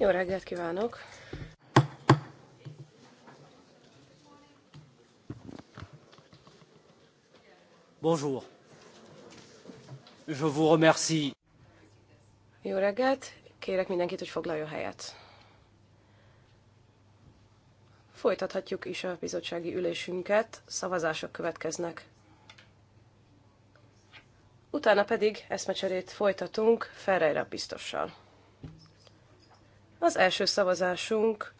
Jó reggelt kívánok! Bonjour. Je vous remercie. Jó reggelt! Kérek mindenkit, hogy foglaljon helyet. Folytathatjuk is a bizottsági ülésünket, szavazások következnek. Utána pedig eszmecserét folytatunk Ferreira biztossal. Az első szavazásunk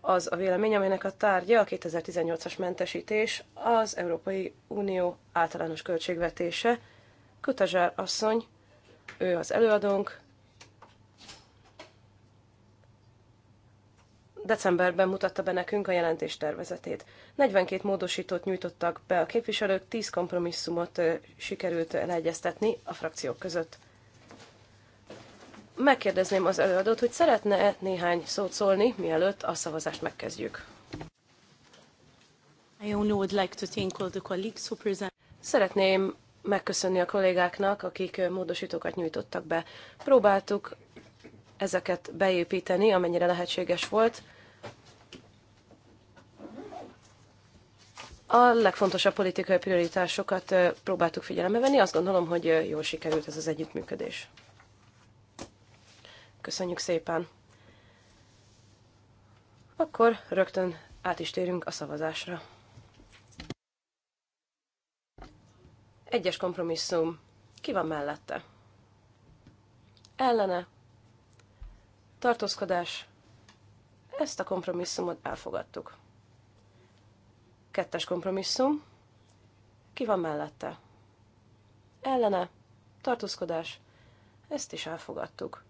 az a vélemény, amelynek a tárgya a 2018-as mentesítés, az Európai Unió általános költségvetése. Kutazsár asszony, ő az előadónk. Decemberben mutatta be nekünk a jelentés tervezetét. 42 módosítót nyújtottak be a képviselők, 10 kompromisszumot sikerült leegyeztetni a frakciók között megkérdezném az előadót, hogy szeretne-e néhány szót szólni, mielőtt a szavazást megkezdjük. I only would like to thank all the colleagues who present. Szeretném megköszönni a kollégáknak, akik módosítókat nyújtottak be. Próbáltuk ezeket beépíteni, amennyire lehetséges volt. A legfontosabb politikai prioritásokat próbáltuk figyelembe venni, azt gondolom, hogy jól sikerült ez az együttműködés. Köszönjük szépen! Akkor rögtön át is térünk a szavazásra. Egyes kompromisszum. Ki van mellette? Ellene. Tartózkodás. Ezt a kompromisszumot elfogadtuk. Kettes kompromisszum. Ki van mellette? Ellene. Tartózkodás. Ezt is elfogadtuk.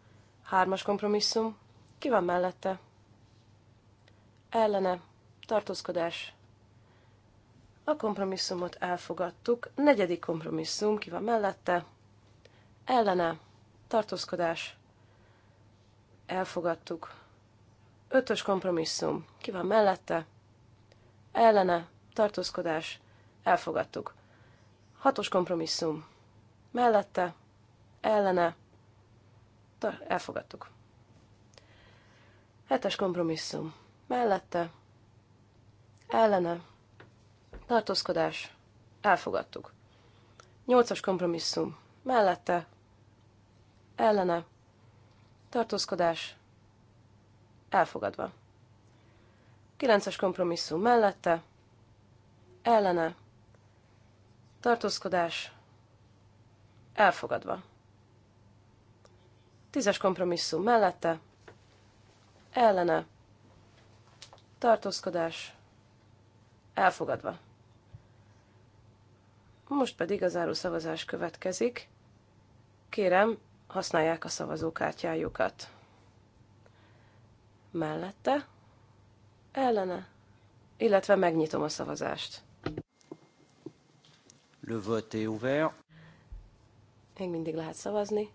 Hármas kompromisszum. Ki van mellette? Ellene. Tartózkodás. A kompromisszumot elfogadtuk. Negyedik kompromisszum. Ki van mellette? Ellene. Tartózkodás. Elfogadtuk. Ötös kompromisszum. Ki van mellette? Ellene. Tartózkodás. Elfogadtuk. Hatos kompromisszum. Mellette. Ellene Ta, elfogadtuk. Hetes kompromisszum. Mellette. Ellene. Tartózkodás. Elfogadtuk. Nyolcas kompromisszum. Mellette. Ellene. Tartózkodás. Elfogadva. Kilences kompromisszum mellette. Ellene. Tartózkodás. Elfogadva. Tízes kompromisszum mellette, ellene, tartózkodás, elfogadva. Most pedig a záró szavazás következik. Kérem, használják a szavazókártyájukat. Mellette, ellene, illetve megnyitom a szavazást. Le vote est ouvert. Még mindig lehet szavazni.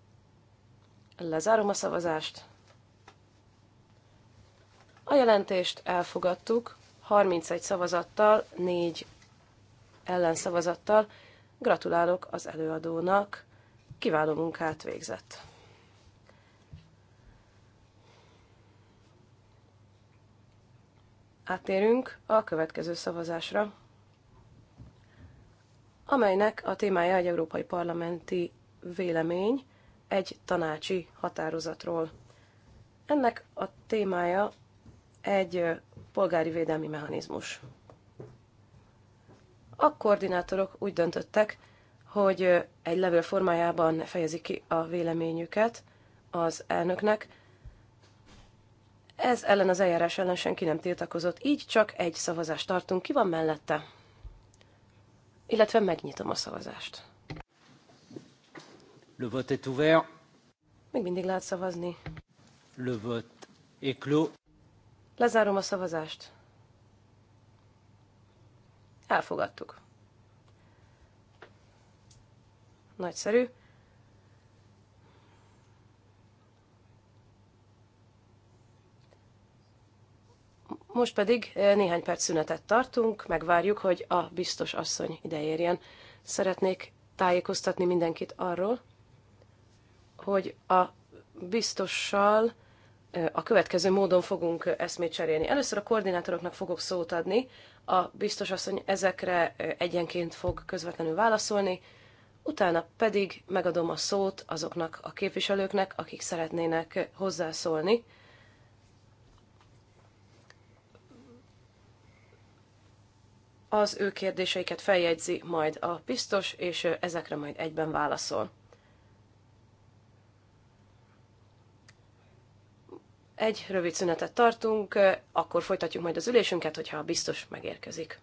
Lezárom a szavazást. A jelentést elfogadtuk 31 szavazattal, 4 ellenszavazattal. Gratulálok az előadónak, kiváló munkát végzett. Áttérünk a következő szavazásra, amelynek a témája egy európai parlamenti vélemény egy tanácsi határozatról. Ennek a témája egy polgári védelmi mechanizmus. A koordinátorok úgy döntöttek, hogy egy levél formájában fejezik ki a véleményüket az elnöknek. Ez ellen az eljárás ellen senki nem tiltakozott, így csak egy szavazást tartunk. Ki van mellette? Illetve megnyitom a szavazást. Le vote est ouvert. Még mindig lehet szavazni. Le vote est clos. Lezárom a szavazást. Elfogadtuk. Nagyszerű. Most pedig eh, néhány perc szünetet tartunk, megvárjuk, hogy a biztos asszony ideérjen. Szeretnék tájékoztatni mindenkit arról, hogy a biztossal a következő módon fogunk eszmét cserélni. Először a koordinátoroknak fogok szót adni, a biztos asszony ezekre egyenként fog közvetlenül válaszolni, utána pedig megadom a szót azoknak a képviselőknek, akik szeretnének hozzászólni. Az ő kérdéseiket feljegyzi majd a biztos, és ezekre majd egyben válaszol. Egy rövid szünetet tartunk, akkor folytatjuk majd az ülésünket, hogyha a biztos megérkezik.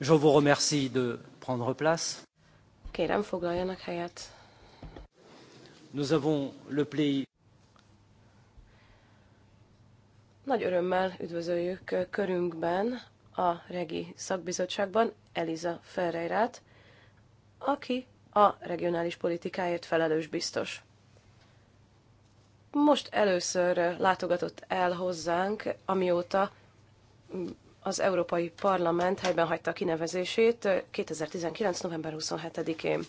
Je vous remercie de prendre place. Kérem, foglaljanak helyet. Nous avons le Nagy örömmel üdvözöljük körünkben a Regi szakbizottságban Eliza Ferreirát, aki a regionális politikáért felelős biztos. Most először látogatott el hozzánk, amióta az Európai Parlament helyben hagyta a kinevezését 2019. november 27-én.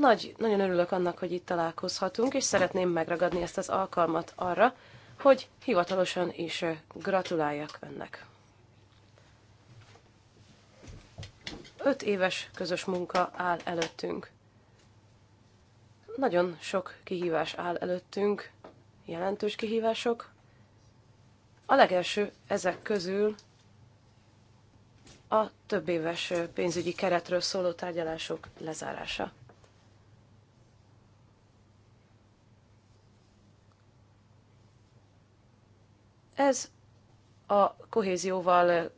Nagy, nagyon örülök annak, hogy itt találkozhatunk, és szeretném megragadni ezt az alkalmat arra, hogy hivatalosan is gratuláljak önnek. Öt éves közös munka áll előttünk. Nagyon sok kihívás áll előttünk, jelentős kihívások, a legelső ezek közül a több éves pénzügyi keretről szóló tárgyalások lezárása. Ez a kohézióval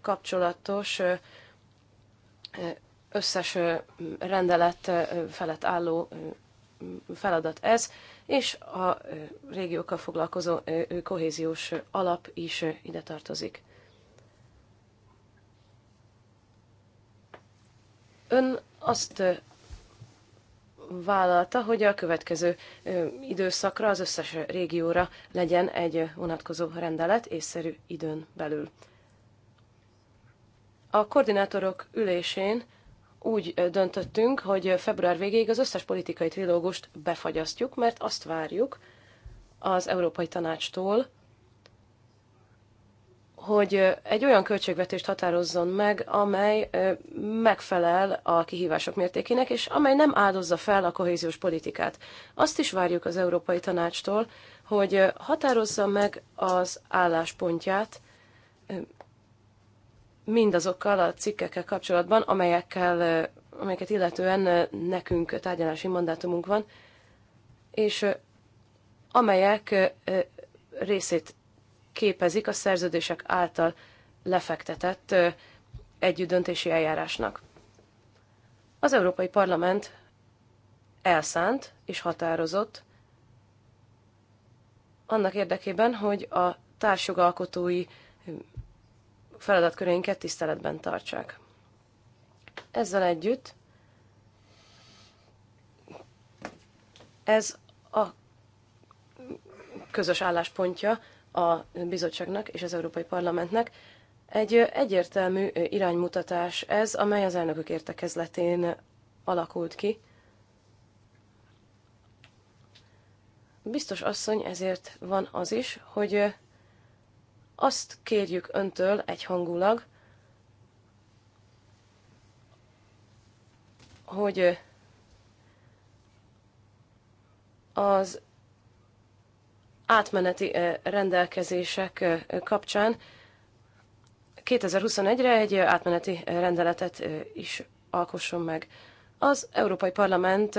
kapcsolatos összes rendelet felett álló feladat ez és a régiókkal foglalkozó kohéziós alap is ide tartozik. Ön azt vállalta, hogy a következő időszakra az összes régióra legyen egy vonatkozó rendelet észszerű időn belül. A koordinátorok ülésén úgy döntöttünk, hogy február végéig az összes politikai trilógust befagyasztjuk, mert azt várjuk az Európai Tanácstól, hogy egy olyan költségvetést határozzon meg, amely megfelel a kihívások mértékének, és amely nem áldozza fel a kohéziós politikát. Azt is várjuk az Európai Tanácstól, hogy határozza meg az álláspontját mindazokkal a cikkekkel kapcsolatban, amelyekkel, amelyeket illetően nekünk tárgyalási mandátumunk van, és amelyek részét képezik a szerződések által lefektetett együttdöntési eljárásnak. Az Európai Parlament elszánt és határozott annak érdekében, hogy a társjogalkotói feladatköréinket tiszteletben tartsák. Ezzel együtt ez a közös álláspontja a bizottságnak és az Európai Parlamentnek. Egy egyértelmű iránymutatás ez, amely az elnökök értekezletén alakult ki. Biztos asszony ezért van az is, hogy azt kérjük öntől egyhangulag, hogy az átmeneti rendelkezések kapcsán 2021-re egy átmeneti rendeletet is alkosson meg. Az Európai Parlament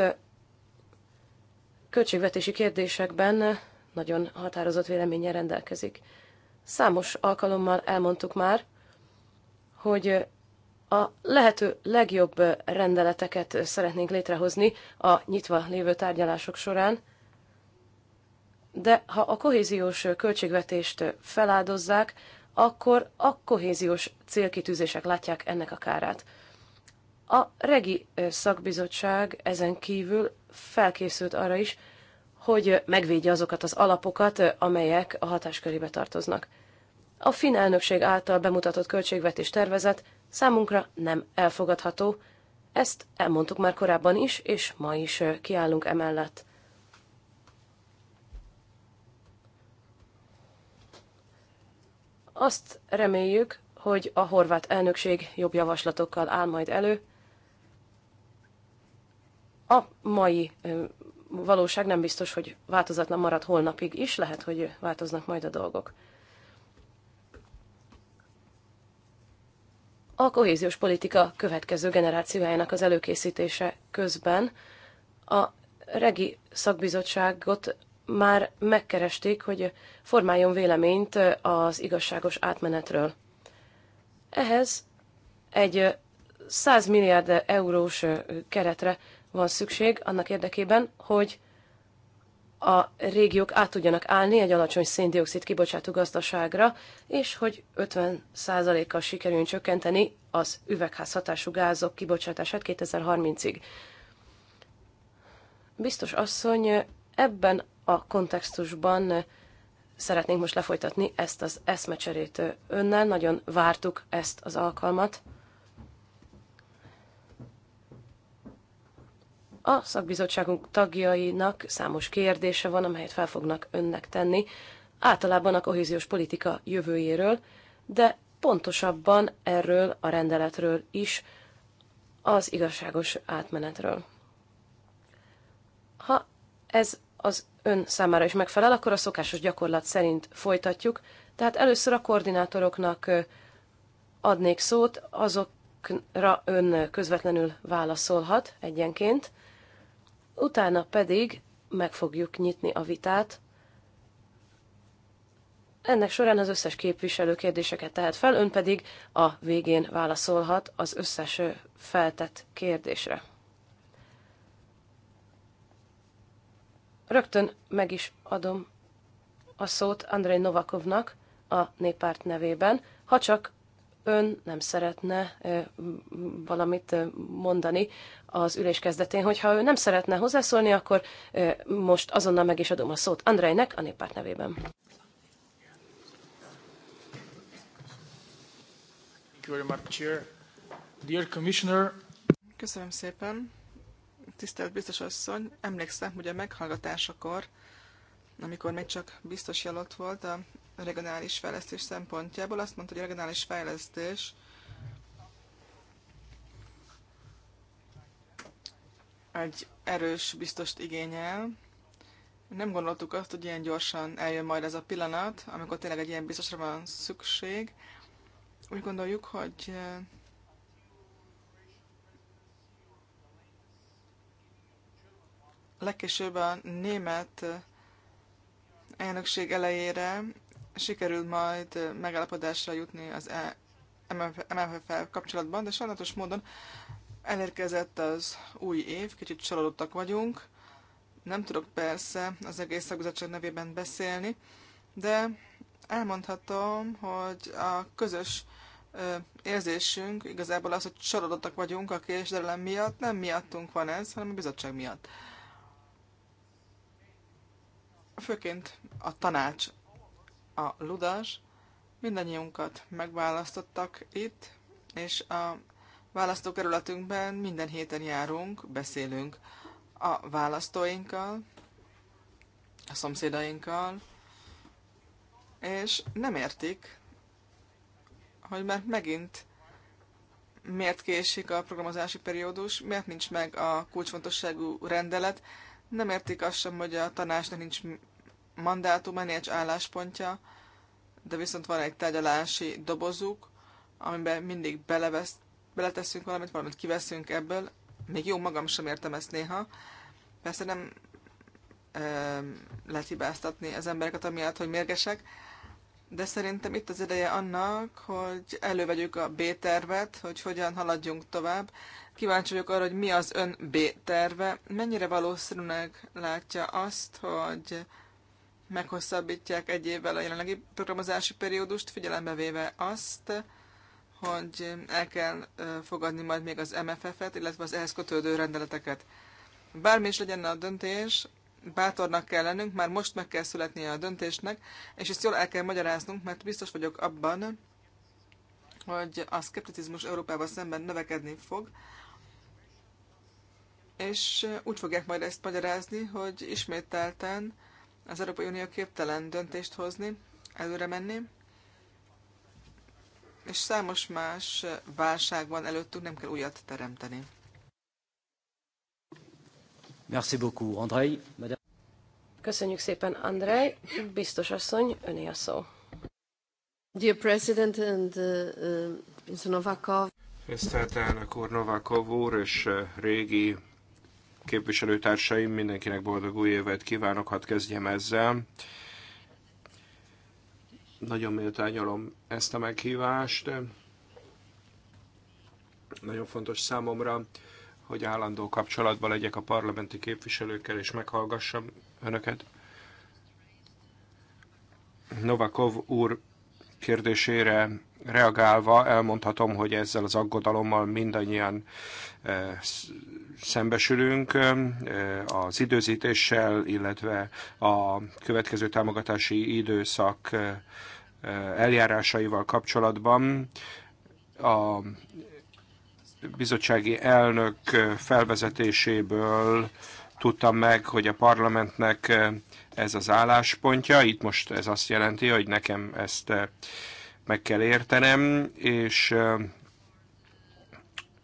költségvetési kérdésekben nagyon határozott véleménnyel rendelkezik. Számos alkalommal elmondtuk már, hogy a lehető legjobb rendeleteket szeretnénk létrehozni a nyitva lévő tárgyalások során, de ha a kohéziós költségvetést feláldozzák, akkor a kohéziós célkitűzések látják ennek a kárát. A Regi szakbizottság ezen kívül felkészült arra is, hogy megvédje azokat az alapokat, amelyek a hatáskörébe tartoznak. A finn elnökség által bemutatott költségvetés tervezet számunkra nem elfogadható, ezt elmondtuk már korábban is, és ma is kiállunk emellett. Azt reméljük, hogy a horvát elnökség jobb javaslatokkal áll majd elő. A mai valóság nem biztos, hogy változatlan marad holnapig is, lehet, hogy változnak majd a dolgok. A kohéziós politika következő generációjának az előkészítése közben a regi szakbizottságot már megkeresték, hogy formáljon véleményt az igazságos átmenetről. Ehhez egy 100 milliárd eurós keretre van szükség annak érdekében, hogy a régiók át tudjanak állni egy alacsony széndiokszid kibocsátó gazdaságra, és hogy 50%-kal sikerüljön csökkenteni az üvegházhatású gázok kibocsátását 2030-ig. Biztos asszony, ebben a kontextusban szeretnénk most lefolytatni ezt az eszmecserét önnel, nagyon vártuk ezt az alkalmat. A szakbizottságunk tagjainak számos kérdése van, amelyet fel fognak önnek tenni, általában a kohéziós politika jövőjéről, de pontosabban erről a rendeletről is, az igazságos átmenetről. Ha ez az ön számára is megfelel, akkor a szokásos gyakorlat szerint folytatjuk. Tehát először a koordinátoroknak adnék szót, azokra ön közvetlenül válaszolhat egyenként utána pedig meg fogjuk nyitni a vitát. Ennek során az összes képviselő kérdéseket tehet fel, ön pedig a végén válaszolhat az összes feltett kérdésre. Rögtön meg is adom a szót Andrei Novakovnak a néppárt nevében, ha csak ön nem szeretne valamit mondani az ülés kezdetén. Hogyha ő nem szeretne hozzászólni, akkor most azonnal meg is adom a szót Andrejnek a néppárt nevében. Köszönöm szépen. Tisztelt biztos asszony, emlékszem, hogy a meghallgatásakor, amikor még csak biztos jelölt volt, a regionális fejlesztés szempontjából. Azt mondta, hogy a regionális fejlesztés egy erős biztost igényel. Nem gondoltuk azt, hogy ilyen gyorsan eljön majd ez a pillanat, amikor tényleg egy ilyen biztosra van szükség. Úgy gondoljuk, hogy eh, legkésőbb a német eh, elnökség elejére sikerül majd megállapodásra jutni az e- mff kapcsolatban, de sajnálatos módon elérkezett az új év, kicsit csalódottak vagyunk. Nem tudok persze az egész szakbizottság nevében beszélni, de elmondhatom, hogy a közös érzésünk igazából az, hogy csalódottak vagyunk a késdelem miatt, nem miattunk van ez, hanem a bizottság miatt. Főként a tanács a ludas, mindannyiunkat megválasztottak itt, és a választókerületünkben minden héten járunk, beszélünk a választóinkkal, a szomszédainkkal, és nem értik, hogy mert megint miért késik a programozási periódus, miért nincs meg a kulcsfontosságú rendelet, nem értik azt sem, hogy a tanácsnak nincs mandátuma, nincs álláspontja, de viszont van egy tárgyalási dobozuk, amiben mindig belevesz, beleteszünk valamit, valamit kiveszünk ebből. Még jó magam sem értem ezt néha. Persze nem ö, lehet hibáztatni az embereket amiatt, hogy mérgesek, de szerintem itt az ideje annak, hogy elővegyük a B-tervet, hogy hogyan haladjunk tovább. Kíváncsi vagyok arra, hogy mi az ön B-terve, mennyire valószínűleg látja azt, hogy meghosszabbítják egy évvel a jelenlegi programozási periódust, figyelembe véve azt, hogy el kell fogadni majd még az MFF-et, illetve az ehhez kötődő rendeleteket. Bármi is legyen a döntés, bátornak kell lennünk, már most meg kell születnie a döntésnek, és ezt jól el kell magyaráznunk, mert biztos vagyok abban, hogy a szkepticizmus Európával szemben növekedni fog, és úgy fogják majd ezt magyarázni, hogy ismételten az Európai Unió képtelen döntést hozni, előre menni, és számos más válság van előttünk, nem kell újat teremteni. Merci beaucoup, André. Madame... Köszönjük szépen, Andrei. Biztos asszony, öné a szó. Dear President and uh, uh Novakov. Tisztelt elnök úr, Novakov úr és uh, régi képviselőtársaim, mindenkinek boldog új évet kívánok, hadd kezdjem ezzel. Nagyon méltányolom ezt a meghívást. Nagyon fontos számomra, hogy állandó kapcsolatban legyek a parlamenti képviselőkkel, és meghallgassam önöket. Novakov úr kérdésére reagálva elmondhatom, hogy ezzel az aggodalommal mindannyian eh, szembesülünk eh, az időzítéssel, illetve a következő támogatási időszak eh, eljárásaival kapcsolatban. A bizottsági elnök felvezetéséből tudtam meg, hogy a parlamentnek ez az álláspontja. Itt most ez azt jelenti, hogy nekem ezt meg kell értenem, és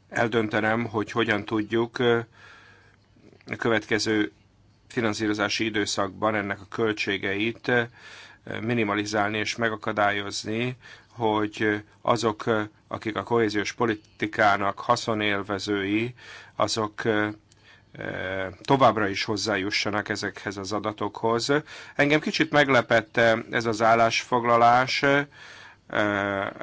eldöntenem, hogy hogyan tudjuk a következő finanszírozási időszakban ennek a költségeit minimalizálni és megakadályozni, hogy azok, akik a kohéziós politikának haszonélvezői, azok továbbra is hozzájussanak ezekhez az adatokhoz. Engem kicsit meglepette ez az állásfoglalás,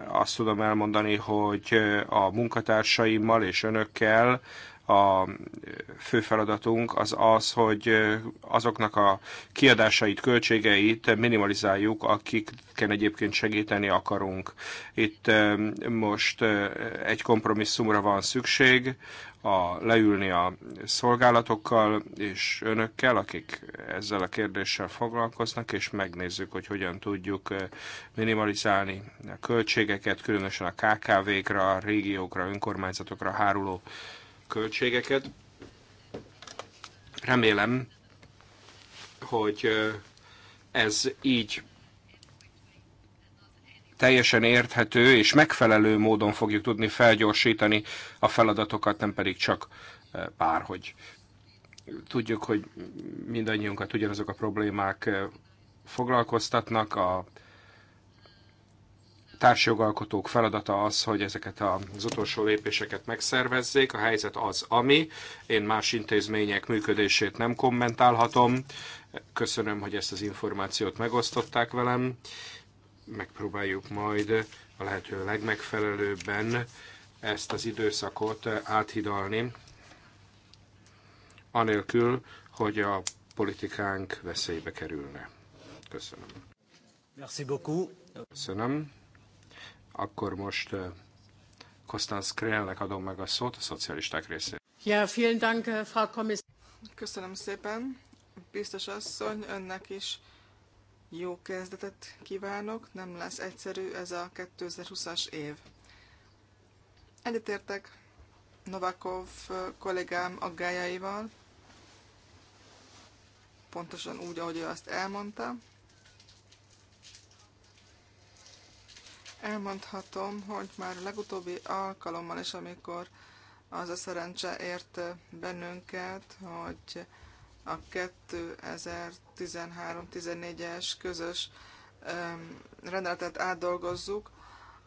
azt tudom elmondani, hogy a munkatársaimmal és önökkel a fő feladatunk az az, hogy azoknak a kiadásait, költségeit minimalizáljuk, akiken egyébként segíteni akarunk. Itt most egy kompromisszumra van szükség, a, leülni a szolgálatokkal és önökkel, akik ezzel a kérdéssel foglalkoznak, és megnézzük, hogy hogyan tudjuk eh, minimalizálni a költségeket, különösen a KKV-kra, a régiókra, önkormányzatokra háruló költségeket. Remélem, hogy eh, ez így teljesen érthető és megfelelő módon fogjuk tudni felgyorsítani a feladatokat, nem pedig csak eh, hogy Tudjuk, hogy mindannyiunkat ugyanazok a problémák eh, foglalkoztatnak, a társjogalkotók feladata az, hogy ezeket az utolsó lépéseket megszervezzék. A helyzet az, ami. Én más intézmények működését nem kommentálhatom. Köszönöm, hogy ezt az információt megosztották velem megpróbáljuk majd a lehető legmegfelelőbben ezt az időszakot áthidalni, anélkül, hogy a politikánk veszélybe kerülne. Köszönöm. Merci beaucoup. Köszönöm. Akkor most eh, Kostas Krellnek adom meg a szót a szocialisták részéről. Ja, vielen Dank, Frau Kommissar. Köszönöm szépen. Biztos asszony, önnek is jó kezdetet kívánok, nem lesz egyszerű ez a 2020-as év. Egyetértek Novakov kollégám aggájaival, pontosan úgy, ahogy ő azt elmondta. Elmondhatom, hogy már a legutóbbi alkalommal is, amikor az a szerencse ért bennünket, hogy a 2013-14-es közös rendeletet átdolgozzuk,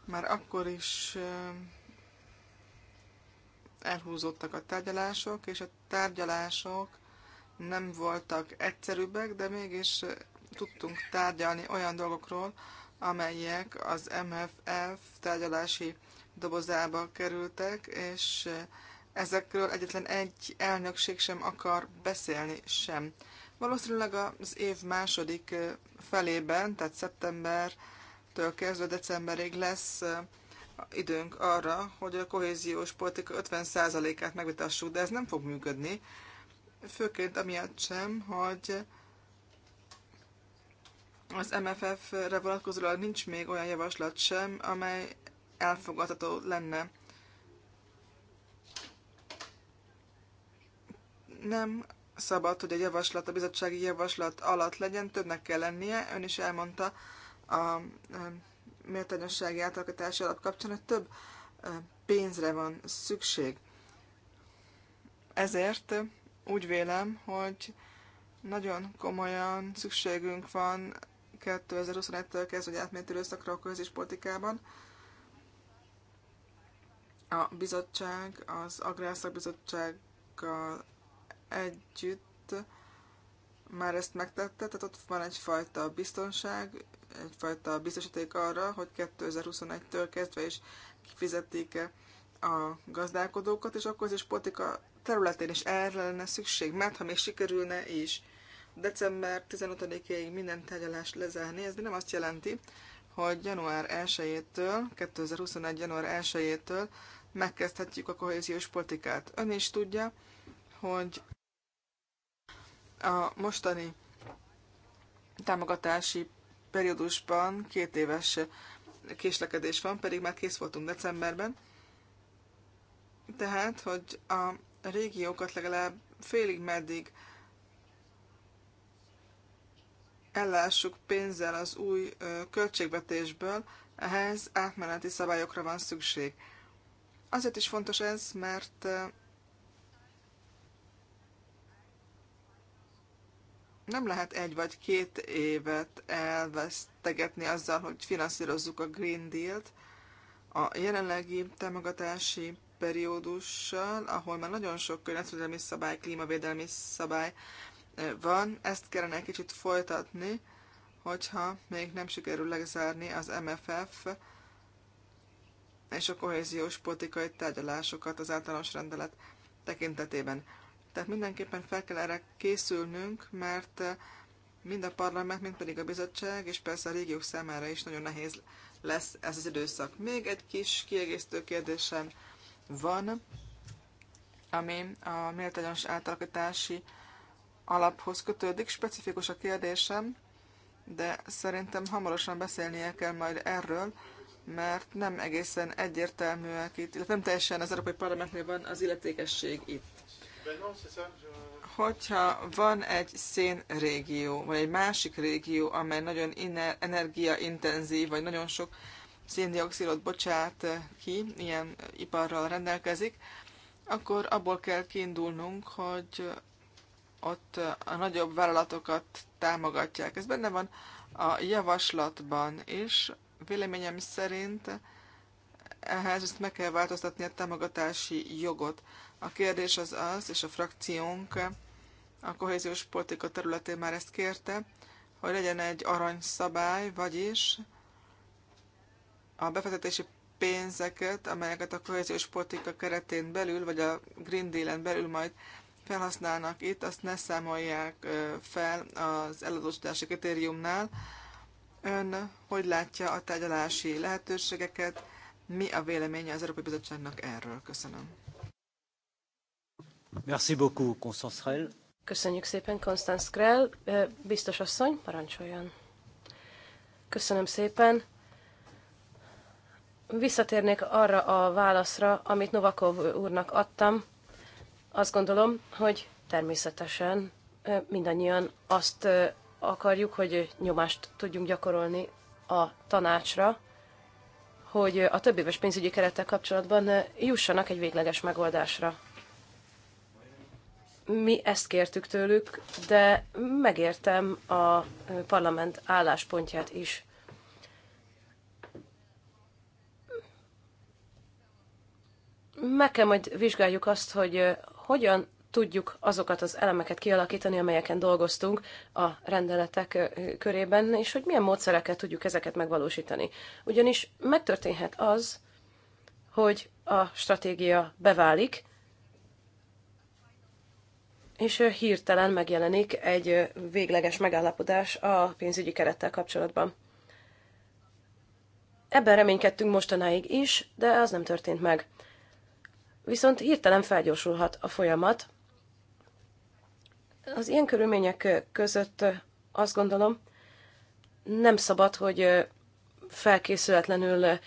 már akkor is elhúzódtak a tárgyalások, és a tárgyalások nem voltak egyszerűbbek, de mégis tudtunk tárgyalni olyan dolgokról, amelyek az MFF tárgyalási dobozába kerültek, és ezekről egyetlen egy elnökség sem akar beszélni sem. Valószínűleg az év második felében, tehát szeptembertől kezdve decemberig lesz időnk arra, hogy a kohéziós politika 50%-át megvitassuk, de ez nem fog működni, főként amiatt sem, hogy az MFF-re vonatkozólag nincs még olyan javaslat sem, amely elfogadható lenne nem szabad, hogy a javaslat, a bizottsági javaslat alatt legyen, többnek kell lennie. Ön is elmondta a méltányossági átalakítási alap kapcsán, hogy több pénzre van szükség. Ezért úgy vélem, hogy nagyon komolyan szükségünk van 2021-től kezdve, hogy átmeneti szakra a politikában. A bizottság, az Agrárszakbizottsággal együtt már ezt megtette, tehát ott van egyfajta biztonság, egyfajta biztosíték arra, hogy 2021-től kezdve is kifizetik a gazdálkodókat, és akkor az is politika területén is erre lenne szükség, mert ha még sikerülne is december 15-ig minden tegyelást lezárni, ez nem azt jelenti, hogy január 1-től, 2021. január 1-től megkezdhetjük a kohéziós politikát. Ön is tudja, hogy a mostani támogatási periódusban két éves késlekedés van, pedig már kész voltunk decemberben. Tehát, hogy a régiókat legalább félig meddig ellássuk pénzzel az új költségvetésből, ehhez átmeneti szabályokra van szükség. Azért is fontos ez, mert Nem lehet egy vagy két évet elvesztegetni azzal, hogy finanszírozzuk a Green Deal-t a jelenlegi támogatási periódussal, ahol már nagyon sok környezetvédelmi szabály, klímavédelmi szabály van, ezt kellene egy kicsit folytatni, hogyha még nem sikerül lezárni az MFF és a kohéziós politikai tárgyalásokat az általános rendelet tekintetében. Tehát mindenképpen fel kell erre készülnünk, mert mind a parlament, mind pedig a bizottság, és persze a régiók számára is nagyon nehéz lesz ez az időszak. Még egy kis kiegészítő kérdésem van, ami a méltányos átalakítási alaphoz kötődik. Specifikus a kérdésem, de szerintem hamarosan beszélnie kell majd erről, mert nem egészen egyértelműek itt, illetve nem teljesen az Európai Parlamentnél van az illetékesség itt. Hogyha van egy szénrégió, vagy egy másik régió, amely nagyon energiaintenzív, vagy nagyon sok széndiokszidot bocsát ki, ilyen iparral rendelkezik, akkor abból kell kiindulnunk, hogy ott a nagyobb vállalatokat támogatják. Ez benne van a javaslatban is. Véleményem szerint ehhez ezt meg kell változtatni a támogatási jogot. A kérdés az az, és a frakciónk a kohéziós politika területén már ezt kérte, hogy legyen egy aranyszabály, vagyis a befektetési pénzeket, amelyeket a kohéziós politika keretén belül, vagy a Green Deal-en belül majd felhasználnak itt, azt ne számolják fel az eladósítási kritériumnál. Ön hogy látja a tárgyalási lehetőségeket, mi a véleménye az Európai Bizottságnak erről? Köszönöm. Merci beaucoup, Constance Krell. Köszönjük szépen, Constance Krell. Biztos asszony, parancsoljon. Köszönöm szépen. Visszatérnék arra a válaszra, amit Novakov úrnak adtam. Azt gondolom, hogy természetesen mindannyian azt akarjuk, hogy nyomást tudjunk gyakorolni a tanácsra, hogy a több éves pénzügyi kerettel kapcsolatban eh, jussanak egy végleges megoldásra. Mi ezt kértük tőlük, de megértem a eh, parlament álláspontját is. Meg kell majd vizsgáljuk azt, hogy eh, hogyan tudjuk azokat az elemeket kialakítani, amelyeken dolgoztunk a rendeletek körében, és hogy milyen módszerekkel tudjuk ezeket megvalósítani. Ugyanis megtörténhet az, hogy a stratégia beválik, és hirtelen megjelenik egy végleges megállapodás a pénzügyi kerettel kapcsolatban. Ebben reménykedtünk mostanáig is, de az nem történt meg. Viszont hirtelen felgyorsulhat a folyamat, az ilyen körülmények között azt gondolom, nem szabad, hogy felkészületlenül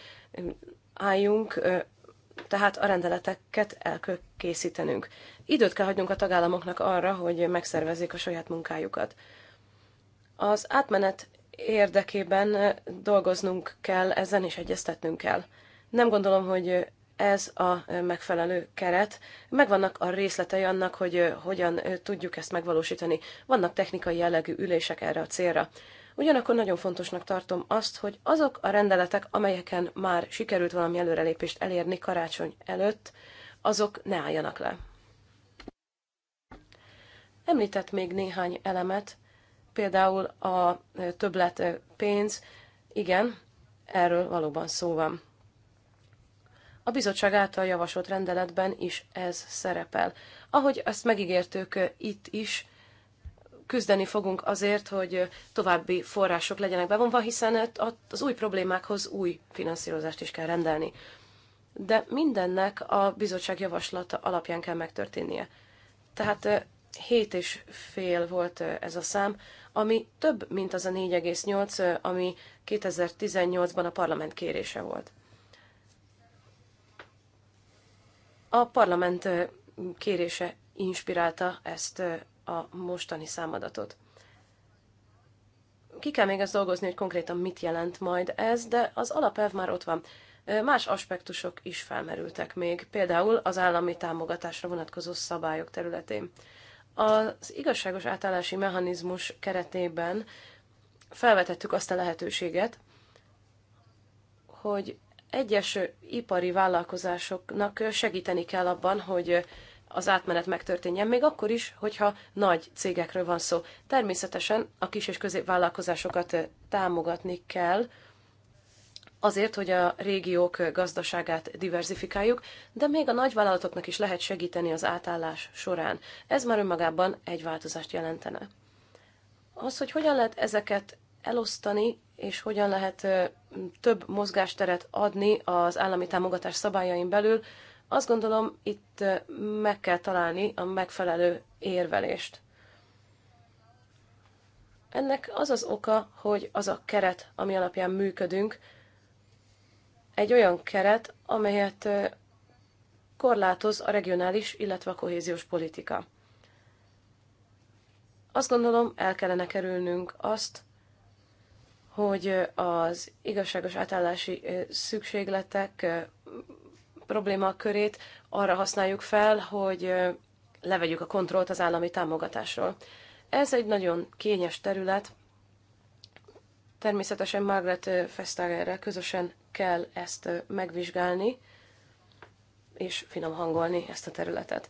álljunk, tehát a rendeleteket el kell készítenünk. Időt kell hagynunk a tagállamoknak arra, hogy megszervezzék a saját munkájukat. Az átmenet érdekében dolgoznunk kell ezen, és egyeztetnünk kell. Nem gondolom, hogy ez a megfelelő keret. Megvannak a részletei annak, hogy hogyan tudjuk ezt megvalósítani. Vannak technikai jellegű ülések erre a célra. Ugyanakkor nagyon fontosnak tartom azt, hogy azok a rendeletek, amelyeken már sikerült valami előrelépést elérni karácsony előtt, azok ne álljanak le. Említett még néhány elemet, például a többlet pénz. Igen, erről valóban szó van. A bizottság által javasolt rendeletben is ez szerepel. Ahogy ezt megígértük eh, itt is, küzdeni fogunk azért, hogy eh, további források legyenek bevonva, hiszen eh, az új problémákhoz új finanszírozást is kell rendelni. De mindennek a bizottság javaslata alapján kell megtörténnie. Tehát 7 és fél volt ez a szám, ami több, mint az a 4,8, ami 2018-ban a parlament kérése volt. A parlament kérése inspirálta ezt a mostani számadatot. Ki kell még ezt dolgozni, hogy konkrétan mit jelent majd ez, de az alapelv már ott van. Más aspektusok is felmerültek még, például az állami támogatásra vonatkozó szabályok területén. Az igazságos átállási mechanizmus keretében felvetettük azt a lehetőséget, hogy egyes ipari vállalkozásoknak segíteni kell abban, hogy az átmenet megtörténjen, még akkor is, hogyha nagy cégekről van szó. Természetesen a kis és középvállalkozásokat támogatni kell, azért, hogy a régiók gazdaságát diversifikáljuk, de még a nagyvállalatoknak is lehet segíteni az átállás során. Ez már önmagában egy változást jelentene. Az, hogy hogyan lehet ezeket elosztani, és hogyan lehet több mozgásteret adni az állami támogatás szabályain belül, azt gondolom, itt meg kell találni a megfelelő érvelést. Ennek az az oka, hogy az a keret, ami alapján működünk, egy olyan keret, amelyet korlátoz a regionális, illetve a kohéziós politika. Azt gondolom, el kellene kerülnünk azt, hogy az igazságos átállási szükségletek problémakörét arra használjuk fel, hogy levegyük a kontrollt az állami támogatásról. Ez egy nagyon kényes terület. Természetesen Margaret Vestagerrel közösen kell ezt megvizsgálni, és finom hangolni ezt a területet.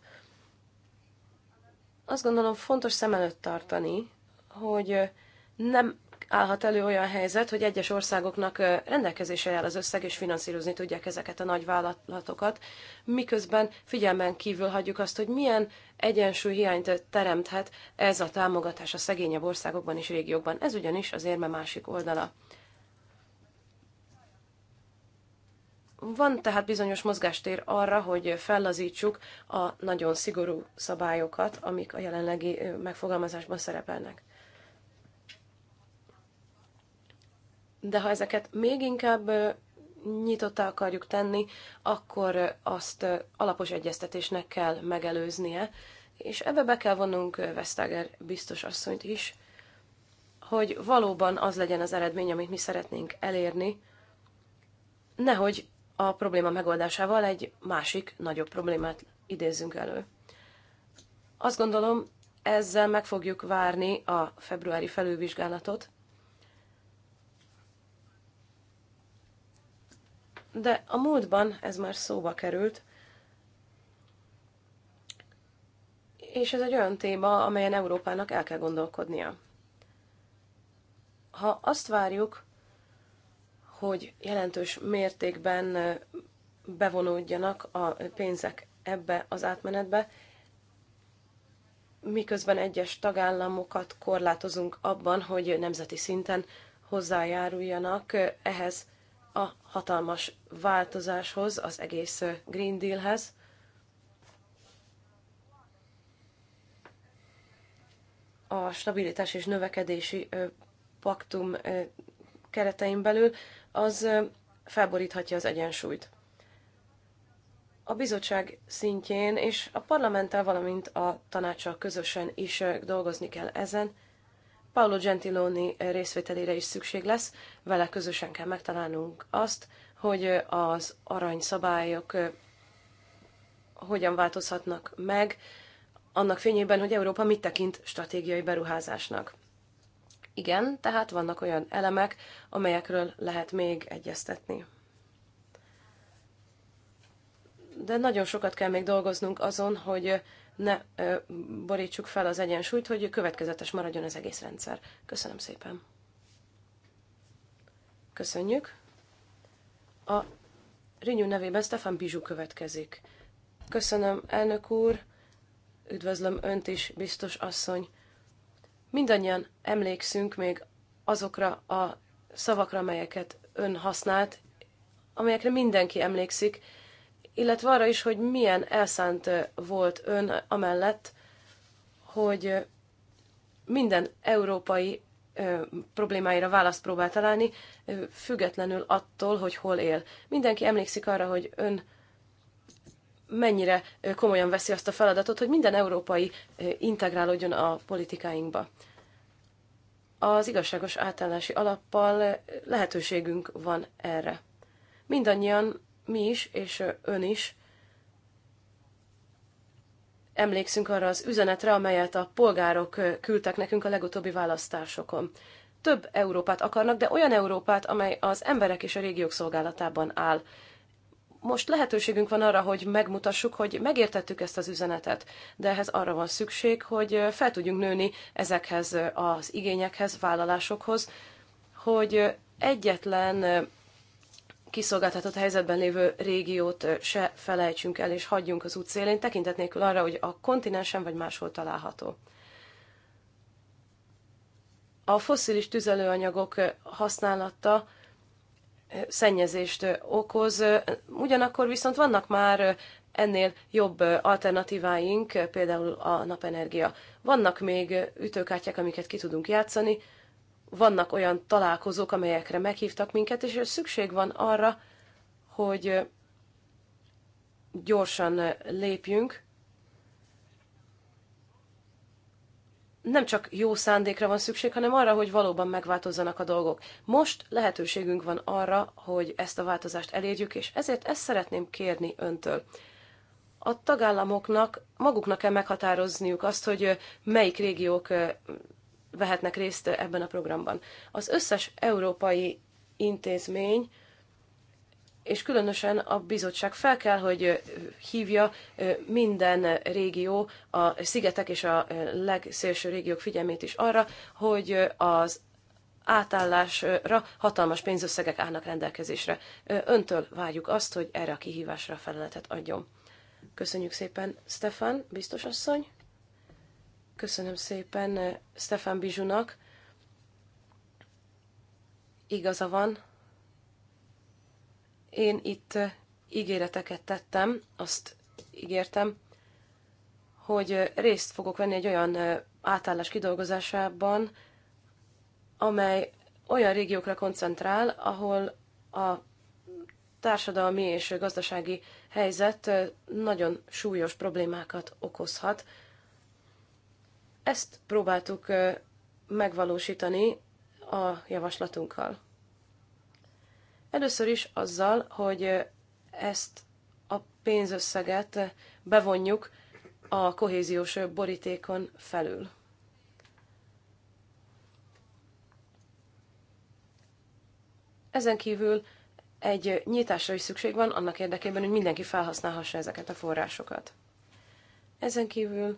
Azt gondolom fontos szem előtt tartani, hogy nem állhat elő olyan helyzet, hogy egyes országoknak rendelkezésre áll az összeg, és finanszírozni tudják ezeket a nagyvállalatokat, miközben figyelmen kívül hagyjuk azt, hogy milyen egyensúly hiányt teremthet ez a támogatás a szegényebb országokban és régiókban. Ez ugyanis az érme másik oldala. Van tehát bizonyos mozgástér arra, hogy fellazítsuk a nagyon szigorú szabályokat, amik a jelenlegi megfogalmazásban szerepelnek. de ha ezeket még inkább nyitottá akarjuk tenni, akkor azt alapos egyeztetésnek kell megelőznie, és ebbe be kell vonnunk Vesztager biztos asszonyt is, hogy valóban az legyen az eredmény, amit mi szeretnénk elérni, nehogy a probléma megoldásával egy másik, nagyobb problémát idézzünk elő. Azt gondolom, ezzel meg fogjuk várni a februári felülvizsgálatot, de a múltban ez már szóba került, és ez egy olyan téma, amelyen Európának el kell gondolkodnia. Ha azt várjuk, hogy jelentős mértékben bevonódjanak a pénzek ebbe az átmenetbe, miközben egyes tagállamokat korlátozunk abban, hogy nemzeti szinten hozzájáruljanak ehhez a hatalmas változáshoz, az egész Green Dealhez. A stabilitás és növekedési paktum keretein belül, az felboríthatja az egyensúlyt. A bizottság szintjén és a parlamenttel, valamint a tanácsal közösen is dolgozni kell ezen, Paolo Gentiloni részvételére is szükség lesz, vele közösen kell megtalálnunk azt, hogy az aranyszabályok eh, hogyan változhatnak meg, annak fényében, hogy Európa mit tekint stratégiai beruházásnak. Igen, tehát vannak olyan elemek, amelyekről lehet még egyeztetni. De nagyon sokat kell még dolgoznunk azon, hogy ne borítsuk fel az egyensúlyt, hogy következetes maradjon az egész rendszer. Köszönöm szépen. Köszönjük. A Rinyú nevében Stefan Bizsú következik. Köszönöm, elnök úr. Üdvözlöm önt is, biztos asszony. Mindannyian emlékszünk még azokra a szavakra, amelyeket ön használt, amelyekre mindenki emlékszik, illetve arra is, hogy milyen elszánt volt ön amellett, hogy minden európai problémáira választ próbál találni, függetlenül attól, hogy hol él. Mindenki emlékszik arra, hogy ön mennyire komolyan veszi azt a feladatot, hogy minden európai integrálódjon a politikáinkba. Az igazságos átállási alappal lehetőségünk van erre. Mindannyian mi is, és ön is emlékszünk arra az üzenetre, amelyet a polgárok küldtek nekünk a legutóbbi választásokon. Több Európát akarnak, de olyan Európát, amely az emberek és a régiók szolgálatában áll. Most lehetőségünk van arra, hogy megmutassuk, hogy megértettük ezt az üzenetet, de ehhez arra van szükség, hogy fel tudjunk nőni ezekhez az igényekhez, vállalásokhoz, hogy egyetlen kiszolgáltatott helyzetben lévő régiót se felejtsünk el, és hagyjunk az útszélén, tekintet nélkül arra, hogy a kontinensen vagy máshol található. A fosszilis tüzelőanyagok használata szennyezést okoz, ugyanakkor viszont vannak már ennél jobb alternatíváink, például a napenergia. Vannak még ütőkártyák, amiket ki tudunk játszani, vannak olyan találkozók, amelyekre meghívtak minket, és szükség van arra, hogy gyorsan lépjünk. Nem csak jó szándékra van szükség, hanem arra, hogy valóban megváltozzanak a dolgok. Most lehetőségünk van arra, hogy ezt a változást elérjük, és ezért ezt szeretném kérni öntől a tagállamoknak maguknak kell meghatározniuk azt, hogy melyik régiók vehetnek részt ebben a programban. Az összes európai intézmény, és különösen a bizottság fel kell, hogy hívja minden régió, a szigetek és a legszélső régiók figyelmét is arra, hogy az átállásra hatalmas pénzösszegek állnak rendelkezésre. Öntől várjuk azt, hogy erre a kihívásra feleletet adjon. Köszönjük szépen, Stefan, biztos asszony! Köszönöm szépen eh, Stefan Bizsunak. Igaza van. Én itt eh, ígéreteket tettem, azt ígértem, hogy eh, részt fogok venni egy olyan átállás kidolgozásában, amely olyan régiókra koncentrál, ahol a társadalmi és gazdasági helyzet nagyon súlyos problémákat okozhat ezt próbáltuk megvalósítani a javaslatunkkal. Először is azzal, hogy ezt a pénzösszeget bevonjuk a kohéziós borítékon felül. Ezen kívül egy nyitásra is szükség van annak érdekében, hogy mindenki felhasználhassa ezeket a forrásokat. Ezen kívül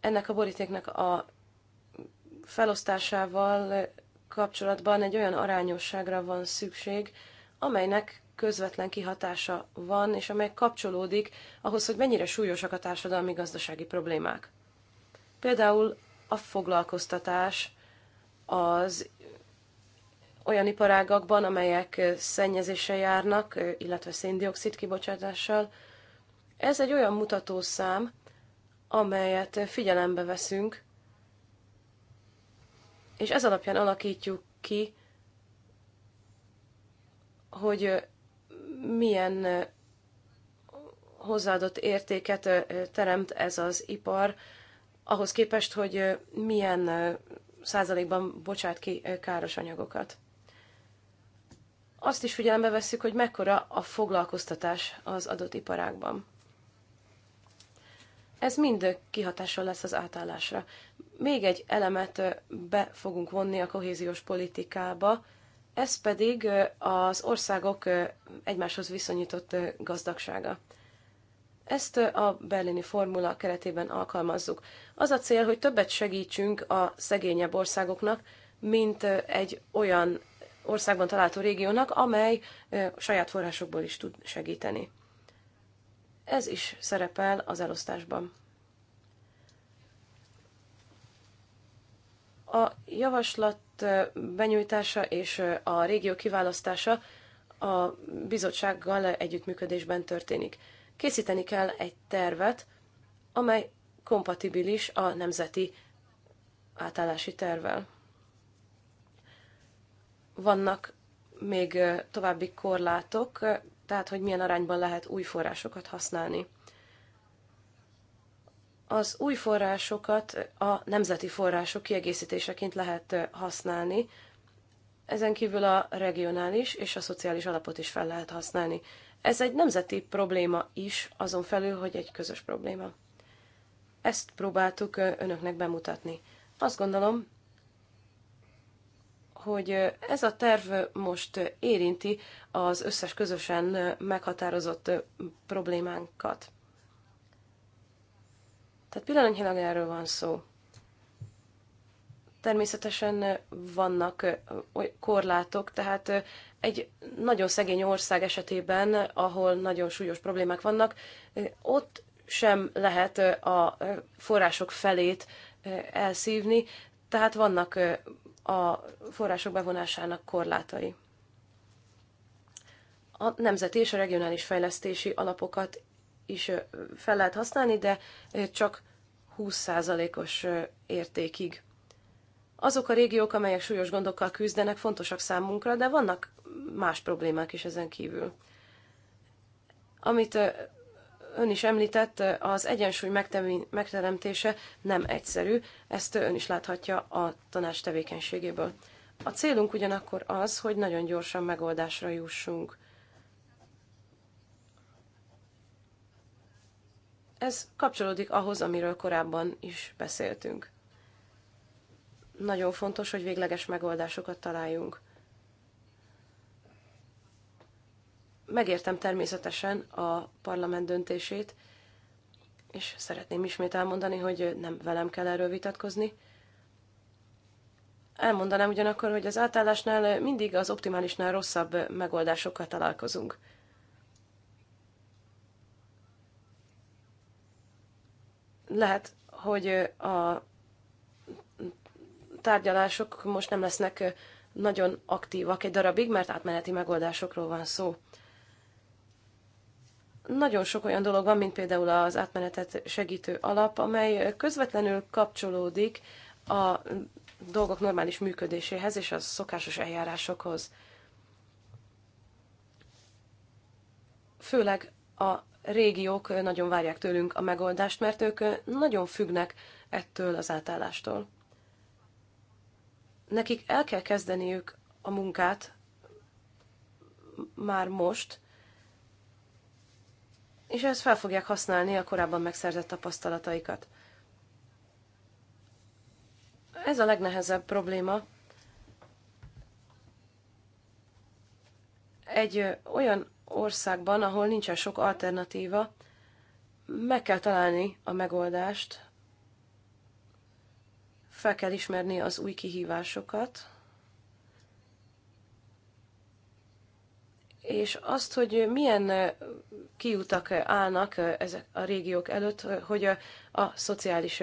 ennek a borítéknak a felosztásával kapcsolatban egy olyan arányosságra van szükség, amelynek közvetlen kihatása van, és amely kapcsolódik ahhoz, hogy mennyire súlyosak a társadalmi gazdasági problémák. Például a foglalkoztatás az olyan iparágakban, amelyek szennyezéssel járnak, illetve széndiokszid kibocsátással. Ez egy olyan mutatószám, amelyet figyelembe veszünk, és ez alapján alakítjuk ki, hogy milyen hozzáadott értéket teremt ez az ipar, ahhoz képest, hogy milyen százalékban bocsát ki káros anyagokat. Azt is figyelembe vesszük, hogy mekkora a foglalkoztatás az adott iparágban. Ez mind kihatással lesz az átállásra. Még egy elemet be fogunk vonni a kohéziós politikába, ez pedig az országok egymáshoz viszonyított gazdagsága. Ezt a berlini formula keretében alkalmazzuk. Az a cél, hogy többet segítsünk a szegényebb országoknak, mint egy olyan országban található régiónak, amely saját forrásokból is tud segíteni. Ez is szerepel az elosztásban. A javaslat benyújtása és a régió kiválasztása a bizottsággal együttműködésben történik. Készíteni kell egy tervet, amely kompatibilis a nemzeti átállási tervvel. Vannak még további korlátok, tehát hogy milyen arányban lehet új forrásokat használni. Az új forrásokat a nemzeti források kiegészítéseként lehet használni, ezen kívül a regionális és a szociális alapot is fel lehet használni. Ez egy nemzeti probléma is, azon felül, hogy egy közös probléma. Ezt próbáltuk önöknek bemutatni. Azt gondolom, hogy ez a terv most érinti az összes közösen meghatározott problémánkat. Tehát pillanatnyilag erről van szó. Természetesen vannak korlátok, tehát egy nagyon szegény ország esetében, ahol nagyon súlyos problémák vannak, ott sem lehet a források felét elszívni, tehát vannak a források bevonásának korlátai. A nemzeti és a regionális fejlesztési alapokat is fel lehet használni, de csak 20%-os értékig. Azok a régiók, amelyek súlyos gondokkal küzdenek, fontosak számunkra, de vannak más problémák is ezen kívül. Amit ön is említett, az egyensúly megteremtése nem egyszerű, ezt ön is láthatja a tanács tevékenységéből. A célunk ugyanakkor az, hogy nagyon gyorsan megoldásra jussunk. Ez kapcsolódik ahhoz, amiről korábban is beszéltünk. Nagyon fontos, hogy végleges megoldásokat találjunk. Megértem természetesen a parlament döntését, és szeretném ismét elmondani, hogy nem velem kell erről vitatkozni. Elmondanám ugyanakkor, hogy az átállásnál mindig az optimálisnál rosszabb megoldásokkal találkozunk. Lehet, hogy a tárgyalások most nem lesznek nagyon aktívak egy darabig, mert átmeneti megoldásokról van szó nagyon sok olyan dolog van, mint például az átmenetet segítő alap, amely közvetlenül kapcsolódik a dolgok normális működéséhez és a szokásos eljárásokhoz. Főleg a régiók nagyon várják tőlünk a megoldást, mert ők nagyon függnek ettől az átállástól. Nekik el kell kezdeniük a munkát már most, és ezt fel fogják használni a korábban megszerzett tapasztalataikat. Ez a legnehezebb probléma. Egy olyan országban, ahol nincsen sok alternatíva, meg kell találni a megoldást, fel kell ismerni az új kihívásokat, és azt, hogy milyen kiutak állnak ezek a régiók előtt, hogy a, a szociális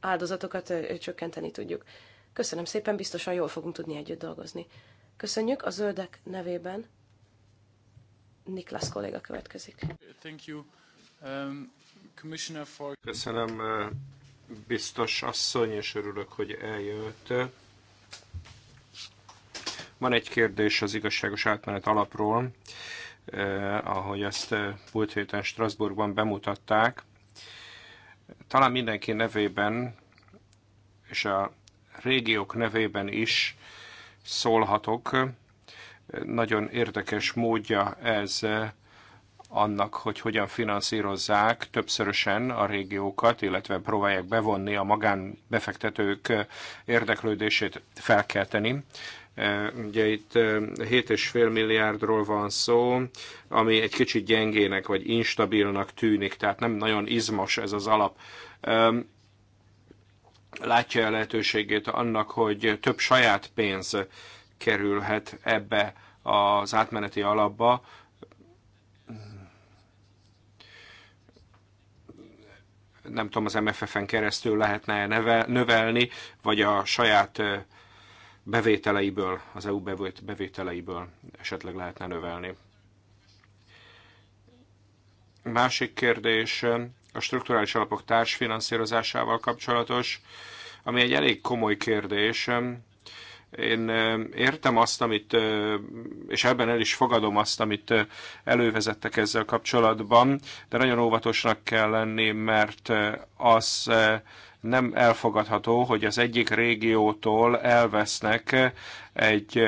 áldozatokat csökkenteni tudjuk. Köszönöm szépen, biztosan jól fogunk tudni együtt dolgozni. Köszönjük a zöldek nevében. Niklas kolléga következik. Thank you. Um, commissioner for... Köszönöm, biztos asszony, és örülök, hogy eljött van egy kérdés az igazságos átmenet alapról, eh, ahogy ezt eh, múlt héten Strasbourgban bemutatták. Talán mindenki nevében és a régiók nevében is szólhatok. Nagyon érdekes módja ez eh, annak, hogy hogyan finanszírozzák többszörösen a régiókat, illetve próbálják bevonni a magánbefektetők eh, érdeklődését felkelteni E, ugye itt 7,5 e, milliárdról van szó, ami egy kicsit gyengének vagy instabilnak tűnik, tehát nem nagyon izmos ez az alap e, látja a lehetőségét annak, hogy több saját pénz kerülhet ebbe az átmeneti alapba. Nem tudom, az MFF-en keresztül lehetne növelni, vagy a saját bevételeiből, az EU bevételeiből esetleg lehetne növelni. Másik kérdés a strukturális alapok társfinanszírozásával kapcsolatos, ami egy elég komoly kérdés. Én értem azt, amit, és ebben el is fogadom azt, amit elővezettek ezzel kapcsolatban, de nagyon óvatosnak kell lenni, mert az nem elfogadható, hogy az egyik régiótól elvesznek egy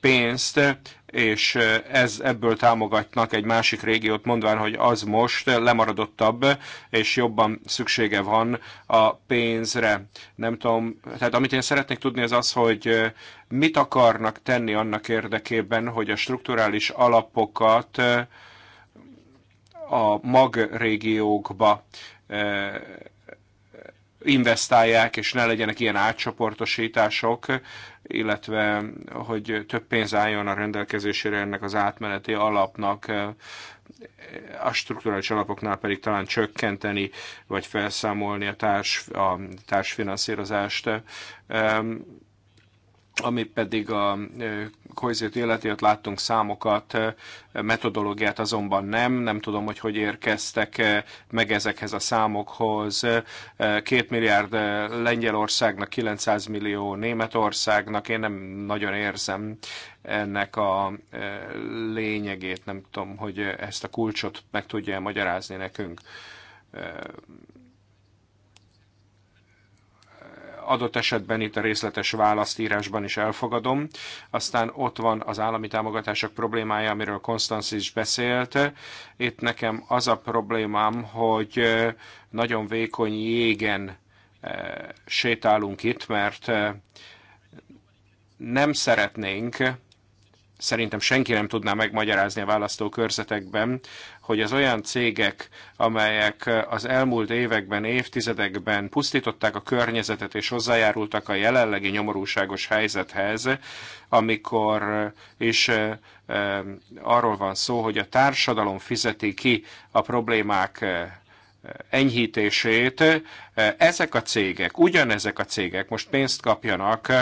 pénzt, és ez ebből támogatnak egy másik régiót, mondván, hogy az most lemaradottabb, és jobban szüksége van a pénzre. Nem tudom, tehát amit én szeretnék tudni, az az, hogy mit akarnak tenni annak érdekében, hogy a strukturális alapokat a mag régiókba. Eh, investálják, és ne legyenek ilyen átcsoportosítások, illetve hogy több pénz álljon a rendelkezésére ennek az átmeneti alapnak, a strukturális alapoknál pedig talán csökkenteni, vagy felszámolni a, társ, a társfinanszírozást ami pedig a kohéziót illeti, ott láttunk számokat, metodológiát azonban nem, nem tudom, hogy hogy érkeztek meg ezekhez a számokhoz. Két milliárd Lengyelországnak, 900 millió Németországnak, én nem nagyon érzem ennek a lényegét, nem tudom, hogy ezt a kulcsot meg tudja magyarázni nekünk. adott esetben itt a részletes választírásban is elfogadom. Aztán ott van az állami támogatások problémája, amiről Konstanz is beszélt. Itt nekem az a problémám, hogy nagyon vékony jégen sétálunk itt, mert nem szeretnénk, szerintem senki nem tudná megmagyarázni a választókörzetekben, hogy az olyan cégek, amelyek az elmúlt években, évtizedekben pusztították a környezetet és hozzájárultak a jelenlegi nyomorúságos helyzethez, amikor is arról van szó, hogy a társadalom fizeti ki a problémák enyhítését, ezek a cégek, ugyanezek a cégek most pénzt kapjanak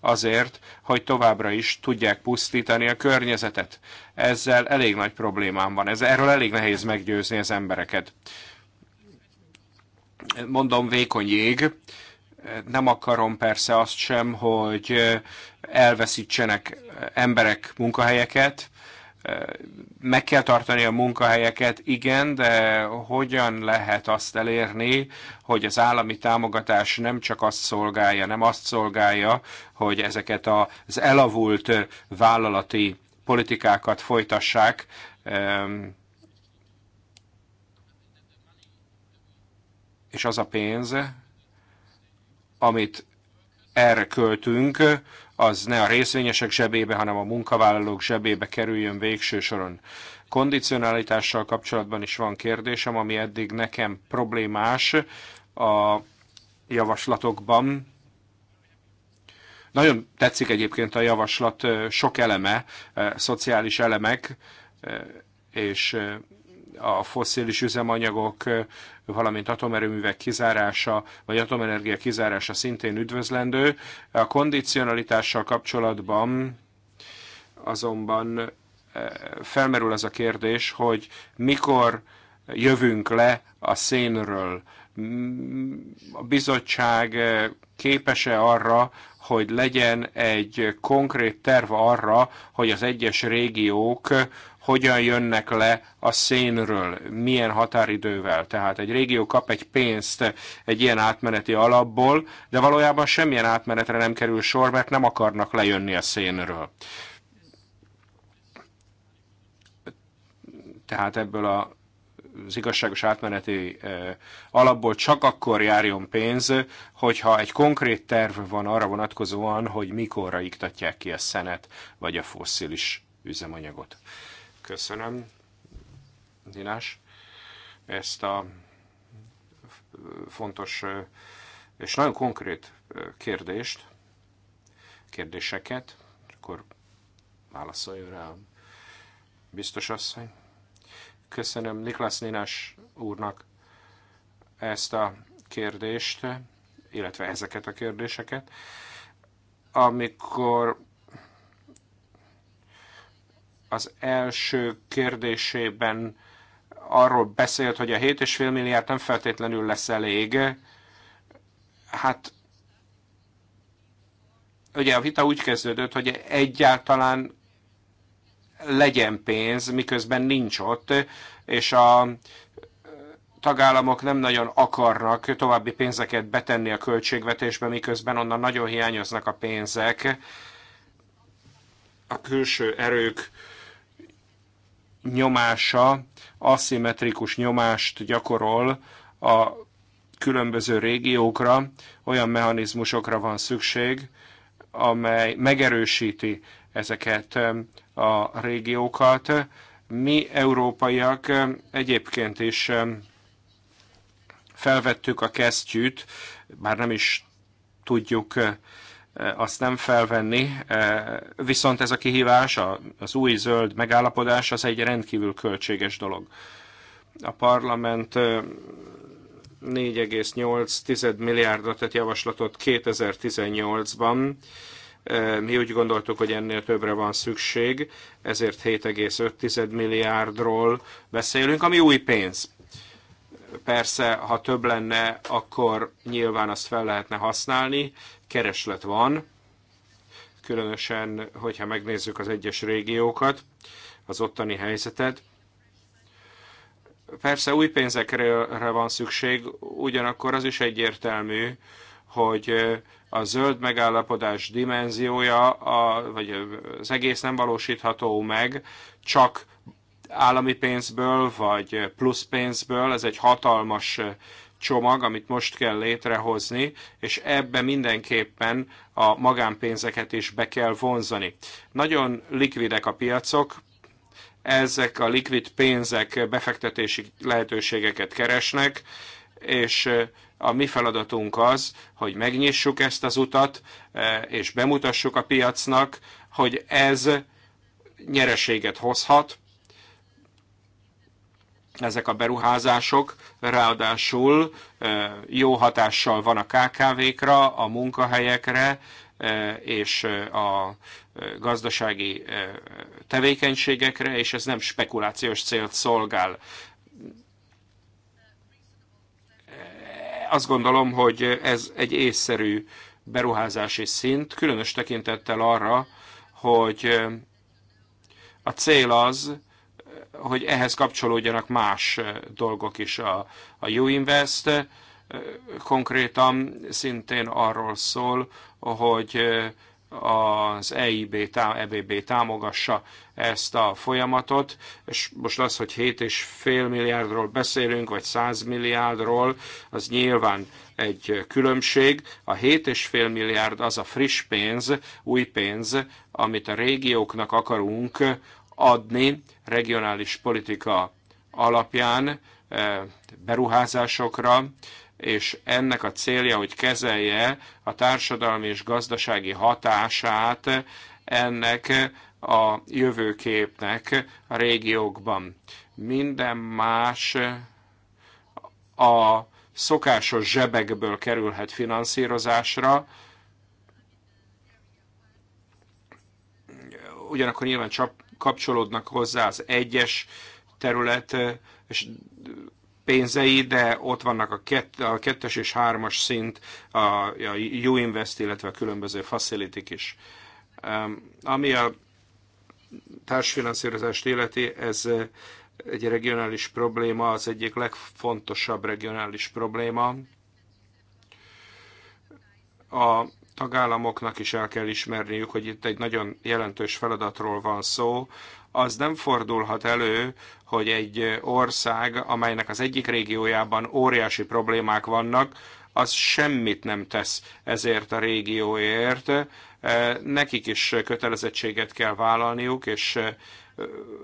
azért, hogy továbbra is tudják pusztítani a környezetet. Ezzel elég nagy problémám van, Ez, erről elég nehéz meggyőzni az embereket. Mondom, vékony jég, nem akarom persze azt sem, hogy elveszítsenek emberek munkahelyeket, meg kell tartani a munkahelyeket, igen, de hogyan lehet azt elérni, hogy az állami támogatás nem csak azt szolgálja, nem azt szolgálja, hogy ezeket az elavult vállalati politikákat folytassák, és az a pénz, amit erre költünk, az ne a részvényesek zsebébe, hanem a munkavállalók zsebébe kerüljön végső soron. Kondicionalitással kapcsolatban is van kérdésem, ami eddig nekem problémás a javaslatokban. Nagyon tetszik egyébként a javaslat sok eleme, szociális elemek, és a fosszilis üzemanyagok, valamint atomerőművek kizárása, vagy atomenergia kizárása szintén üdvözlendő. A kondicionalitással kapcsolatban azonban felmerül az a kérdés, hogy mikor jövünk le a szénről a bizottság eh, képes-e arra, hogy legyen egy konkrét terv arra, hogy az egyes régiók eh, hogyan jönnek le a szénről, milyen határidővel. Tehát egy régió kap egy pénzt egy ilyen átmeneti alapból, de valójában semmilyen átmenetre nem kerül sor, mert nem akarnak lejönni a szénről. Tehát ebből a az igazságos átmeneti alapból csak akkor járjon pénz, hogyha egy konkrét terv van arra vonatkozóan, hogy mikorra iktatják ki a szenet vagy a fosszilis üzemanyagot. Köszönöm, Dinás, ezt a fontos és nagyon konkrét kérdést, kérdéseket, akkor válaszoljon rá biztos asszony. Köszönöm Niklas Ninas úrnak ezt a kérdést, illetve ezeket a kérdéseket. Amikor az első kérdésében arról beszélt, hogy a 7,5 milliárd nem feltétlenül lesz elég, hát ugye a vita úgy kezdődött, hogy egyáltalán legyen pénz, miközben nincs ott, és a tagállamok nem nagyon akarnak további pénzeket betenni a költségvetésbe, miközben onnan nagyon hiányoznak a pénzek. A külső erők nyomása, aszimmetrikus nyomást gyakorol a különböző régiókra, olyan mechanizmusokra van szükség, amely megerősíti ezeket a régiókat. Mi európaiak egyébként is felvettük a kesztyűt, bár nem is tudjuk eh, azt nem felvenni, eh, viszont ez a kihívás, az új zöld megállapodás az egy rendkívül költséges dolog. A parlament 4,8 eh, milliárdot tett javaslatot 2018-ban, mi úgy gondoltuk, hogy ennél többre van szükség, ezért 7,5 milliárdról beszélünk, ami új pénz. Persze, ha több lenne, akkor nyilván azt fel lehetne használni, kereslet van, különösen, hogyha megnézzük az egyes régiókat, az ottani helyzetet. Persze új pénzekre van szükség, ugyanakkor az is egyértelmű, hogy a zöld megállapodás dimenziója, a, vagy az egész nem valósítható meg, csak állami pénzből, vagy plusz pénzből, ez egy hatalmas csomag, amit most kell létrehozni, és ebbe mindenképpen a magánpénzeket is be kell vonzani. Nagyon likvidek a piacok, ezek a likvid pénzek befektetési lehetőségeket keresnek, és a mi feladatunk az, hogy megnyissuk ezt az utat, e, és bemutassuk a piacnak, hogy ez nyereséget hozhat, ezek a beruházások ráadásul e, jó hatással van a KKV-kra, a munkahelyekre e, és a gazdasági tevékenységekre, és ez nem spekulációs célt szolgál. azt gondolom, hogy ez egy észszerű beruházási szint, különös tekintettel arra, hogy a cél az, hogy ehhez kapcsolódjanak más dolgok is. A, a U-Invest konkrétan szintén arról szól, hogy az EIB, EBB támogassa ezt a folyamatot, és most az, hogy 7,5 milliárdról beszélünk, vagy 100 milliárdról, az nyilván egy különbség. A 7,5 milliárd az a friss pénz, új pénz, amit a régióknak akarunk adni regionális politika alapján eh, beruházásokra, és ennek a célja, hogy kezelje a társadalmi és gazdasági hatását ennek a jövőképnek a régiókban. Minden más a szokásos zsebekből kerülhet finanszírozásra, ugyanakkor nyilván csak kapcsolódnak hozzá az egyes terület és pénzei, de ott vannak a, kett, a kettes és hármas szint, a, a U-Invest, illetve a különböző facilitik is. Ami a társfinanszírozást életi, ez egy regionális probléma, az egyik legfontosabb regionális probléma. A tagállamoknak is el kell ismerniük, hogy itt egy nagyon jelentős feladatról van szó. Az nem fordulhat elő, hogy egy ország, amelynek az egyik régiójában óriási problémák vannak, az semmit nem tesz ezért a régióért. E, nekik is kötelezettséget kell vállalniuk, és e,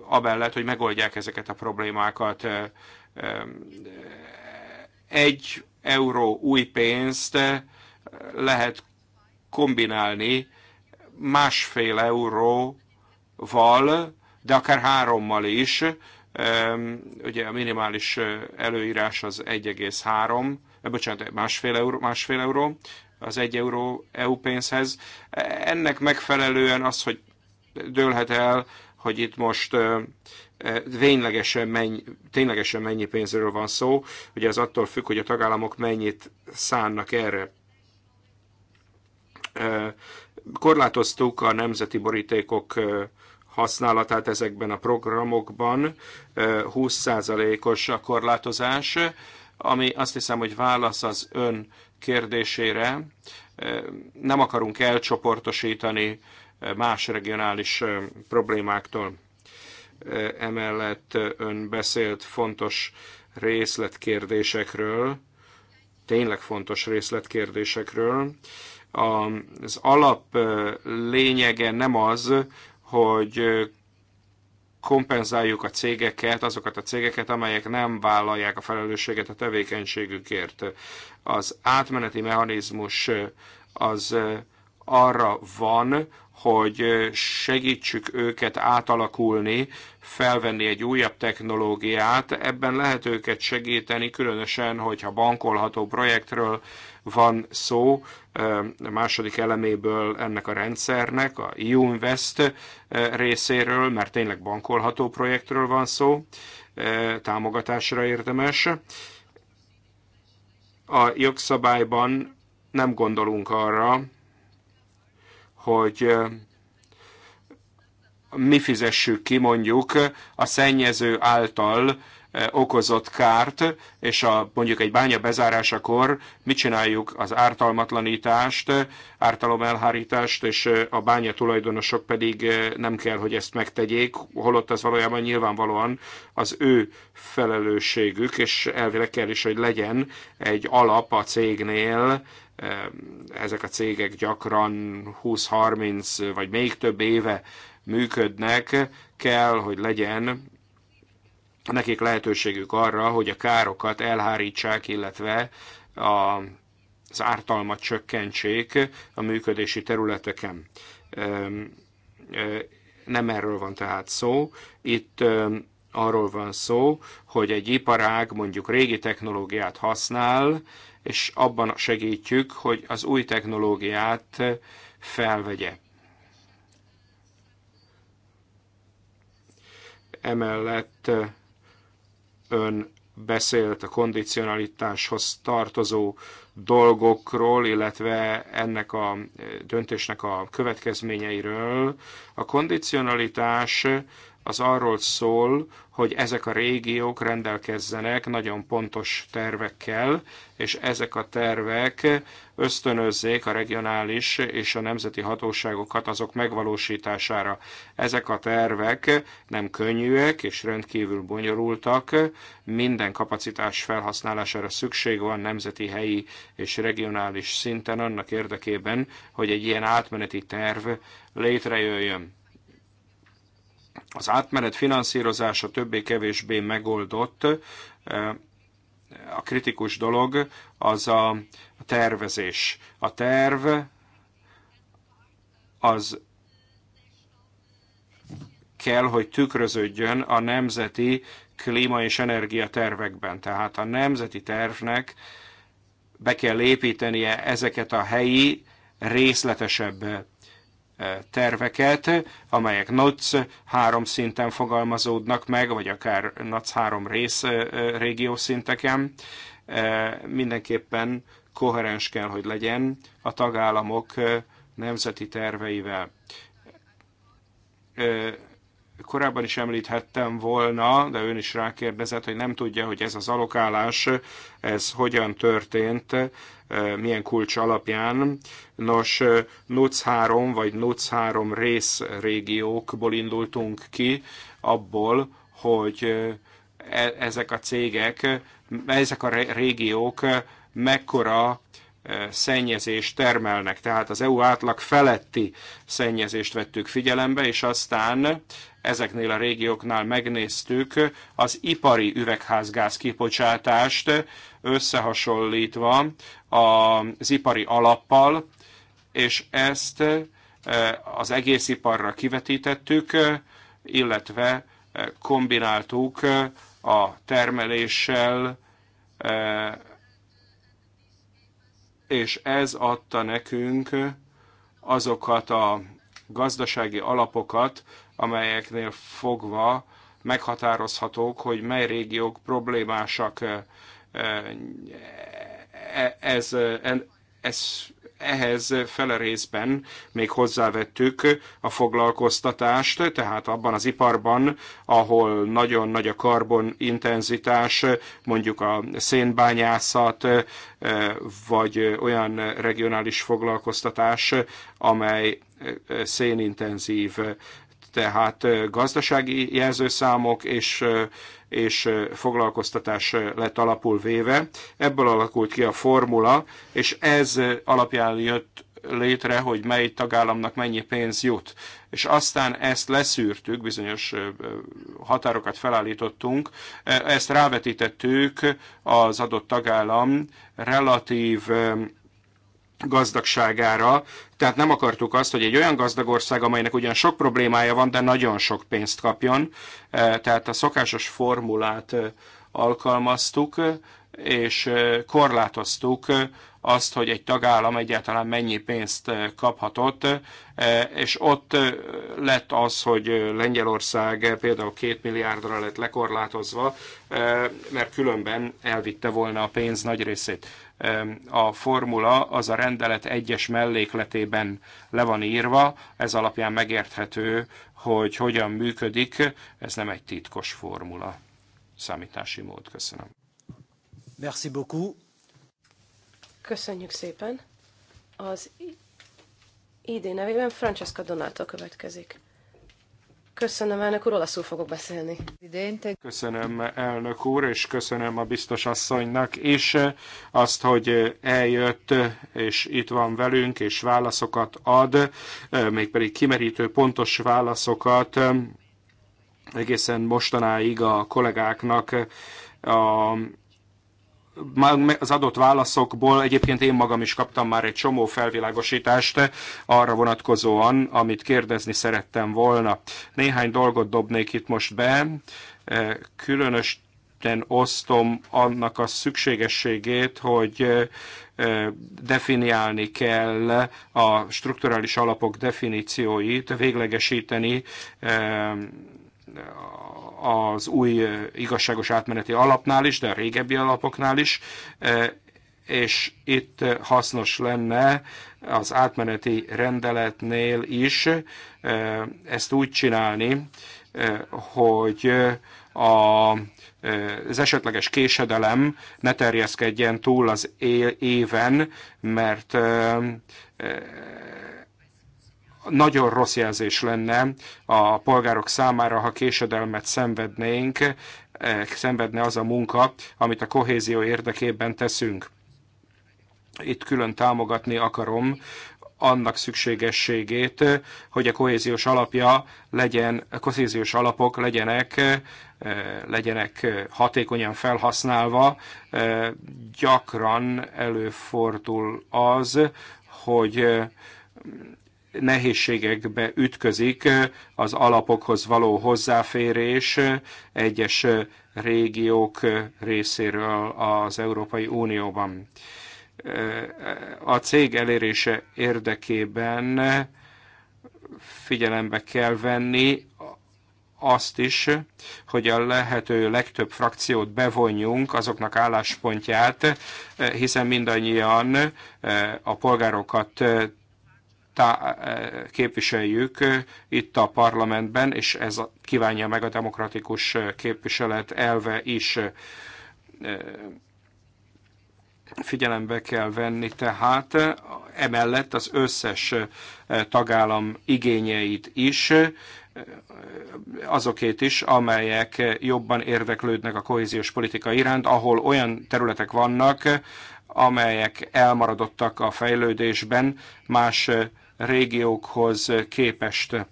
abellett, hogy megoldják ezeket a problémákat. E, egy euró új pénzt lehet kombinálni másfél euróval, de akár hárommal is, Ugye a minimális előírás az 1,3, bocsánat, másfél euró, másfél euró az 1 euró EU pénzhez. E, ennek megfelelően az, hogy dőlhet el, hogy itt most ténylegesen mennyi, ténylegesen mennyi pénzről van szó, ugye az attól függ, hogy a tagállamok mennyit szánnak erre. Korlátoztuk a nemzeti borítékok használatát ezekben a programokban, 20%-os a korlátozás, ami azt hiszem, hogy válasz az ön kérdésére. Nem akarunk elcsoportosítani más regionális problémáktól. Emellett ön beszélt fontos részletkérdésekről, tényleg fontos részletkérdésekről. Az alap lényege nem az, hogy kompenzáljuk a cégeket, azokat a cégeket, amelyek nem vállalják a felelősséget a tevékenységükért. Az átmeneti mechanizmus az arra van, hogy segítsük őket átalakulni, felvenni egy újabb technológiát. Ebben lehet őket segíteni, különösen, hogyha bankolható projektről van szó, a második eleméből ennek a rendszernek, a EU Invest részéről, mert tényleg bankolható projektről van szó, támogatásra érdemes. A jogszabályban nem gondolunk arra, hogy mi fizessük ki mondjuk a szennyező által okozott kárt, és a, mondjuk egy bánya bezárásakor mit csináljuk az ártalmatlanítást, ártalomelhárítást, és a bánya tulajdonosok pedig nem kell, hogy ezt megtegyék, holott ez valójában nyilvánvalóan az ő felelősségük, és elvileg kell is, hogy legyen egy alap a cégnél ezek a cégek gyakran 20-30 vagy még több éve működnek, kell, hogy legyen nekik lehetőségük arra, hogy a károkat elhárítsák, illetve a, az ártalmat csökkentsék a működési területeken. Nem erről van tehát szó. Itt arról van szó, hogy egy iparág mondjuk régi technológiát használ, és abban segítjük, hogy az új technológiát felvegye. Emellett ön beszélt a kondicionalitáshoz tartozó dolgokról, illetve ennek a döntésnek a következményeiről. A kondicionalitás az arról szól, hogy ezek a régiók rendelkezzenek nagyon pontos tervekkel, és ezek a tervek ösztönözzék a regionális és a nemzeti hatóságokat azok megvalósítására. Ezek a tervek nem könnyűek és rendkívül bonyolultak, minden kapacitás felhasználására szükség van nemzeti, helyi és regionális szinten annak érdekében, hogy egy ilyen átmeneti terv létrejöjjön az átmenet finanszírozása többé-kevésbé megoldott. A kritikus dolog az a tervezés. A terv az kell, hogy tükröződjön a nemzeti klíma és energia tervekben. Tehát a nemzeti tervnek be kell építenie ezeket a helyi részletesebb terveket, amelyek NOC három szinten fogalmazódnak meg, vagy akár NOC három rész régió szinteken. Mindenképpen koherens kell, hogy legyen a tagállamok nemzeti terveivel korábban is említhettem volna, de ön is rákérdezett, hogy nem tudja, hogy ez az alokálás, ez hogyan történt, e, milyen kulcs alapján. Nos, e, NUC 3 vagy NUC 3 rész régiókból indultunk ki, abból, hogy e, ezek a cégek, ezek a régiók mekkora szennyezést termelnek. Tehát az EU átlag feletti szennyezést vettük figyelembe, és aztán ezeknél a régióknál megnéztük az ipari üvegházgáz kibocsátást összehasonlítva az ipari alappal, és ezt az egész iparra kivetítettük, illetve kombináltuk a termeléssel, és ez adta nekünk azokat a gazdasági alapokat, amelyeknél fogva meghatározhatók, hogy mely régiók problémásak. Ez, ez ehhez fele részben még hozzávettük a foglalkoztatást, tehát abban az iparban, ahol nagyon nagy a karbonintenzitás, mondjuk a szénbányászat, eh, vagy olyan regionális foglalkoztatás, amely eh, szénintenzív, tehát eh, gazdasági jelzőszámok és és foglalkoztatás lett alapul véve. Ebből alakult ki a formula, és ez alapján jött létre, hogy mely tagállamnak mennyi pénz jut. És aztán ezt leszűrtük, bizonyos határokat felállítottunk, ezt rávetítettük az adott tagállam relatív gazdagságára, tehát nem akartuk azt, hogy egy olyan gazdag ország, amelynek ugyan sok problémája van, de nagyon sok pénzt kapjon, e, tehát a szokásos formulát e, alkalmaztuk, e, és korlátoztuk azt, hogy egy tagállam egyáltalán mennyi pénzt kaphatott, és ott lett az, hogy Lengyelország például két milliárdra lett lekorlátozva, mert különben elvitte volna a pénz nagy részét a formula az a rendelet egyes mellékletében le van írva, ez alapján megérthető, hogy hogyan működik, ez nem egy titkos formula. Számítási mód, köszönöm. Merci beaucoup. Köszönjük szépen. Az ID nevében Francesca Donato következik. Köszönöm, elnök úr, olaszul fogok beszélni. Köszönöm, elnök úr, és köszönöm a biztos asszonynak is azt, hogy eljött, és itt van velünk, és válaszokat ad, mégpedig kimerítő pontos válaszokat egészen mostanáig a kollégáknak a az adott válaszokból egyébként én magam is kaptam már egy csomó felvilágosítást arra vonatkozóan, amit kérdezni szerettem volna. Néhány dolgot dobnék itt most be, e, különös osztom annak a szükségességét, hogy e, e, definiálni kell a strukturális alapok definícióit, véglegesíteni az új igazságos átmeneti alapnál is, de a régebbi alapoknál is, és itt hasznos lenne az átmeneti rendeletnél is ezt úgy csinálni, hogy a, az esetleges késedelem ne terjeszkedjen túl az éven, mert nagyon rossz jelzés lenne a polgárok számára, ha késedelmet szenvednénk, eh, szenvedne az a munka, amit a kohézió érdekében teszünk. Itt külön támogatni akarom annak szükségességét, hogy a kohéziós alapja legyen, a kohéziós alapok legyenek, eh, legyenek hatékonyan felhasználva. Eh, gyakran előfordul az, hogy nehézségekbe ütközik az alapokhoz való hozzáférés egyes régiók részéről az Európai Unióban. A cég elérése érdekében figyelembe kell venni azt is, hogy a lehető legtöbb frakciót bevonjunk, azoknak álláspontját, hiszen mindannyian a polgárokat tá eh, képviseljük eh, itt a parlamentben, és ez kívánja meg a demokratikus eh, képviselet elve is. Figyelembe kell venni tehát emellett az összes tagállam igényeit is, azokét is, amelyek jobban érdeklődnek a kohéziós politika iránt, ahol olyan területek vannak, amelyek elmaradottak a fejlődésben más régiókhoz képest.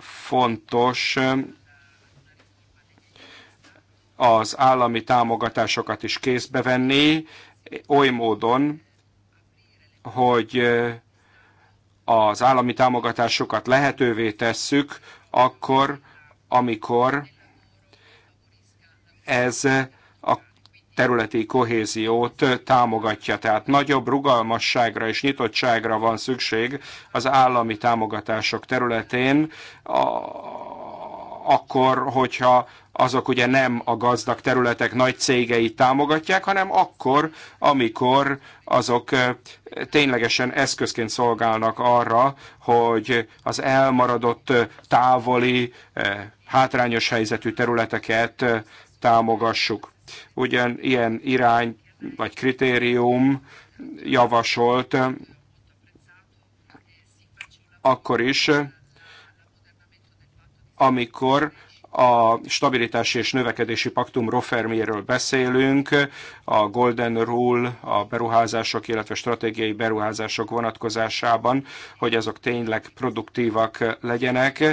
Fontos az állami támogatásokat is kézbe venni, oly módon, hogy az állami támogatásokat lehetővé tesszük, akkor, amikor ez területi kohéziót támogatja. Tehát nagyobb rugalmasságra és nyitottságra van szükség az állami támogatások területén, akkor, hogyha azok ugye nem a gazdag területek nagy cégeit támogatják, hanem akkor, amikor azok ténylegesen eszközként szolgálnak arra, hogy az elmaradott távoli, hátrányos helyzetű területeket támogassuk ugyan ilyen irány vagy kritérium javasolt akkor is, amikor a stabilitási és növekedési paktum roferméről beszélünk, a Golden Rule a beruházások, illetve stratégiai beruházások vonatkozásában, hogy azok tényleg produktívak legyenek,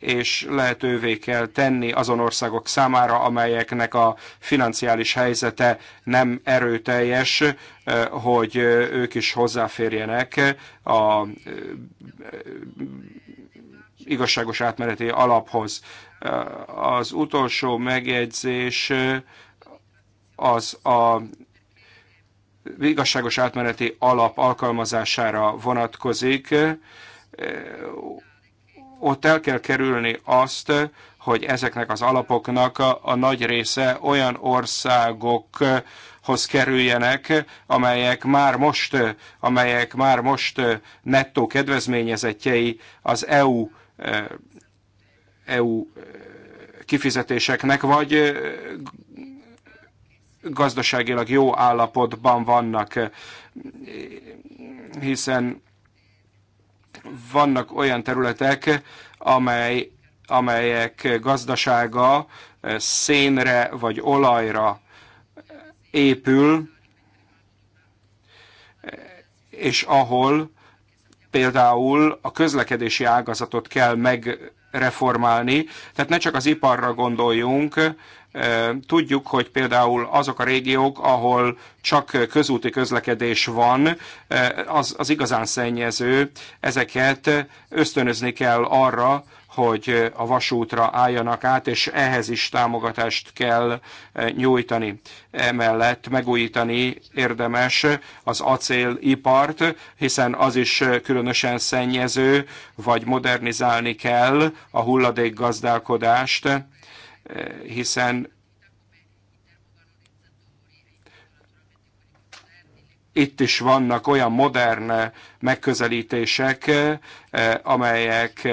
és lehetővé kell tenni azon országok számára, amelyeknek a financiális helyzete nem erőteljes, hogy ők is hozzáférjenek a igazságos átmeneti alaphoz. Az utolsó megjegyzés az a igazságos átmeneti alap alkalmazására vonatkozik ott el kell kerülni azt, hogy ezeknek az alapoknak a nagy része olyan országokhoz kerüljenek, amelyek már most, amelyek már most nettó kedvezményezettjei az EU, EU kifizetéseknek, vagy gazdaságilag jó állapotban vannak, hiszen vannak olyan területek, amely, amelyek gazdasága eh, szénre vagy olajra eh, épül, eh, és ahol például a közlekedési ágazatot kell megreformálni. Tehát ne csak az iparra gondoljunk, Tudjuk, hogy például azok a régiók, ahol csak közúti közlekedés van, az, az igazán szennyező, ezeket ösztönözni kell arra, hogy a vasútra álljanak át, és ehhez is támogatást kell nyújtani. Emellett megújítani érdemes az acélipart, hiszen az is különösen szennyező, vagy modernizálni kell a hulladékgazdálkodást, hiszen itt is vannak olyan modern megközelítések, eh, amelyek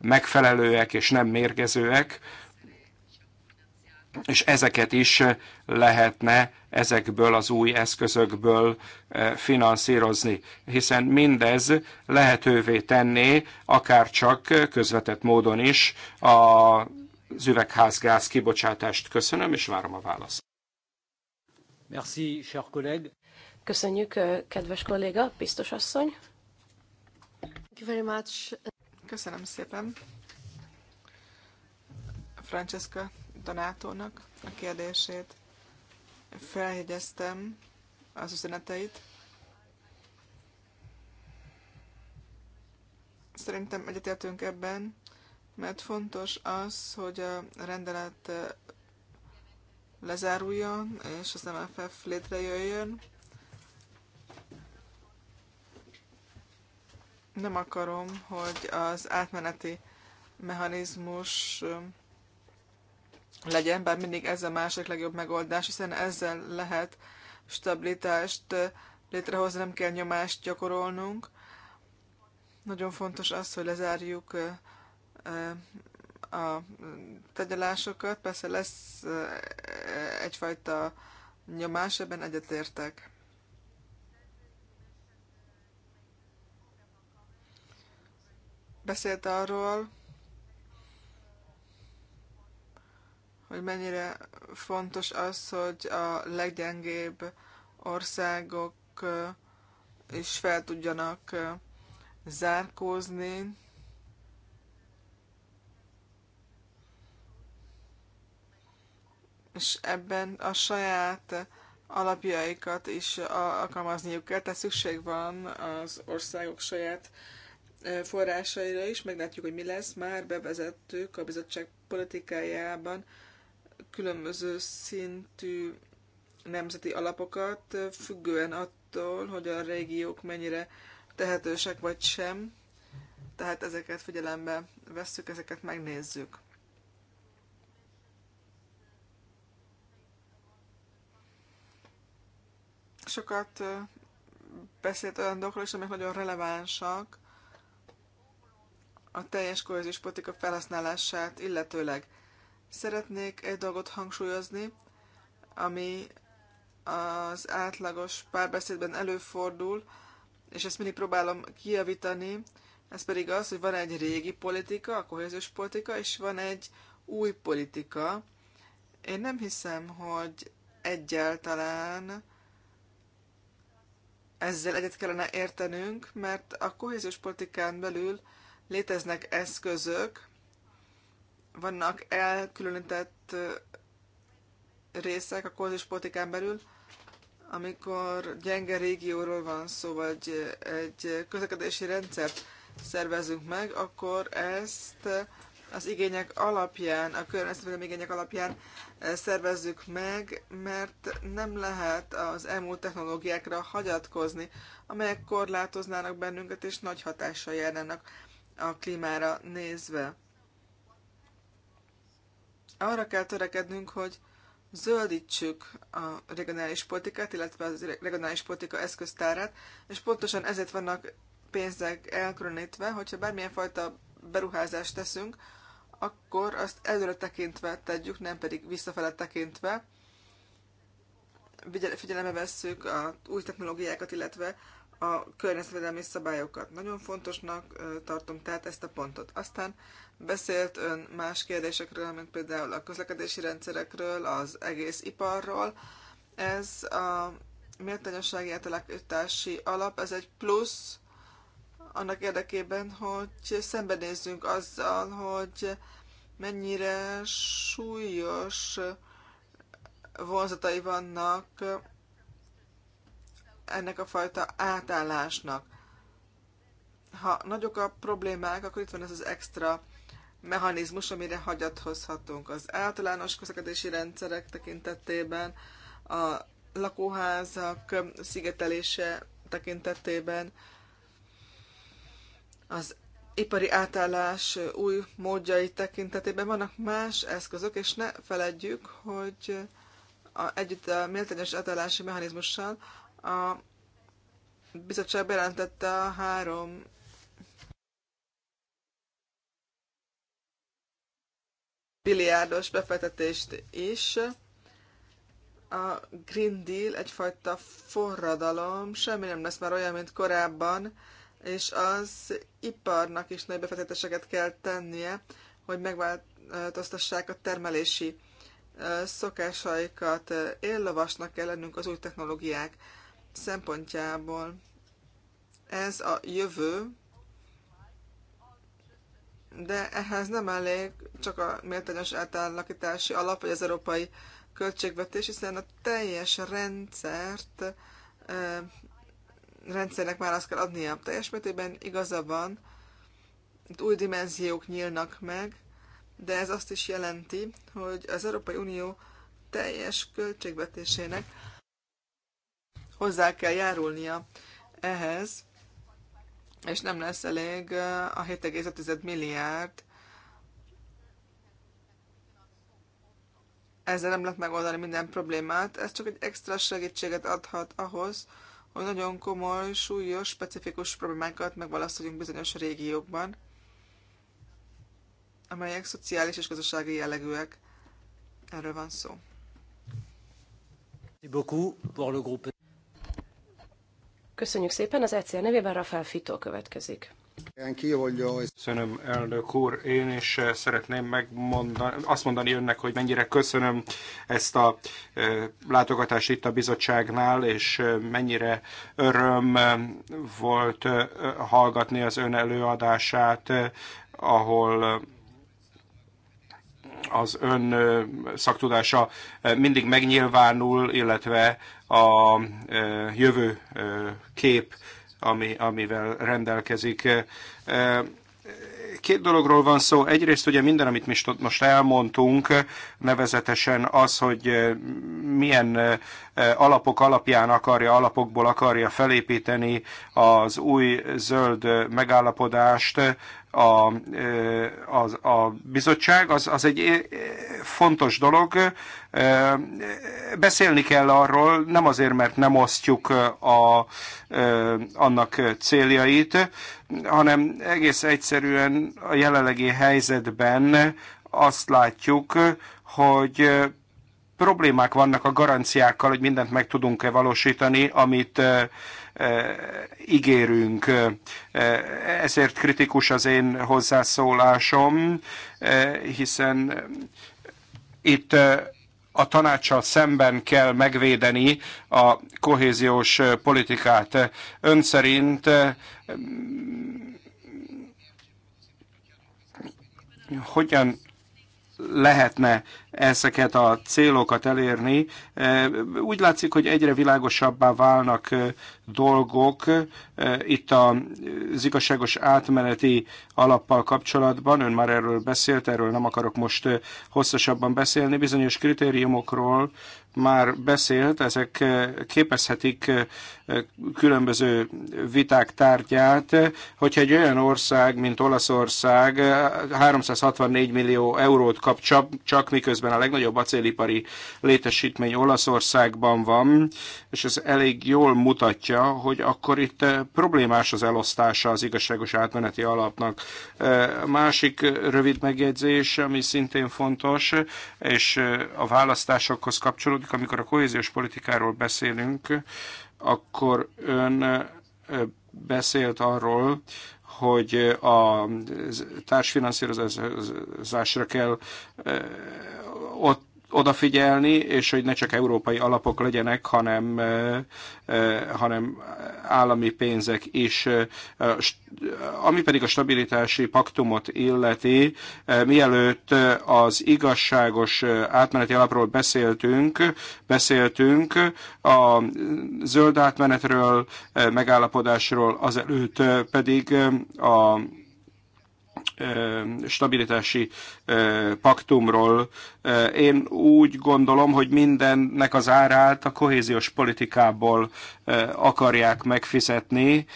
megfelelőek és nem mérgezőek, és ezeket is lehetne ezekből az új eszközökből eh, finanszírozni, hiszen mindez lehetővé tenné akár csak közvetett módon is a az üvegházgáz kibocsátást. Köszönöm, és várom a választ. Merci, cher collègue. Köszönjük, kedves kolléga, biztos asszony. Thank you very much. Köszönöm szépen. Francesca Donátónak a kérdését. Felhegyeztem az üzeneteit. Szerintem egyetértünk ebben, mert fontos az, hogy a rendelet lezáruljon, és az MFF létrejöjjön. Nem akarom, hogy az átmeneti mechanizmus legyen, bár mindig ez a másik legjobb megoldás, hiszen ezzel lehet stabilitást létrehozni, nem kell nyomást gyakorolnunk. Nagyon fontos az, hogy lezárjuk a tegyelásokat. Persze lesz egyfajta nyomás, ebben egyetértek. Beszélt arról, hogy mennyire fontos az, hogy a leggyengébb országok is fel tudjanak zárkózni, és ebben a saját alapjaikat is alkalmazniuk kell, tehát szükség van az országok saját forrásaira is, meglátjuk, hogy mi lesz, már bevezettük a bizottság politikájában különböző szintű nemzeti alapokat, függően attól, hogy a régiók mennyire tehetősek vagy sem, tehát ezeket figyelembe vesszük, ezeket megnézzük. sokat beszélt olyan dolgokról is, amik nagyon relevánsak a teljes kohéziós politika felhasználását illetőleg. Szeretnék egy dolgot hangsúlyozni, ami az átlagos párbeszédben előfordul, és ezt mindig próbálom kijavítani, ez pedig az, hogy van egy régi politika, a kohéziós politika, és van egy új politika. Én nem hiszem, hogy egyáltalán ezzel egyet kellene értenünk, mert a kohéziós politikán belül léteznek eszközök, vannak elkülönített részek a kohéziós politikán belül, amikor gyenge régióról van szó, vagy egy közlekedési rendszert szervezünk meg, akkor ezt az igények alapján, a környezetvédelmi igények alapján e, szervezzük meg, mert nem lehet az elmúlt technológiákra hagyatkozni, amelyek korlátoznának bennünket és nagy hatással járnának a klímára nézve. Arra kell törekednünk, hogy zöldítsük a regionális politikát, illetve a regionális politika eszköztárát, és pontosan ezért vannak pénzek elkülönítve, hogyha bármilyen fajta beruházást teszünk, akkor azt előre tekintve tegyük, nem pedig visszafele tekintve. Figyelembe vesszük a új technológiákat, illetve a környezetvédelmi szabályokat. Nagyon fontosnak tartom tehát ezt a pontot. Aztán beszélt ön más kérdésekről, mint például a közlekedési rendszerekről, az egész iparról. Ez a méltányossági átalakítási alap, ez egy plusz annak érdekében, hogy szembenézzünk azzal, hogy mennyire súlyos vonzatai vannak ennek a fajta átállásnak. Ha nagyok a problémák, akkor itt van ez az extra mechanizmus, amire hagyatkozhatunk. Az általános közlekedési rendszerek tekintetében, a lakóházak szigetelése tekintetében, az ipari átállás új módjai tekintetében vannak más eszközök, és ne feledjük, hogy a, együtt a méltányos átállási mechanizmussal a bizottság bejelentette a három milliárdos befektetést is. A Green Deal egyfajta forradalom, semmi nem lesz már olyan, mint korábban, és az iparnak is nagy befektetéseket kell tennie, hogy megváltoztassák a termelési szokásaikat. Éllovasnak kell lennünk az új technológiák szempontjából. Ez a jövő, de ehhez nem elég csak a méltányos átállakítási alap, vagy az európai költségvetés, hiszen a teljes rendszert rendszernek azt kell adnia. Teljes mértékben igaza van, itt új dimenziók nyílnak meg, de ez azt is jelenti, hogy az Európai Unió teljes költségvetésének hozzá kell járulnia ehhez, és nem lesz elég a 7,5 milliárd. Ezzel nem lehet megoldani minden problémát, ez csak egy extra segítséget adhat ahhoz, hogy nagyon komoly, súlyos, specifikus problémákat megválasztoljunk bizonyos régiókban, amelyek szociális és gazdasági jellegűek. Erről van szó. Köszönjük szépen, az ECR nevében Rafael Fitó következik. Köszönöm, elnök úr. Én is eh, szeretném megmondani, azt mondani önnek, hogy mennyire köszönöm ezt a eh, látogatást itt a bizottságnál, és eh, mennyire öröm volt hallgatni az ön előadását, ahol az ön szaktudása mindig megnyilvánul, illetve a jövő kép ami, amivel rendelkezik. Két dologról van szó. Egyrészt ugye minden, amit mi most elmondtunk, nevezetesen az, hogy milyen alapok alapján akarja, alapokból akarja felépíteni az új zöld megállapodást, a, az, a bizottság, az, az egy fontos dolog, Beszélni kell arról, nem azért, mert nem osztjuk a, annak céljait, hanem egész egyszerűen a jelenlegi helyzetben azt látjuk, hogy problémák vannak a garanciákkal, hogy mindent meg tudunk-e valósítani, amit ígérünk. Ezért kritikus az én hozzászólásom, hiszen itt a tanácssal szemben kell megvédeni a kohéziós politikát. Ön szerint mm, hogyan lehetne ezeket a célokat elérni. E, úgy látszik, hogy egyre világosabbá válnak e, dolgok e, itt az igazságos átmeneti alappal kapcsolatban. Ön már erről beszélt, erről nem akarok most hosszasabban beszélni. Bizonyos kritériumokról már beszélt, ezek képezhetik különböző viták tárgyát. Hogyha egy olyan ország, mint Olaszország 364 millió eurót kap csak, csak miközben miközben a legnagyobb acélipari létesítmény Olaszországban van, és ez elég jól mutatja, hogy akkor itt eh, problémás az elosztása az igazságos átmeneti alapnak. Eh, másik eh, rövid megjegyzés, ami szintén fontos, és a választásokhoz kapcsolódik, amikor a kohéziós politikáról beszélünk, akkor ön beszélt arról, hogy a társfinanszírozásra kell ott odafigyelni, és hogy ne csak európai alapok legyenek, hanem, hanem állami pénzek is. Ami pedig a stabilitási paktumot illeti, mielőtt az igazságos átmeneti alapról beszéltünk, beszéltünk a zöld átmenetről, megállapodásról, azelőtt pedig a stabilitási paktumról. Én úgy gondolom, hogy mindennek az árát a kohéziós politikából akarják megfizetni,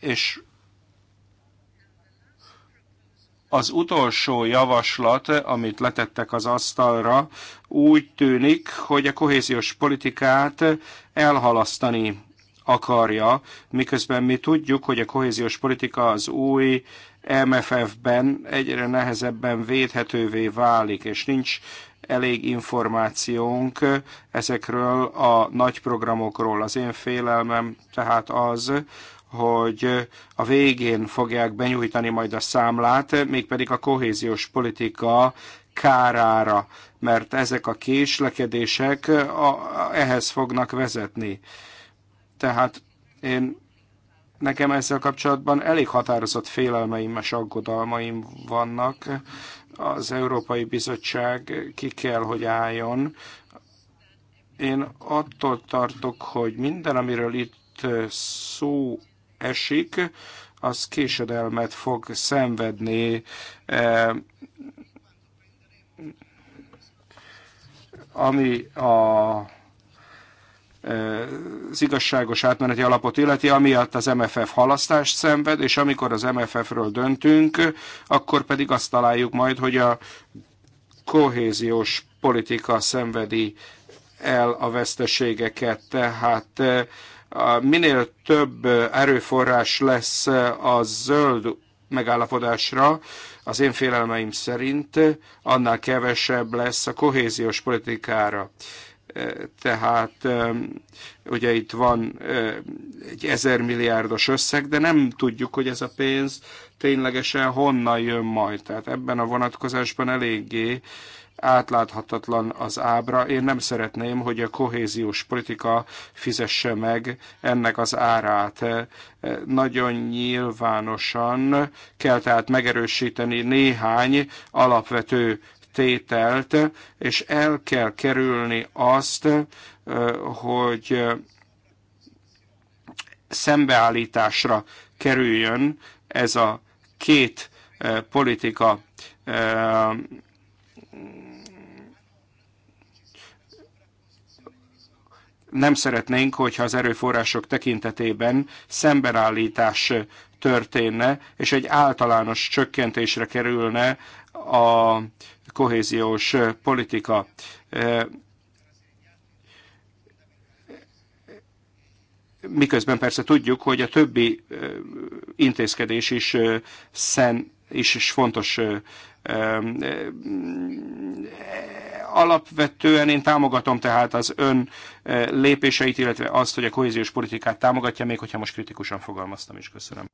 és az utolsó javaslat, amit letettek az asztalra, úgy tűnik, hogy a kohéziós politikát elhalasztani akarja, miközben mi tudjuk, hogy a kohéziós politika az új MFF-ben egyre nehezebben védhetővé válik, és nincs elég információnk ezekről a nagy programokról. Az én félelmem tehát az, hogy a végén fogják benyújtani majd a számlát, mégpedig a kohéziós politika kárára, mert ezek a késlekedések a, ehhez fognak vezetni. Tehát én nekem ezzel kapcsolatban elég határozott félelmeim és aggodalmaim vannak. Az Európai Bizottság ki kell, hogy álljon. Én attól tartok, hogy minden, amiről itt szó esik, az késedelmet fog szenvedni. E, ami a az igazságos átmeneti alapot illeti, amiatt az MFF halasztást szenved, és amikor az MFF-ről döntünk, akkor pedig azt találjuk majd, hogy a kohéziós politika szenvedi el a veszteségeket, tehát eh, minél több eh, erőforrás lesz eh, a zöld megállapodásra, az én félelmeim szerint annál kevesebb lesz a kohéziós politikára tehát ugye itt van egy ezer milliárdos összeg, de nem tudjuk, hogy ez a pénz ténylegesen honnan jön majd. Tehát ebben a vonatkozásban eléggé átláthatatlan az ábra. Én nem szeretném, hogy a kohéziós politika fizesse meg ennek az árát. Nagyon nyilvánosan kell tehát megerősíteni néhány alapvető tételt, és el kell kerülni azt, hogy szembeállításra kerüljön ez a két politika nem szeretnénk, hogyha az erőforrások tekintetében szembenállítás történne, és egy általános csökkentésre kerülne a kohéziós eh, politika. Eh, miközben persze tudjuk, hogy a többi eh, intézkedés is szen is, is fontos alapvetően én támogatom tehát az ön lépéseit, illetve azt, hogy a kohéziós politikát támogatja, még hogyha most kritikusan fogalmaztam is. Köszönöm.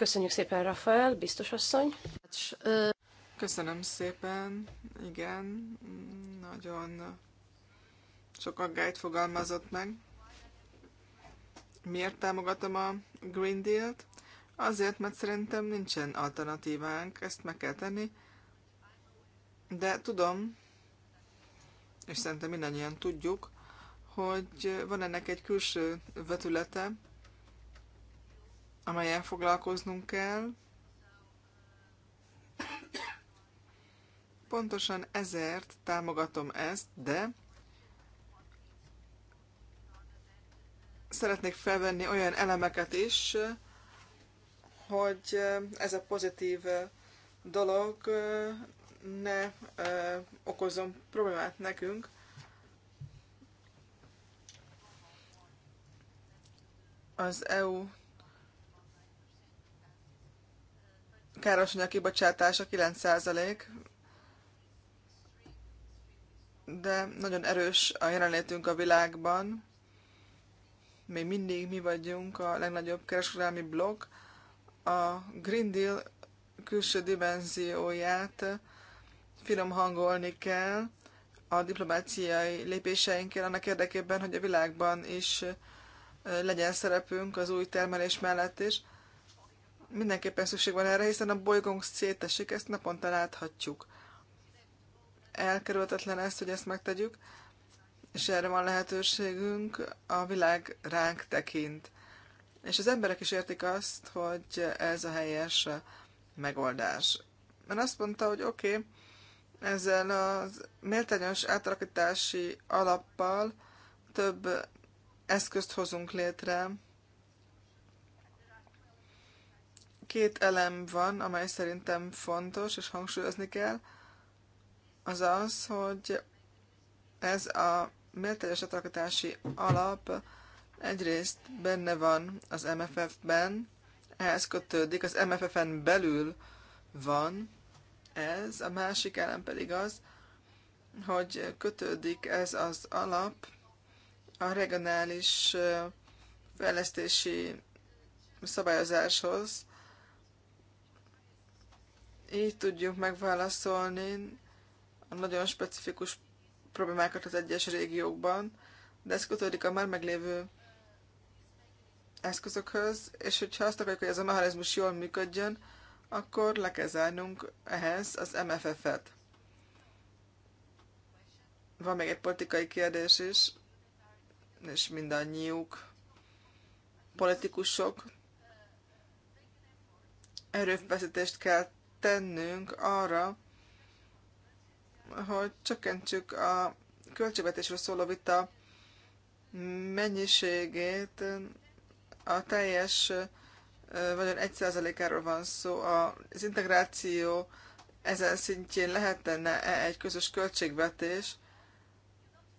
Köszönjük szépen, Rafael, biztos asszony. Köszönöm szépen, igen, nagyon sok aggályt fogalmazott meg. Miért támogatom a Green Deal-t? Azért, mert szerintem nincsen alternatívánk, ezt meg kell tenni. De tudom, és szerintem mindannyian tudjuk, hogy van ennek egy külső vetülete, amelyel foglalkoznunk kell. Pontosan ezért támogatom ezt, de szeretnék felvenni olyan elemeket is, hogy ez a pozitív dolog ne okozom problémát nekünk. Az EU károsanyag kibocsátása 9%, de nagyon erős a jelenlétünk a világban. Még mindig mi vagyunk a legnagyobb kereskedelmi blog. A Green Deal külső dimenzióját finom hangolni kell a diplomáciai lépéseinkkel annak érdekében, hogy a világban is legyen szerepünk az új termelés mellett is mindenképpen szükség van erre, hiszen a bolygónk szétesik, ezt naponta láthatjuk. Elkerülhetetlen ezt, hogy ezt megtegyük, és erre van lehetőségünk, a világ ránk tekint. És az emberek is értik azt, hogy ez a helyes megoldás. Mert azt mondta, hogy oké, okay, ezzel a méltányos átalakítási alappal több eszközt hozunk létre, Két elem van, amely szerintem fontos, és hangsúlyozni kell, az az, hogy ez a méltányos alkotási alap egyrészt benne van az MFF-ben, ehhez kötődik, az MFF-en belül van ez, a másik elem pedig az, hogy kötődik ez az alap a regionális fejlesztési szabályozáshoz, így tudjuk megválaszolni a nagyon specifikus problémákat az egyes régiókban, de ez kötődik a már meglévő eszközökhöz, és hogyha azt akarjuk, hogy ez a mechanizmus jól működjön, akkor le kell zárnunk ehhez az MFF-et. Van még egy politikai kérdés is, és mindannyiuk politikusok erőfeszítést kell tennünk arra, hogy csökkentsük a költségvetésről szóló vita mennyiségét. A teljes vagyon 1%-áról van szó. Az integráció ezen szintjén lehetne -e egy közös költségvetés,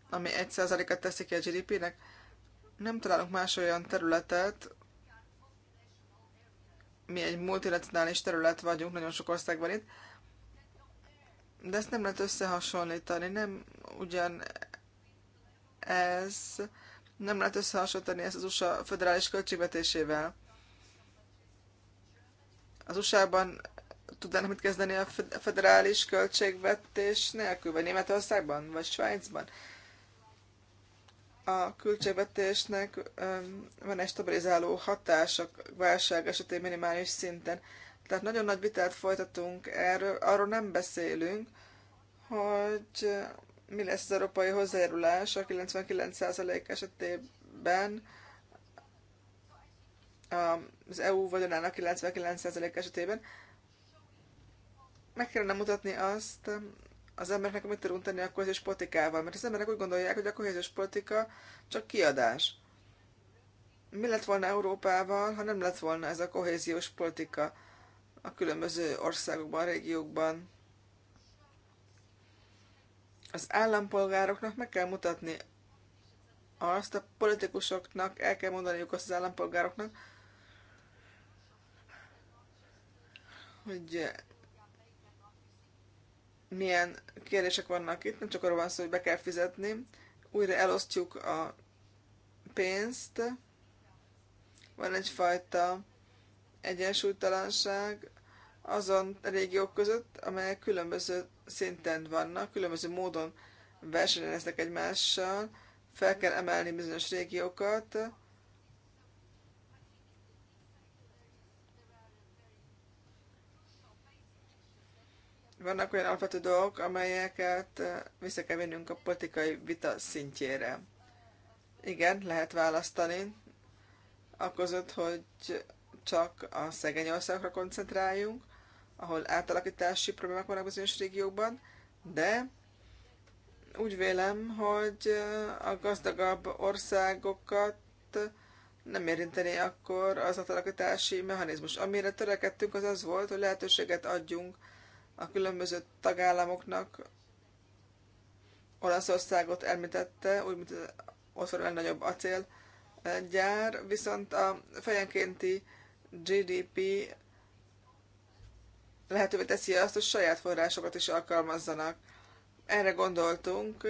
ami 1%-et teszik ki a GDP-nek? Nem találunk más olyan területet, mi egy multilaterális terület vagyunk nagyon sok országban itt, de ezt nem lehet összehasonlítani, nem ugyan ez, nem lehet összehasonlítani ezt az USA föderális költségvetésével. Az USA-ban tudnának mit kezdeni a föderális költségvetés nélkül, vagy Németországban, vagy Svájcban a költségvetésnek van egy stabilizáló hatás a válság esetén minimális szinten. Tehát nagyon nagy vitát folytatunk erről, arról nem beszélünk, hogy mi lesz az európai hozzájárulás a 99% esetében, az EU vagyonának 99% esetében. Meg kellene mutatni azt, az embernek mit tudunk tenni a kohéziós politikával, mert az emberek úgy gondolják, hogy a kohéziós politika csak kiadás. Mi lett volna Európával, ha nem lett volna ez a kohéziós politika a különböző országokban, régiókban? Az állampolgároknak meg kell mutatni azt, a politikusoknak el kell mondaniuk azt az állampolgároknak, hogy milyen kérdések vannak itt, nem csak arról van szó, hogy be kell fizetni, újra elosztjuk a pénzt, van egyfajta egyensúlytalanság azon régiók között, amelyek különböző szinten vannak, különböző módon versenyeznek egymással, fel kell emelni bizonyos régiókat, vannak olyan alapvető dolgok, amelyeket eh, vissza kell vinnünk a politikai vita szintjére. Igen, lehet választani, aközött, hogy csak a szegény országokra koncentráljunk, ahol átalakítási problémák vannak bizonyos régiókban, de úgy vélem, hogy eh, a gazdagabb országokat nem érinteni akkor az átalakítási mechanizmus. Amire törekedtünk, az az volt, hogy lehetőséget adjunk a különböző tagállamoknak. Olaszországot említette, úgy, mint az oszor a legnagyobb acélgyár, viszont a fejenkénti GDP lehetővé teszi azt, hogy saját forrásokat is alkalmazzanak. Erre gondoltunk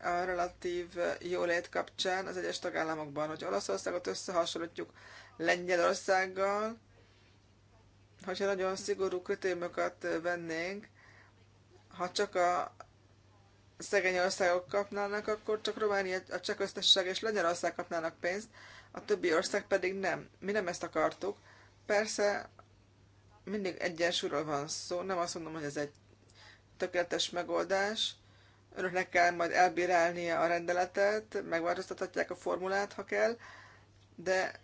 a relatív jólét kapcsán az egyes tagállamokban, hogy Olaszországot összehasonlítjuk Lengyelországgal, hogyha nagyon szigorú kötélmökat vennénk, ha csak a szegény országok kapnának, akkor csak Románia, a Cseh Köztesség és Lengyelország kapnának pénzt, a többi ország pedig nem. Mi nem ezt akartuk. Persze mindig egyensúlyról van szó, nem azt mondom, hogy ez egy tökéletes megoldás. Önöknek kell majd elbírálnia a rendeletet, megváltoztathatják a formulát, ha kell, de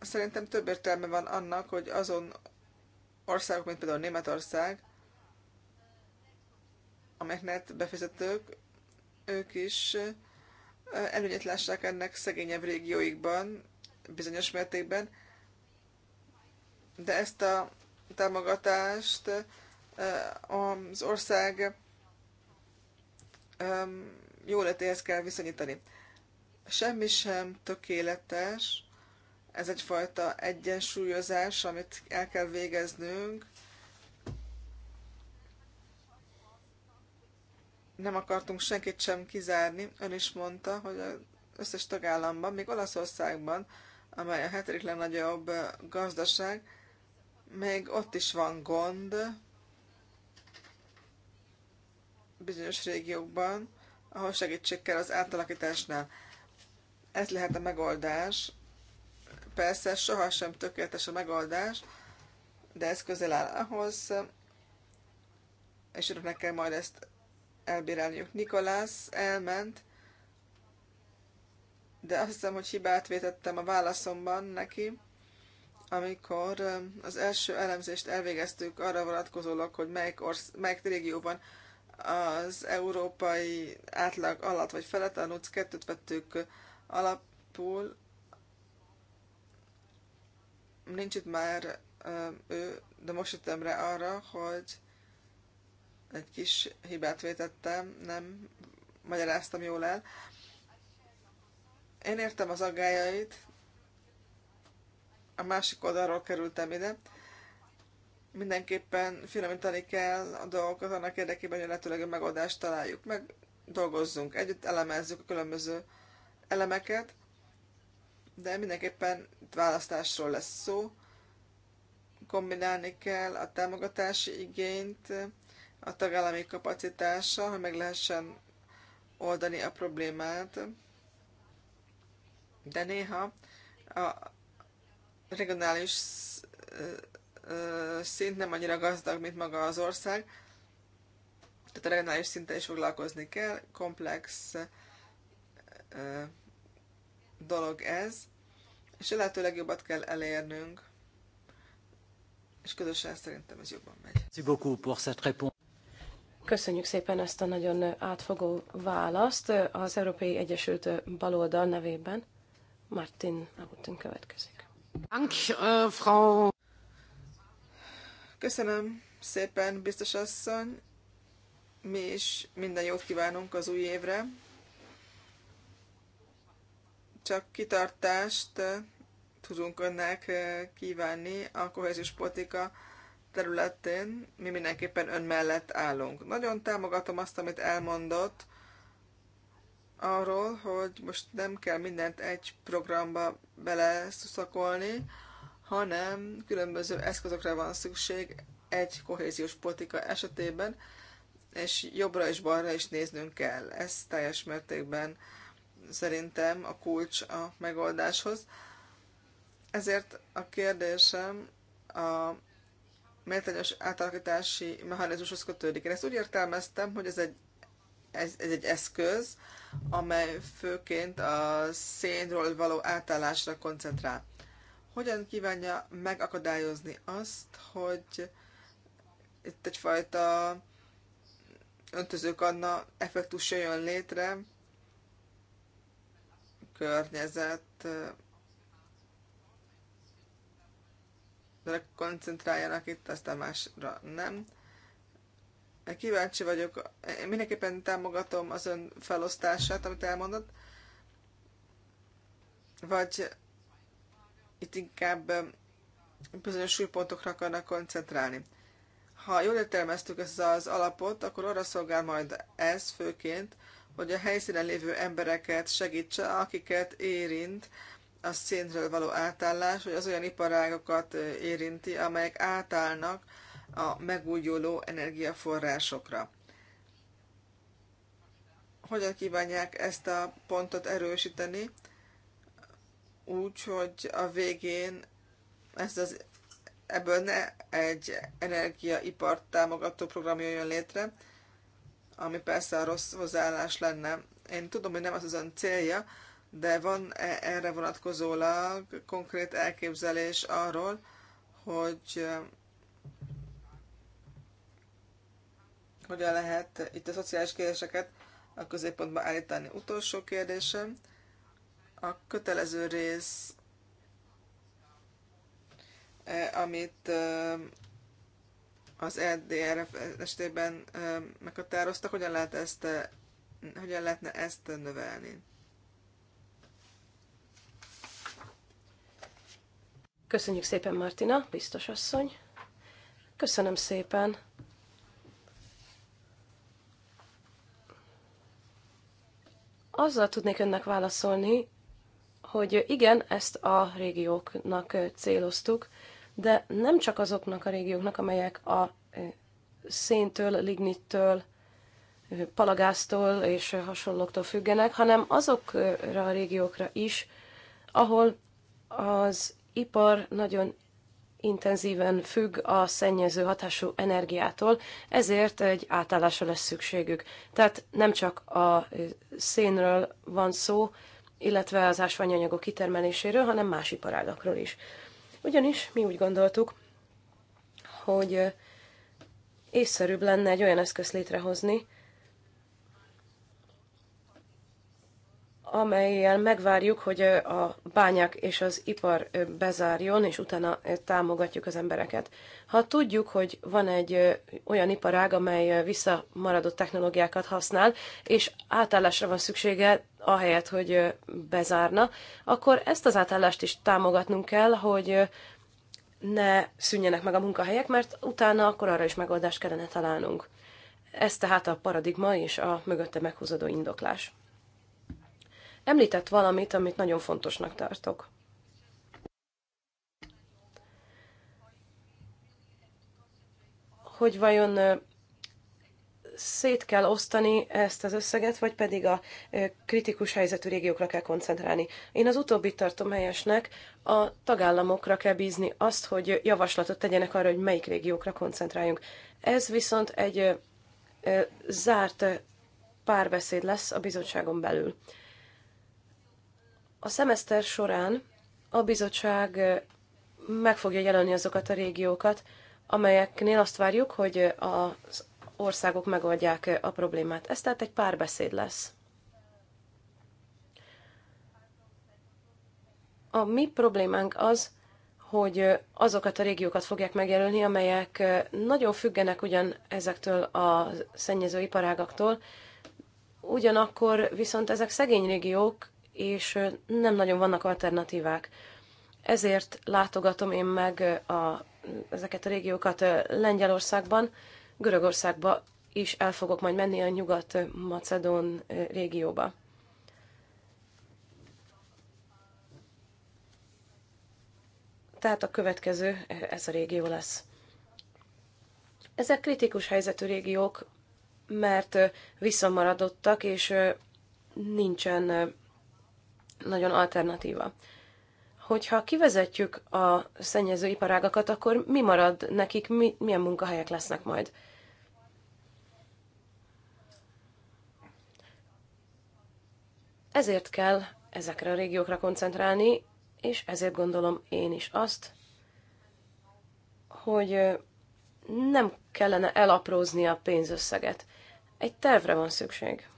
szerintem több értelme van annak, hogy azon országok, mint például Németország, amelyek net befizetők, ők is előnyet lássák ennek szegényebb régióikban, bizonyos mértékben, de ezt a támogatást az ország jóletéhez kell viszonyítani. Semmi sem tökéletes, ez egyfajta egyensúlyozás, amit el kell végeznünk. Nem akartunk senkit sem kizárni. Ön is mondta, hogy az összes tagállamban, még Olaszországban, amely a hetedik legnagyobb gazdaság, még ott is van gond bizonyos régiókban, ahol segítség kell az átalakításnál. Ez lehet a megoldás, persze sohasem tökéletes a megoldás, de ez közel áll ahhoz, és önöknek kell majd ezt elbírálniuk. Nikolász elment, de azt hiszem, hogy hibát vétettem a válaszomban neki, amikor um, az első elemzést elvégeztük arra vonatkozólag, hogy melyik, orsz, melyik régióban az európai átlag alatt vagy felett, a NUC 2-t vettük alapul, nincs itt már ő, de most jöttem rá arra, hogy egy kis hibát vétettem, nem magyaráztam jól el. Én értem az aggájait, a másik oldalról kerültem ide. Mindenképpen finomítani kell a dolgokat annak érdekében, hogy lehetőleg a megoldást találjuk. Meg dolgozzunk együtt, elemezzük a különböző elemeket, de mindenképpen itt választásról lesz szó. Kombinálni kell a támogatási igényt a tagállami kapacitása, hogy meg lehessen oldani a problémát. De néha a regionális szint nem annyira gazdag, mint maga az ország, tehát a regionális szinten is foglalkozni kell, komplex dolog ez, és a lehető legjobbat kell elérnünk, és közösen szerintem ez jobban megy. Köszönjük szépen ezt a nagyon átfogó választ az Európai Egyesült Baloldal nevében. Martin Agutin következik. Äh, Köszönöm szépen, biztos asszony. Mi is minden jót kívánunk az új évre csak kitartást tudunk önnek kívánni a kohéziós politika területén. Mi mindenképpen ön mellett állunk. Nagyon támogatom azt, amit elmondott arról, hogy most nem kell mindent egy programba bele hanem különböző eszközökre van szükség egy kohéziós politika esetében, és jobbra és balra is néznünk kell. Ez teljes mértékben szerintem a kulcs a megoldáshoz. Ezért a kérdésem a méltányos átalakítási mechanizmushoz kötődik. Én ezt úgy értelmeztem, hogy ez egy, ez, ez egy eszköz, amely főként a szénről való átállásra koncentrál. Hogyan kívánja megakadályozni azt, hogy itt egyfajta öntözőkanna effektus jön létre, környezet koncentráljanak itt, aztán másra nem. Kíváncsi vagyok, én mindenképpen támogatom az ön felosztását, amit elmondott, vagy itt inkább um, bizonyos súlypontokra akarnak koncentrálni. Ha jól értelmeztük ezt az alapot, akkor arra szolgál majd ez főként, hogy a helyszínen lévő embereket segítse, akiket érint a szintről való átállás, hogy az olyan iparágokat érinti, amelyek átállnak a megújuló energiaforrásokra. Hogyan kívánják ezt a pontot erősíteni? Úgy, hogy a végén ez az, ebből ne egy energiaipart támogató program jöjjön létre, ami persze a rossz hozzáállás lenne. Én tudom, hogy nem az az ön célja, de van -e erre vonatkozólag konkrét elképzelés arról, hogy eh, hogyan lehet itt a szociális kérdéseket a középpontba állítani. Utolsó kérdésem, a kötelező rész, eh, amit eh, az LDRF e esetében meghatároztak, hogyan, lehet ezt, hogyan lehetne ezt növelni. Köszönjük szépen, Martina, biztos asszony. Köszönöm szépen. Azzal tudnék önnek válaszolni, hogy igen, ezt a régióknak céloztuk, de nem csak azoknak a régióknak, amelyek a széntől, lignittől, palagáztól és hasonlóktól függenek, hanem azokra a régiókra is, ahol az ipar nagyon intenzíven függ a szennyező hatású energiától, ezért egy átállásra lesz szükségük. Tehát nem csak a szénről van szó, illetve az ásványanyagok kitermeléséről, hanem más iparágakról is. Ugyanis mi úgy gondoltuk, hogy észszerűbb lenne egy olyan eszközt létrehozni, amelyel megvárjuk, hogy a bányák és az ipar bezárjon, és utána támogatjuk az embereket. Ha tudjuk, hogy van egy olyan iparág, amely visszamaradott technológiákat használ, és átállásra van szüksége, ahelyett, hogy bezárna, akkor ezt az átállást is támogatnunk kell, hogy ne szűnjenek meg a munkahelyek, mert utána akkor arra is megoldást kellene találnunk. Ez tehát a paradigma és a mögötte meghúzódó indoklás említett valamit, amit nagyon fontosnak tartok. Hogy vajon szét kell osztani ezt az összeget, vagy pedig a kritikus helyzetű régiókra kell koncentrálni. Én az utóbbit tartom helyesnek, a tagállamokra kell bízni azt, hogy javaslatot tegyenek arra, hogy melyik régiókra koncentráljunk. Ez viszont egy zárt párbeszéd lesz a bizottságon belül. A szemeszter során a bizottság meg fogja jelölni azokat a régiókat, amelyeknél azt várjuk, hogy az országok megoldják a problémát. Ez tehát egy párbeszéd lesz. A mi problémánk az, hogy azokat a régiókat fogják megjelölni, amelyek nagyon függenek ugyan ezektől a szennyező iparágaktól, ugyanakkor viszont ezek szegény régiók, és nem nagyon vannak alternatívák. Ezért látogatom én meg a, ezeket a régiókat Lengyelországban, Görögországba is el fogok majd menni a nyugat-macedón régióba. Tehát a következő ez a régió lesz. Ezek kritikus helyzetű régiók, mert visszamaradottak, és nincsen nagyon alternatíva. Hogyha kivezetjük a szennyező iparágakat, akkor mi marad nekik, mi, milyen munkahelyek lesznek majd? Ezért kell ezekre a régiókra koncentrálni, és ezért gondolom én is azt, hogy nem kellene elaprózni a pénzösszeget. Egy tervre van szükség.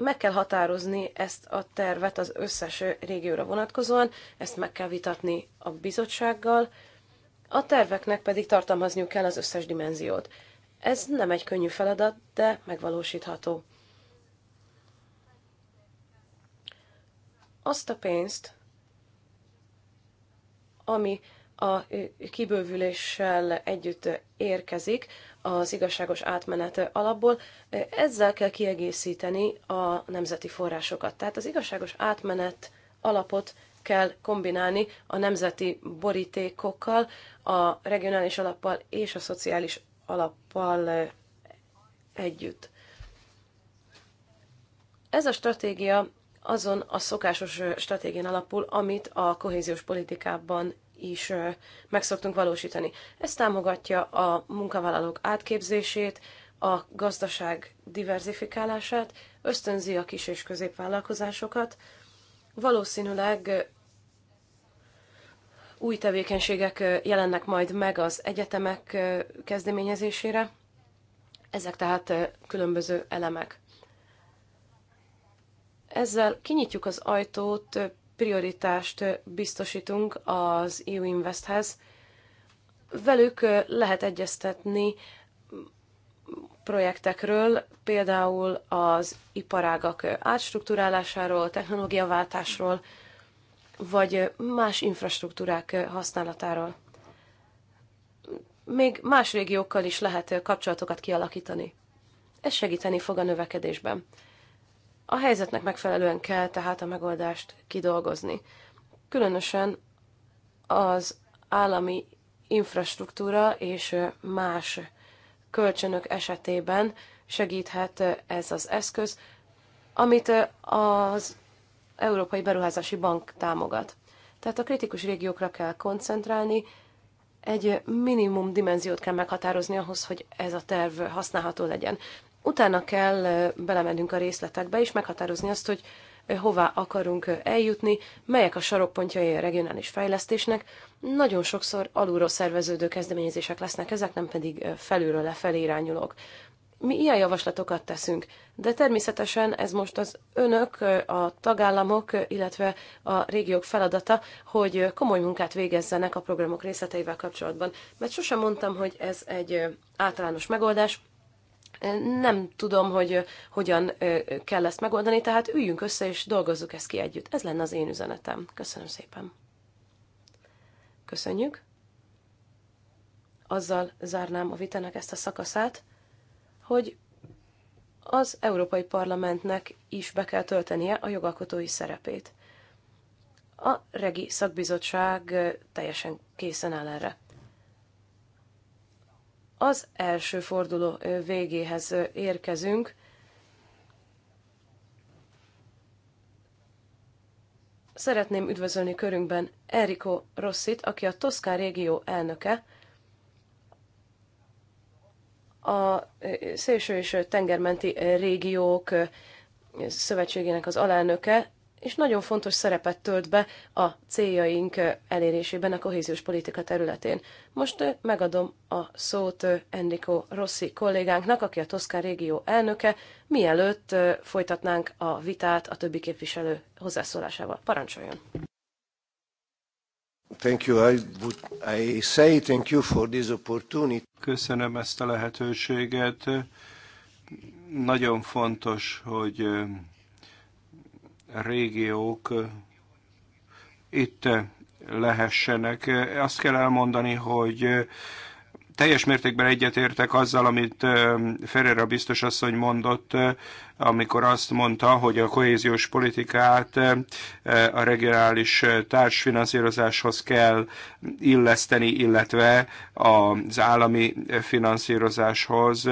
meg kell határozni ezt a tervet az összes régióra vonatkozóan, ezt meg kell vitatni a bizottsággal, a terveknek pedig tartalmazniuk kell az összes dimenziót. Ez nem egy könnyű feladat, de megvalósítható. Azt a pénzt, ami a kibővüléssel együtt érkezik az igazságos átmenet alapból. Ezzel kell kiegészíteni a nemzeti forrásokat. Tehát az igazságos átmenet alapot kell kombinálni a nemzeti borítékokkal, a regionális alappal és a szociális alappal együtt. Ez a stratégia azon a szokásos stratégián alapul, amit a kohéziós politikában is meg szoktunk valósítani. Ez támogatja a munkavállalók átképzését, a gazdaság diverzifikálását, ösztönzi a kis- és középvállalkozásokat, valószínűleg új tevékenységek jelennek majd meg az egyetemek kezdeményezésére. Ezek tehát különböző elemek. Ezzel kinyitjuk az ajtót prioritást biztosítunk az EU Investhez. Velük lehet egyeztetni projektekről, például az iparágak átstruktúrálásáról, technológiaváltásról, vagy más infrastruktúrák használatáról. Még más régiókkal is lehet kapcsolatokat kialakítani. Ez segíteni fog a növekedésben. A helyzetnek megfelelően kell tehát a megoldást kidolgozni. Különösen az állami infrastruktúra és más kölcsönök esetében segíthet ez az eszköz, amit az Európai Beruházási Bank támogat. Tehát a kritikus régiókra kell koncentrálni, egy minimum dimenziót kell meghatározni ahhoz, hogy ez a terv használható legyen utána kell belemennünk a részletekbe és meghatározni azt, hogy hova akarunk eljutni, melyek a sarokpontjai a regionális fejlesztésnek. Nagyon sokszor alulról szerveződő kezdeményezések lesznek ezek, nem pedig felülről lefelé irányulók. Mi ilyen javaslatokat teszünk, de természetesen ez most az önök, a tagállamok, illetve a régiók feladata, hogy komoly munkát végezzenek a programok részleteivel kapcsolatban. Mert sosem mondtam, hogy ez egy általános megoldás, nem tudom, hogy hogyan kell ezt megoldani, tehát üljünk össze és dolgozzuk ezt ki együtt. Ez lenne az én üzenetem. Köszönöm szépen. Köszönjük. Azzal zárnám a vitának ezt a szakaszát, hogy az Európai Parlamentnek is be kell töltenie a jogalkotói szerepét. A Regi Szakbizottság teljesen készen áll erre. Az első forduló végéhez érkezünk. Szeretném üdvözölni körünkben Eriko Rossit, aki a Toszkán régió elnöke, a szélső és tengermenti régiók szövetségének az alelnöke, és nagyon fontos szerepet tölt be a céljaink elérésében a kohéziós politika területén. Most megadom a szót Enrico Rossi kollégánknak, aki a Toszkán régió elnöke, mielőtt folytatnánk a vitát a többi képviselő hozzászólásával. Parancsoljon! Thank you. I would, I say thank you for this opportunity. Köszönöm ezt a lehetőséget. Nagyon fontos, hogy régiók itt lehessenek. Azt kell elmondani, hogy teljes mértékben egyetértek azzal, amit Ferreira biztos asszony mondott, amikor azt mondta, hogy a kohéziós politikát a regionális társfinanszírozáshoz kell illeszteni, illetve az állami finanszírozáshoz,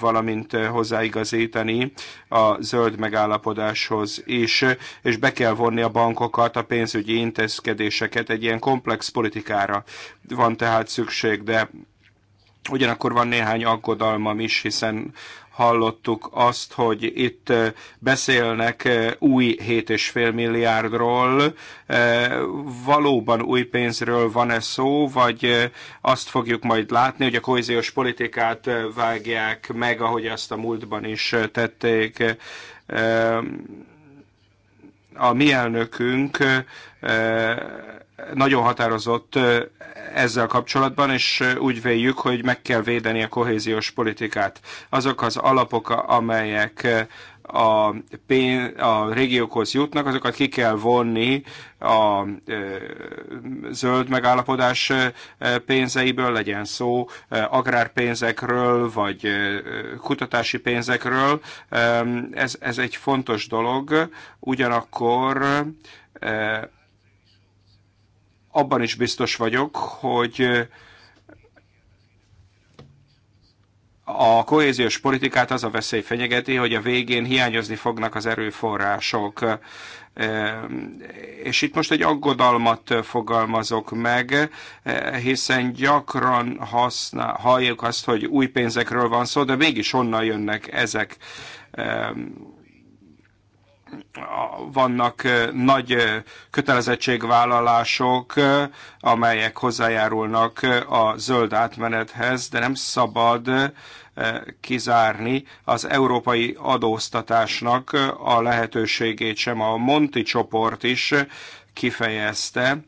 valamint hozzáigazítani a zöld megállapodáshoz is, és be kell vonni a bankokat, a pénzügyi intézkedéseket egy ilyen komplex politikára van tehát szükség, de Ugyanakkor van néhány aggodalmam is, hiszen hallottuk azt, hogy itt beszélnek új 7,5 milliárdról. Valóban új pénzről van-e szó, vagy azt fogjuk majd látni, hogy a kohéziós politikát vágják meg, ahogy azt a múltban is tették. A mi elnökünk nagyon határozott ezzel kapcsolatban, és úgy véljük, hogy meg kell védeni a kohéziós politikát. Azok az alapok, amelyek a, pénz, a régiókhoz jutnak, azokat ki kell vonni a zöld megállapodás pénzeiből, legyen szó agrárpénzekről, vagy kutatási pénzekről. Ez, ez egy fontos dolog, ugyanakkor abban is biztos vagyok, hogy a kohéziós politikát az a veszély fenyegeti, hogy a végén hiányozni fognak az erőforrások. És itt most egy aggodalmat fogalmazok meg, hiszen gyakran használ, halljuk azt, hogy új pénzekről van szó, de mégis honnan jönnek ezek vannak nagy kötelezettségvállalások, amelyek hozzájárulnak a zöld átmenethez, de nem szabad kizárni az európai adóztatásnak a lehetőségét sem. A Monti csoport is kifejezte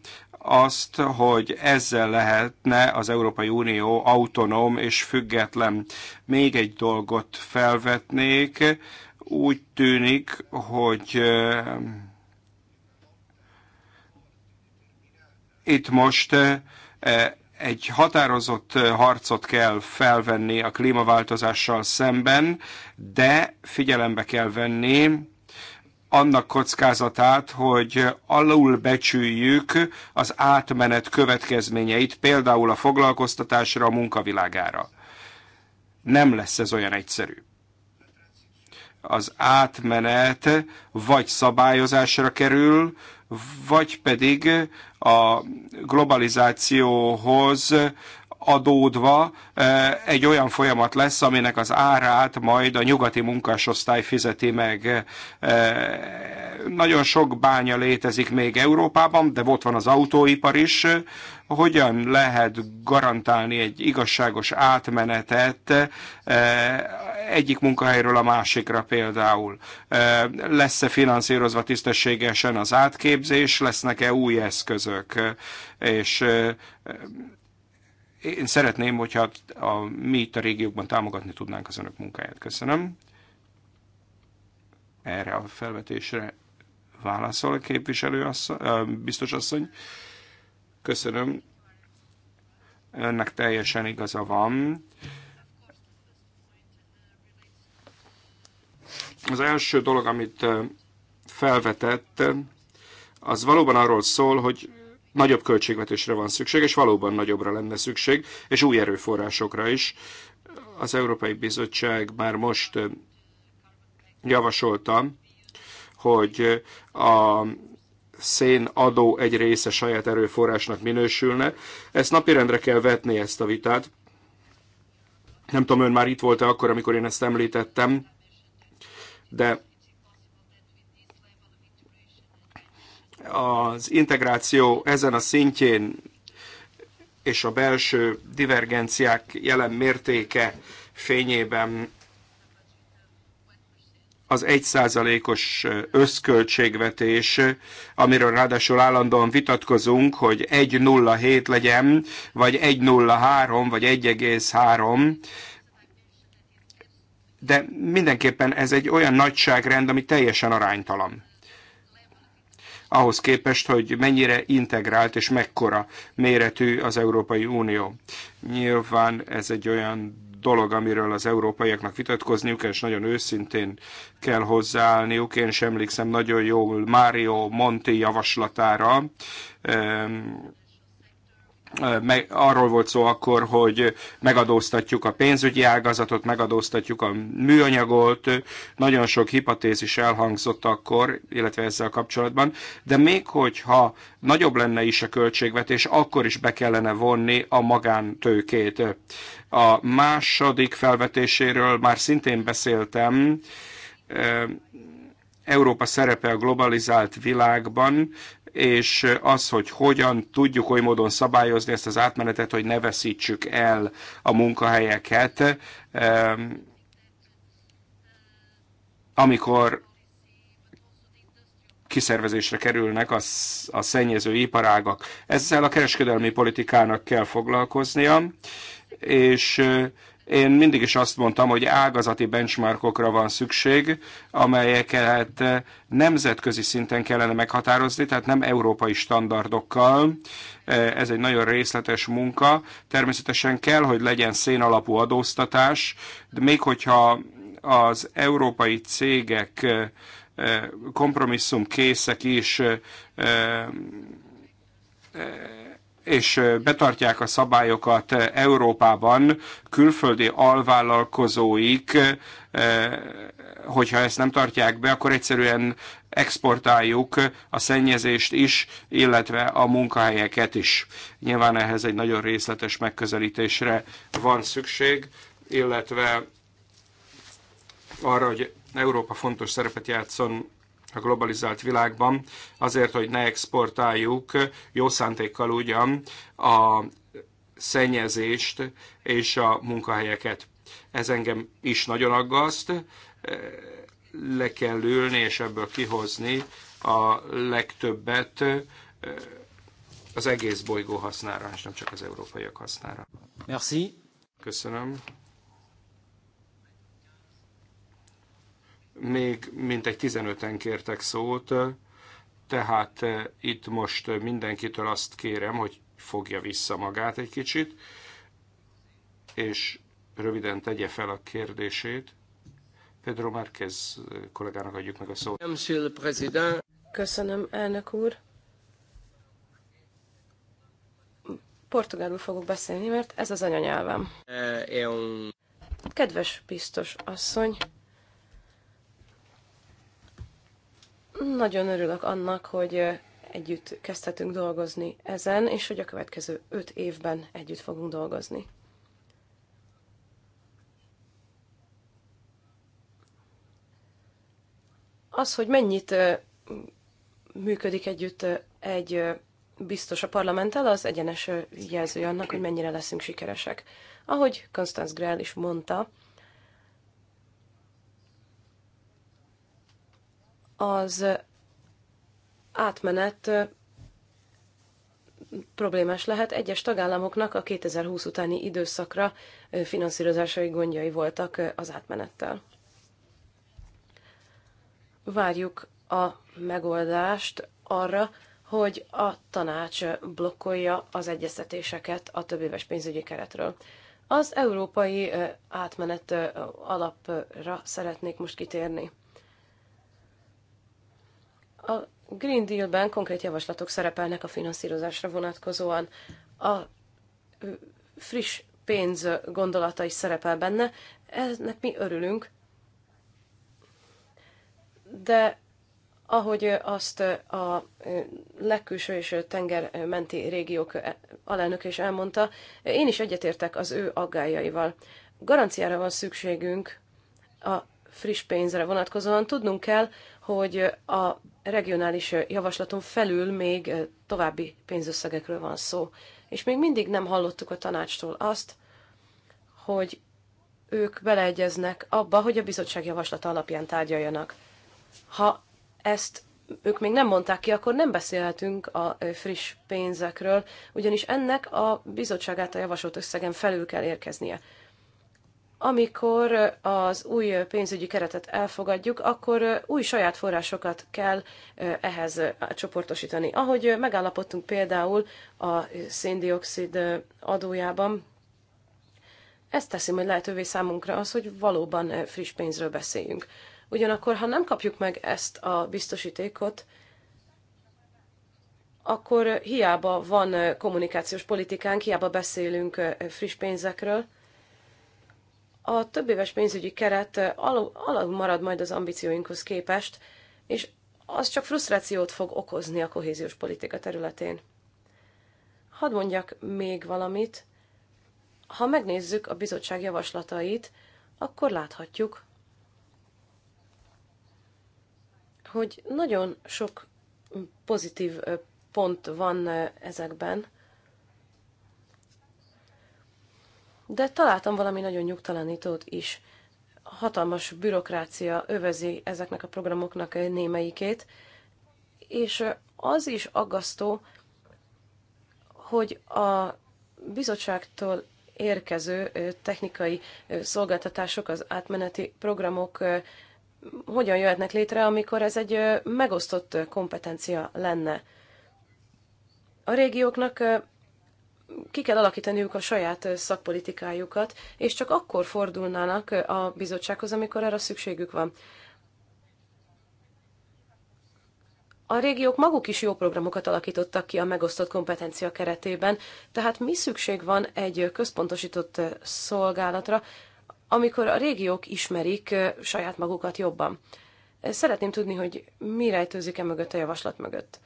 azt, hogy ezzel lehetne az Európai Unió autonóm és független. Még egy dolgot felvetnék, úgy tűnik, hogy itt most egy határozott harcot kell felvenni a klímaváltozással szemben, de figyelembe kell venni annak kockázatát, hogy alul becsüljük az átmenet következményeit, például a foglalkoztatásra, a munkavilágára. Nem lesz ez olyan egyszerű az átmenet vagy szabályozásra kerül, vagy pedig a globalizációhoz adódva e, egy olyan folyamat lesz, aminek az árát majd a nyugati munkásosztály fizeti meg. E, nagyon sok bánya létezik még Európában, de ott van az autóipar is. Hogyan lehet garantálni egy igazságos átmenetet e, egyik munkahelyről a másikra például? Lesz-e finanszírozva tisztességesen az átképzés, lesznek-e új eszközök? És én szeretném, hogyha a, mi itt a régiókban támogatni tudnánk az önök munkáját. Köszönöm. Erre a felvetésre válaszol a képviselő asszony, biztos asszony. Köszönöm. Önnek teljesen igaza van. Az első dolog, amit felvetett, az valóban arról szól, hogy nagyobb költségvetésre van szükség, és valóban nagyobbra lenne szükség, és új erőforrásokra is. Az Európai Bizottság már most javasolta, hogy a szén adó egy része saját erőforrásnak minősülne. Ezt napirendre kell vetni ezt a vitát. Nem tudom, ön már itt volt-e akkor, amikor én ezt említettem, de az integráció ezen a szintjén és a belső divergenciák jelen mértéke fényében az 1%-os összköltségvetés, amiről ráadásul állandóan vitatkozunk, hogy 1,07 legyen, vagy 1,03, vagy 1,3, de mindenképpen ez egy olyan nagyságrend, ami teljesen aránytalan ahhoz képest, hogy mennyire integrált és mekkora méretű az Európai Unió. Nyilván ez egy olyan dolog, amiről az európaiaknak vitatkozniuk és nagyon őszintén kell hozzáállniuk. Én sem emlékszem nagyon jól Mário Monti javaslatára, arról volt szó akkor, hogy megadóztatjuk a pénzügyi ágazatot, megadóztatjuk a műanyagot, nagyon sok hipotézis elhangzott akkor, illetve ezzel kapcsolatban, de még hogyha nagyobb lenne is a költségvetés, akkor is be kellene vonni a magántőkét. A második felvetéséről már szintén beszéltem, Európa szerepe a globalizált világban, és az, hogy hogyan tudjuk oly módon szabályozni ezt az átmenetet, hogy ne veszítsük el a munkahelyeket, amikor kiszervezésre kerülnek a, a szennyező iparágak. Ezzel a kereskedelmi politikának kell foglalkoznia, és én mindig is azt mondtam, hogy ágazati benchmarkokra van szükség, amelyeket nemzetközi szinten kellene meghatározni, tehát nem európai standardokkal. Ez egy nagyon részletes munka. Természetesen kell, hogy legyen szénalapú adóztatás, de még hogyha az európai cégek eh, eh, kompromisszum készek is eh, és betartják a szabályokat Európában, külföldi alvállalkozóik, hogyha ezt nem tartják be, akkor egyszerűen exportáljuk a szennyezést is, illetve a munkahelyeket is. Nyilván ehhez egy nagyon részletes megközelítésre van szükség, illetve arra, hogy Európa fontos szerepet játszon a globalizált világban, azért, hogy ne exportáljuk jó szántékkal ugyan a szennyezést és a munkahelyeket. Ez engem is nagyon aggaszt, le kell ülni és ebből kihozni a legtöbbet az egész bolygó hasznára, és nem csak az európaiak hasznára. Merci. Köszönöm. még mintegy 15-en kértek szót, tehát eh, itt most eh, mindenkitől azt kérem, hogy fogja vissza magát egy kicsit, és röviden tegye fel a kérdését. Pedro Márquez eh, kollégának adjuk meg a szót. Köszönöm, elnök úr. Portugálul fogok beszélni, mert ez az anyanyelvem. Um- Kedves biztos asszony, Nagyon örülök annak, hogy együtt kezdhetünk dolgozni ezen, és hogy a következő öt évben együtt fogunk dolgozni. Az, hogy mennyit működik együtt egy biztos a parlamenttel, az egyenes jelzője annak, hogy mennyire leszünk sikeresek. Ahogy Constance Grell is mondta, az átmenet problémás lehet. Egyes tagállamoknak a 2020 utáni időszakra finanszírozásai gondjai voltak az átmenettel. Várjuk a megoldást arra, hogy a tanács blokkolja az egyeztetéseket a többéves pénzügyi keretről. Az európai átmenet alapra szeretnék most kitérni. A Green Deal-ben konkrét javaslatok szerepelnek a finanszírozásra vonatkozóan. A friss pénz gondolata is szerepel benne, ennek mi örülünk, de ahogy azt a legkülső és tenger menti régiók alelnök is elmondta, én is egyetértek az ő aggájaival. Garanciára van szükségünk a friss pénzre vonatkozóan tudnunk kell, hogy a regionális javaslaton felül még további pénzösszegekről van szó. És még mindig nem hallottuk a tanácstól azt, hogy ők beleegyeznek abba, hogy a bizottság javaslata alapján tárgyaljanak. Ha ezt ők még nem mondták ki, akkor nem beszélhetünk a friss pénzekről, ugyanis ennek a bizottság által javasolt összegen felül kell érkeznie amikor az új pénzügyi keretet elfogadjuk, akkor új saját forrásokat kell ehhez csoportosítani. Ahogy megállapodtunk például a széndiokszid adójában, ez teszi majd lehetővé számunkra az, hogy valóban friss pénzről beszéljünk. Ugyanakkor, ha nem kapjuk meg ezt a biztosítékot, akkor hiába van kommunikációs politikánk, hiába beszélünk friss pénzekről, a éves pénzügyi keret alul, alul marad majd az ambícióinkhoz képest, és az csak frusztrációt fog okozni a kohéziós politika területén. Hadd mondjak még valamit. Ha megnézzük a bizottság javaslatait, akkor láthatjuk, hogy nagyon sok pozitív pont van ezekben. De találtam valami nagyon nyugtalanítót is. Hatalmas bürokrácia övezi ezeknek a programoknak némelyikét, és az is aggasztó, hogy a bizottságtól érkező technikai szolgáltatások, az átmeneti programok hogyan jöhetnek létre, amikor ez egy megosztott kompetencia lenne. A régióknak ki kell alakítaniuk a saját szakpolitikájukat, és csak akkor fordulnának a bizottsághoz, amikor erre szükségük van. A régiók maguk is jó programokat alakítottak ki a megosztott kompetencia keretében, tehát mi szükség van egy központosított szolgálatra, amikor a régiók ismerik saját magukat jobban. Szeretném tudni, hogy mi rejtőzik e mögött a javaslat mögött.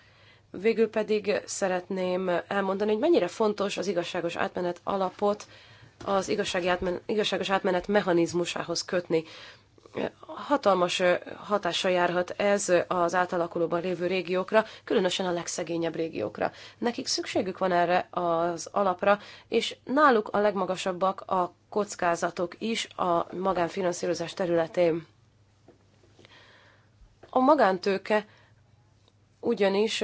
Végül pedig szeretném elmondani, hogy mennyire fontos az igazságos átmenet alapot az átmen, igazságos átmenet mechanizmusához kötni. Hatalmas hatással járhat ez az átalakulóban lévő régiókra, különösen a legszegényebb régiókra. Nekik szükségük van erre az alapra, és náluk a legmagasabbak a kockázatok is a magánfinanszírozás területén. A magántőke ugyanis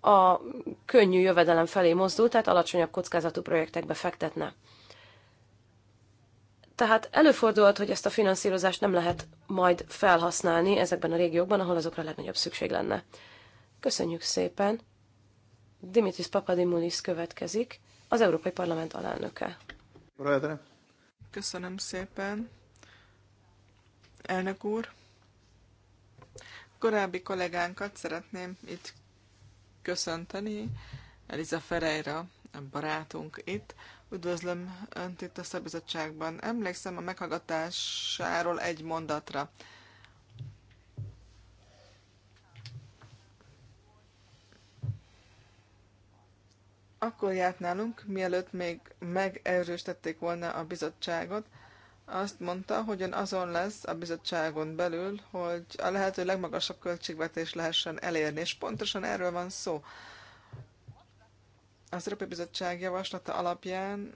a könnyű jövedelem felé mozdul, tehát alacsonyabb kockázatú projektekbe fektetne. Tehát előfordulhat, hogy ezt a finanszírozást nem lehet majd felhasználni ezekben a régiókban, ahol azokra legnagyobb szükség lenne. Köszönjük szépen! Dimitris Papadimulis következik, az Európai Parlament alelnöke. Köszönöm szépen, elnök úr! Korábbi kollégánkat szeretném itt köszönteni. Eliza Ferreira, barátunk itt. Üdvözlöm Önt itt a szabizottságban. Emlékszem a meghallgatásáról egy mondatra. Akkor járt nálunk, mielőtt még megerősítették volna a bizottságot, azt mondta, hogy ön azon lesz a bizottságon belül, hogy a lehető legmagasabb költségvetés lehessen elérni, és pontosan erről van szó. Az Európai Bizottság javaslata alapján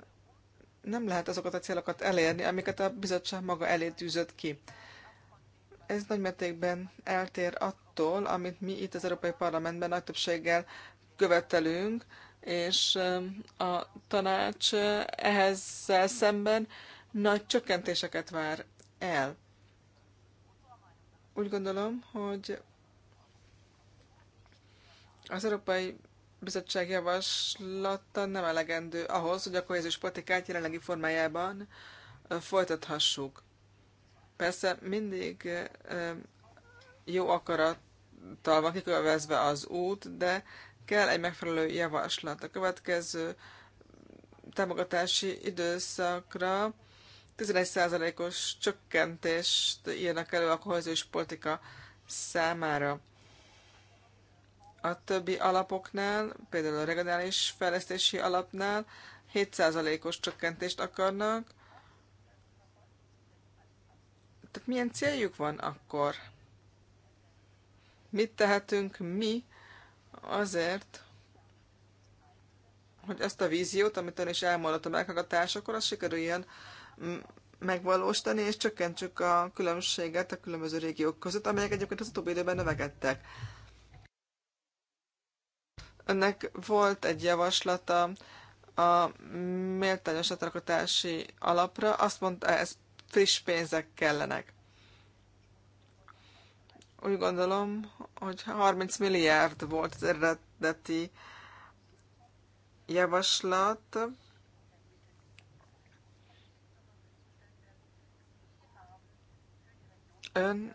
nem lehet azokat a célokat elérni, amiket a bizottság maga elé tűzött ki. Ez nagy mértékben eltér attól, amit mi itt az Európai Parlamentben nagy többséggel követelünk, és a tanács ehhez szemben nagy csökkentéseket vár el. Úgy gondolom, hogy az Európai Bizottság javaslata nem elegendő ahhoz, hogy a kohéziós politikát jelenlegi formájában folytathassuk. Persze mindig jó akarattal van kikövezve az út, de kell egy megfelelő javaslat. A következő támogatási időszakra 11%-os csökkentést írnak elő a kohéziós politika számára. A többi alapoknál, például a regionális fejlesztési alapnál 7%-os csökkentést akarnak. Tehát milyen céljuk van akkor? Mit tehetünk mi azért, hogy azt a víziót, amit ön is elmondott a meghallgatásakor, az sikerüljön megvalósítani, és csökkentsük a különbséget a különböző régiók között, amelyek egyébként az utóbbi időben növekedtek. Önnek volt egy javaslata a méltányos atrakotási alapra, azt mondta, ez friss pénzek kellenek. Úgy gondolom, hogy 30 milliárd volt az eredeti javaslat, ön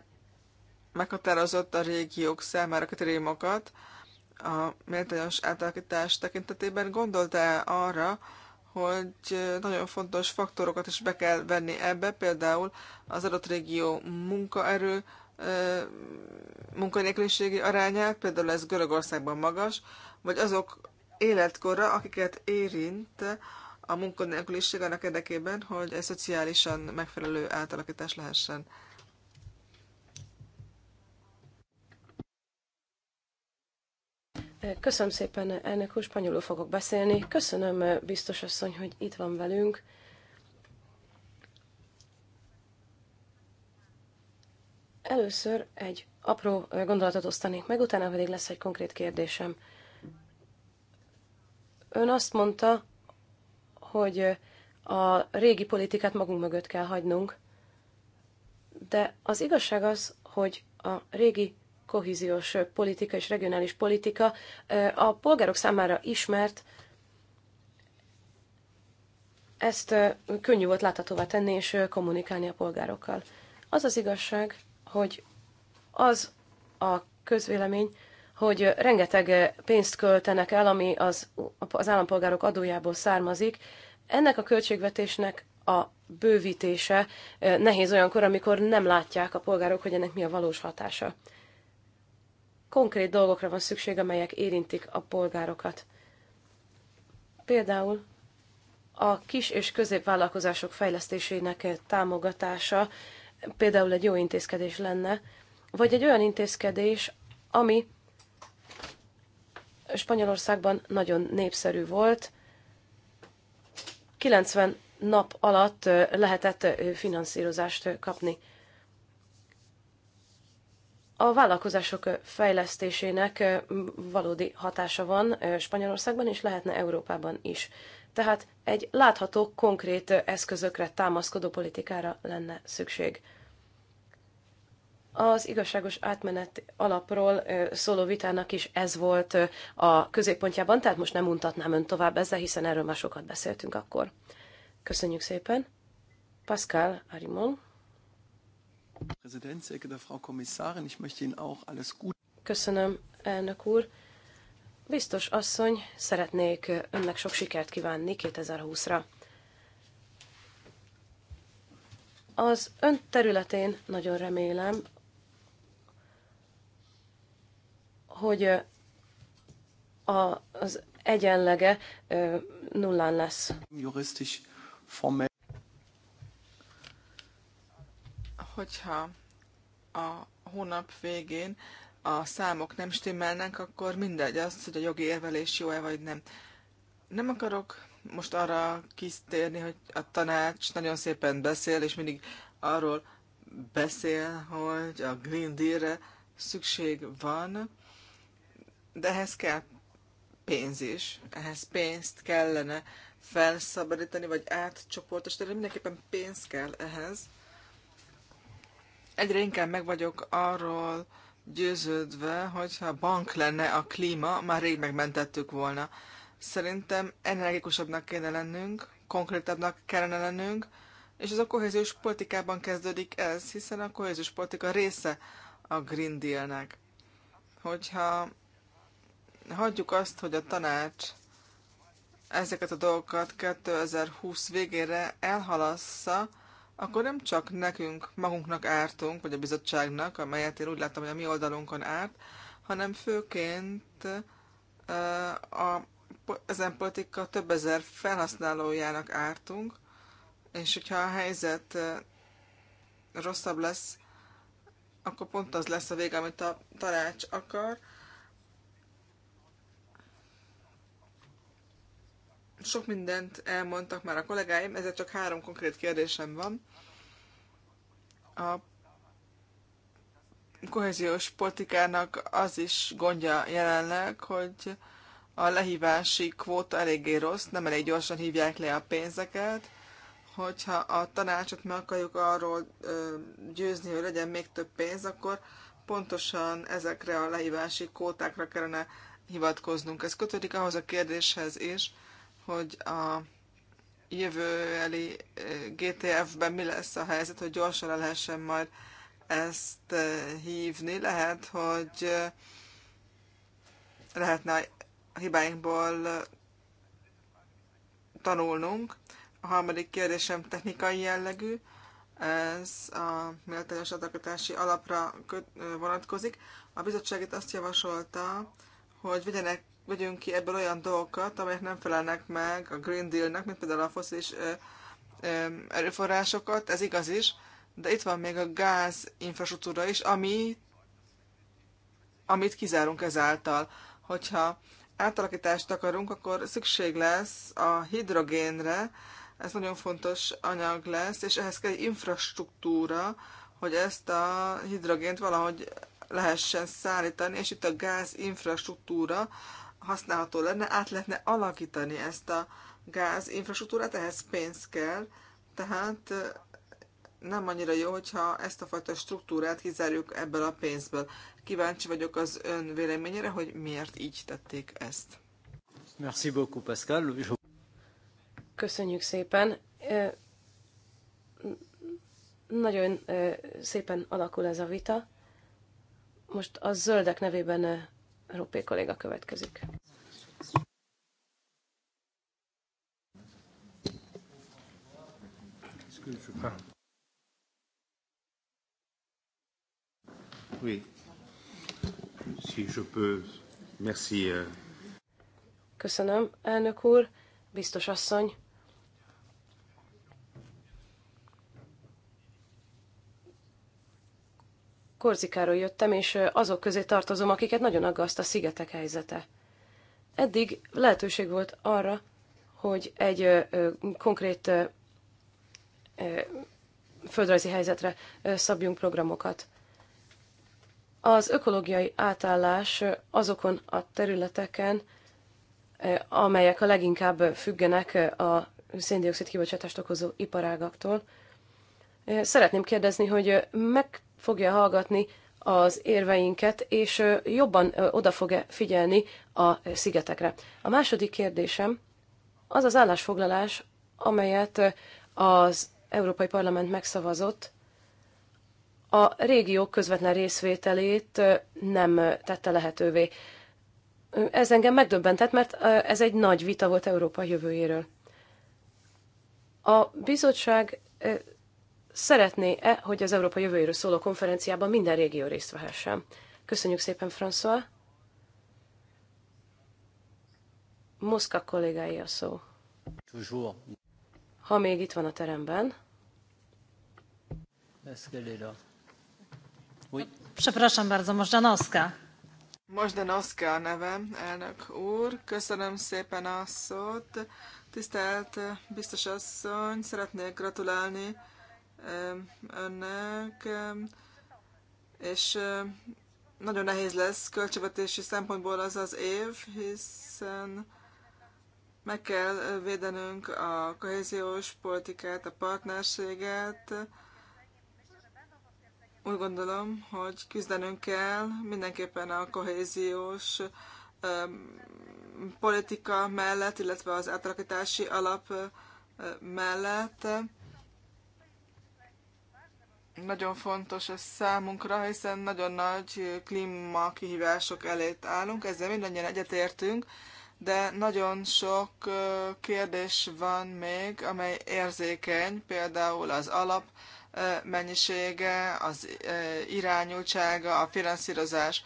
meghatározott a régiók számára trémokat, a méltányos átalakítás tekintetében. Gondolta-e arra, hogy nagyon fontos faktorokat is be kell venni ebbe, például az adott régió munkaerő, munkanélküliségi arányát, például ez Görögországban magas, vagy azok életkorra, akiket érint a munkanélküliség annak érdekében, hogy egy szociálisan megfelelő átalakítás lehessen. Köszönöm szépen, elnök úr, spanyolul fogok beszélni. Köszönöm, biztos asszony, hogy itt van velünk. Először egy apró gondolatot osztanék meg, utána pedig lesz egy konkrét kérdésem. Ön azt mondta, hogy a régi politikát magunk mögött kell hagynunk, de az igazság az, hogy a régi kohéziós politika és regionális politika a polgárok számára ismert, ezt könnyű volt láthatóvá tenni és kommunikálni a polgárokkal. Az az igazság, hogy az a közvélemény, hogy rengeteg pénzt költenek el, ami az, az állampolgárok adójából származik. Ennek a költségvetésnek a bővítése nehéz olyankor, amikor nem látják a polgárok, hogy ennek mi a valós hatása konkrét dolgokra van szükség, amelyek érintik a polgárokat. Például a kis és középvállalkozások fejlesztésének támogatása például egy jó intézkedés lenne, vagy egy olyan intézkedés, ami Spanyolországban nagyon népszerű volt. 90 nap alatt lehetett finanszírozást kapni a vállalkozások fejlesztésének valódi hatása van Spanyolországban és lehetne Európában is. Tehát egy látható, konkrét eszközökre támaszkodó politikára lenne szükség. Az igazságos átmenet alapról szóló vitának is ez volt a középpontjában, tehát most nem untatnám ön tovább ezzel, hiszen erről már sokat beszéltünk akkor. Köszönjük szépen. Pascal Arimon. Köszönöm, elnök úr. Biztos asszony, szeretnék önnek sok sikert kívánni 2020-ra. Az ön területén nagyon remélem, hogy a, az egyenlege nullán lesz. hogyha a hónap végén a számok nem stimmelnek, akkor mindegy az, hogy a jogi érvelés jó-e vagy nem. Nem akarok most arra kisztérni, hogy a tanács nagyon szépen beszél, és mindig arról beszél, hogy a Green Deal-re szükség van, de ehhez kell pénz is, ehhez pénzt kellene felszabadítani, vagy átcsoportosítani, mindenképpen pénz kell ehhez egyre inkább meg vagyok arról győződve, hogyha bank lenne a klíma, már rég megmentettük volna. Szerintem energikusabbnak kéne lennünk, konkrétabbnak kellene lennünk, és ez a kohéziós politikában kezdődik ez, hiszen a kohéziós politika része a Green Dealnek. Hogyha hagyjuk azt, hogy a tanács ezeket a dolgokat 2020 végére elhalassza, akkor nem csak nekünk, magunknak ártunk, vagy a bizottságnak, amelyet én úgy láttam, hogy a mi oldalunkon árt, hanem főként a, ezen politika több ezer felhasználójának ártunk, és hogyha a helyzet rosszabb lesz, akkor pont az lesz a vége, amit a tanács akar, Sok mindent elmondtak már a kollégáim, ezért csak három konkrét kérdésem van. A kohéziós politikának az is gondja jelenleg, hogy a lehívási kvóta eléggé rossz, nem elég gyorsan hívják le a pénzeket, hogyha a tanácsot meg akarjuk arról ö, győzni, hogy legyen még több pénz, akkor pontosan ezekre a lehívási kvótákra kellene hivatkoznunk. Ez kötődik ahhoz a kérdéshez is, hogy a jövőeli eh, GTF-ben mi lesz a helyzet, hogy gyorsan le lehessen majd ezt eh, hívni. Lehet, hogy eh, lehetne a hibáinkból tanulnunk. A harmadik kérdésem technikai jellegű, ez a méltányos adalkotási alapra vonatkozik. A bizottság itt azt javasolta, hogy vegyenek vegyünk ki ebből olyan dolgokat, amelyek nem felelnek meg a Green Deal-nek, mint például a foszilis erőforrásokat, ez igaz is, de itt van még a gáz infrastruktúra is, ami, amit kizárunk ezáltal. Hogyha átalakítást akarunk, akkor szükség lesz a hidrogénre, ez nagyon fontos anyag lesz, és ehhez kell egy infrastruktúra, hogy ezt a hidrogént valahogy lehessen szállítani, és itt a gáz infrastruktúra használható lenne, át lehetne alakítani ezt a gáz infrastruktúrát, ehhez pénz kell, tehát nem annyira jó, hogyha ezt a fajta struktúrát kizárjuk ebből a pénzből. Kíváncsi vagyok az ön véleményére, hogy miért így tették ezt. Merci beaucoup, Pascal. Köszönjük szépen. Nagyon szépen alakul ez a vita. Most a zöldek nevében Rupé kolléga következik. Oui. Si je peux. Merci. Euh. Köszönöm, elnök úr, biztos asszony. Korzikáról jöttem, és azok közé tartozom, akiket nagyon aggaszt a szigetek helyzete. Eddig lehetőség volt arra, hogy egy ö, ö, konkrét ö, ö, földrajzi helyzetre ö, szabjunk programokat. Az ökológiai átállás azokon a területeken, amelyek a leginkább függenek a széndiokszid kibocsátást okozó iparágaktól. Szeretném kérdezni, hogy meg fogja hallgatni az érveinket, és jobban oda fog figyelni a szigetekre. A második kérdésem az az állásfoglalás, amelyet az Európai Parlament megszavazott, a régiók közvetlen részvételét nem tette lehetővé. Ez engem megdöbbentett, mert ez egy nagy vita volt Európa jövőjéről. A bizottság szeretné-e, hogy az Európa jövőjéről szóló konferenciában minden régió részt vehessen? Köszönjük szépen, François. Moszka kollégái a szó. Ha még itt van a teremben. Przepraszam bardzo, Możdanowska. Możdanowska a nevem, elnök úr. Köszönöm szépen a szót. Tisztelt biztos asszony, szeretnék gratulálni önnek, és nagyon nehéz lesz költségvetési szempontból az az év, hiszen meg kell védenünk a kohéziós politikát, a partnerséget. Úgy gondolom, hogy küzdenünk kell mindenképpen a kohéziós politika mellett, illetve az átalakítási alap mellett nagyon fontos ez számunkra, hiszen nagyon nagy klíma kihívások elét állunk, ezzel mindannyian egyetértünk, de nagyon sok kérdés van még, amely érzékeny, például az alap mennyisége, az irányultsága, a finanszírozás.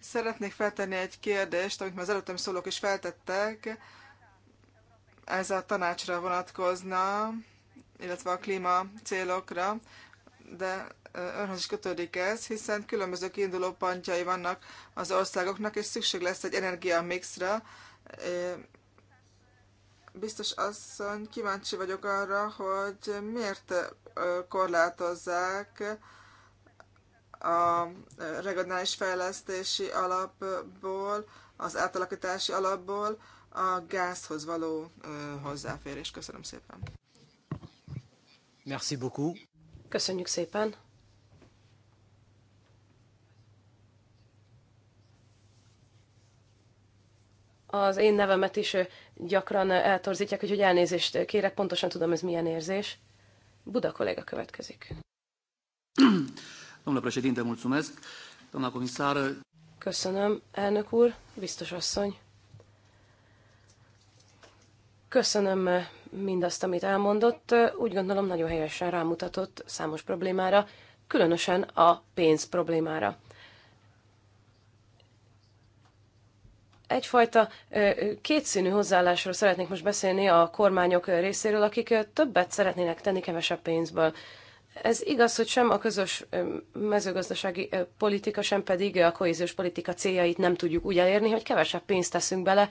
Szeretnék feltenni egy kérdést, amit már az előttem szólók is feltettek, ez a tanácsra vonatkozna, illetve a klíma célokra de önhöz is kötődik ez, hiszen különböző kiinduló pontjai vannak az országoknak, és szükség lesz egy energiamixra. Biztos asszony, kíváncsi vagyok arra, hogy miért korlátozzák a regionális fejlesztési alapból, az átalakítási alapból a gázhoz való hozzáférés. Köszönöm szépen. Merci beaucoup. Köszönjük szépen! Az én nevemet is gyakran eltorzítják, úgyhogy elnézést kérek, pontosan tudom, ez milyen érzés. Buda kolléga következik. Köszönöm, elnök úr, biztos asszony. Köszönöm mindazt, amit elmondott. Úgy gondolom, nagyon helyesen rámutatott számos problémára, különösen a pénz problémára. Egyfajta kétszínű hozzáállásról szeretnék most beszélni a kormányok részéről, akik többet szeretnének tenni kevesebb pénzből. Ez igaz, hogy sem a közös mezőgazdasági politika, sem pedig a kohéziós politika céljait nem tudjuk úgy elérni, hogy kevesebb pénzt teszünk bele,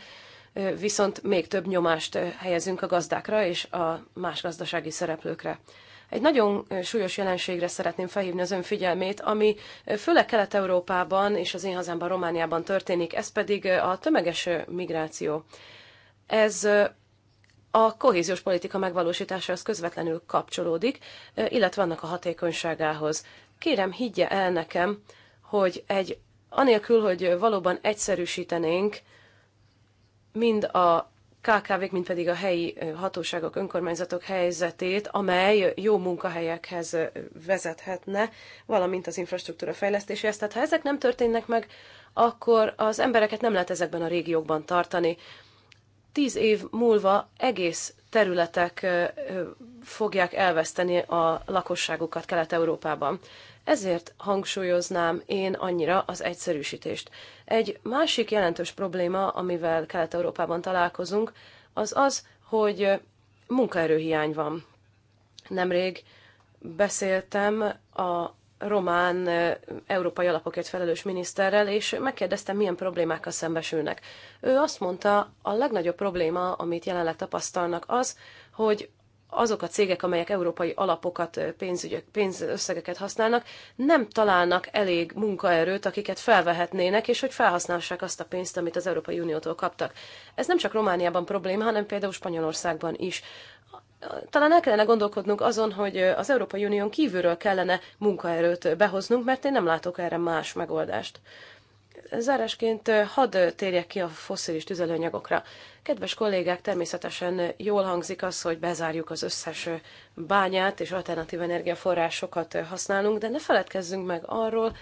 viszont még több nyomást helyezünk a gazdákra és a más gazdasági szereplőkre. Egy nagyon súlyos jelenségre szeretném felhívni az ön figyelmét, ami főleg Kelet-Európában és az én hazámban, Romániában történik, ez pedig a tömeges migráció. Ez a kohéziós politika megvalósításához közvetlenül kapcsolódik, illetve annak a hatékonyságához. Kérem, higgye el nekem, hogy egy anélkül, hogy valóban egyszerűsítenénk mind a KKV-k, mint pedig a helyi hatóságok, önkormányzatok helyzetét, amely jó munkahelyekhez vezethetne, valamint az infrastruktúra fejlesztéséhez. Tehát ha ezek nem történnek meg, akkor az embereket nem lehet ezekben a régiókban tartani. Tíz év múlva egész területek fogják elveszteni a lakosságukat Kelet-Európában. Ezért hangsúlyoznám én annyira az egyszerűsítést. Egy másik jelentős probléma, amivel Kelet-Európában találkozunk, az az, hogy munkaerőhiány van. Nemrég beszéltem a román európai alapokért felelős miniszterrel, és megkérdeztem, milyen problémákkal szembesülnek. Ő azt mondta, a legnagyobb probléma, amit jelenleg tapasztalnak az, hogy azok a cégek, amelyek európai alapokat, pénzügyök, pénzösszegeket használnak, nem találnak elég munkaerőt, akiket felvehetnének, és hogy felhasználhassák azt a pénzt, amit az Európai Uniótól kaptak. Ez nem csak Romániában probléma, hanem például Spanyolországban is. Talán el kellene gondolkodnunk azon, hogy az Európai Unión kívülről kellene munkaerőt behoznunk, mert én nem látok erre más megoldást. Zárásként hadd térjek ki a fosszilis tüzelőanyagokra. Kedves kollégák, természetesen jól hangzik az, hogy bezárjuk az összes bányát és alternatív energiaforrásokat használunk, de ne feledkezzünk meg arról,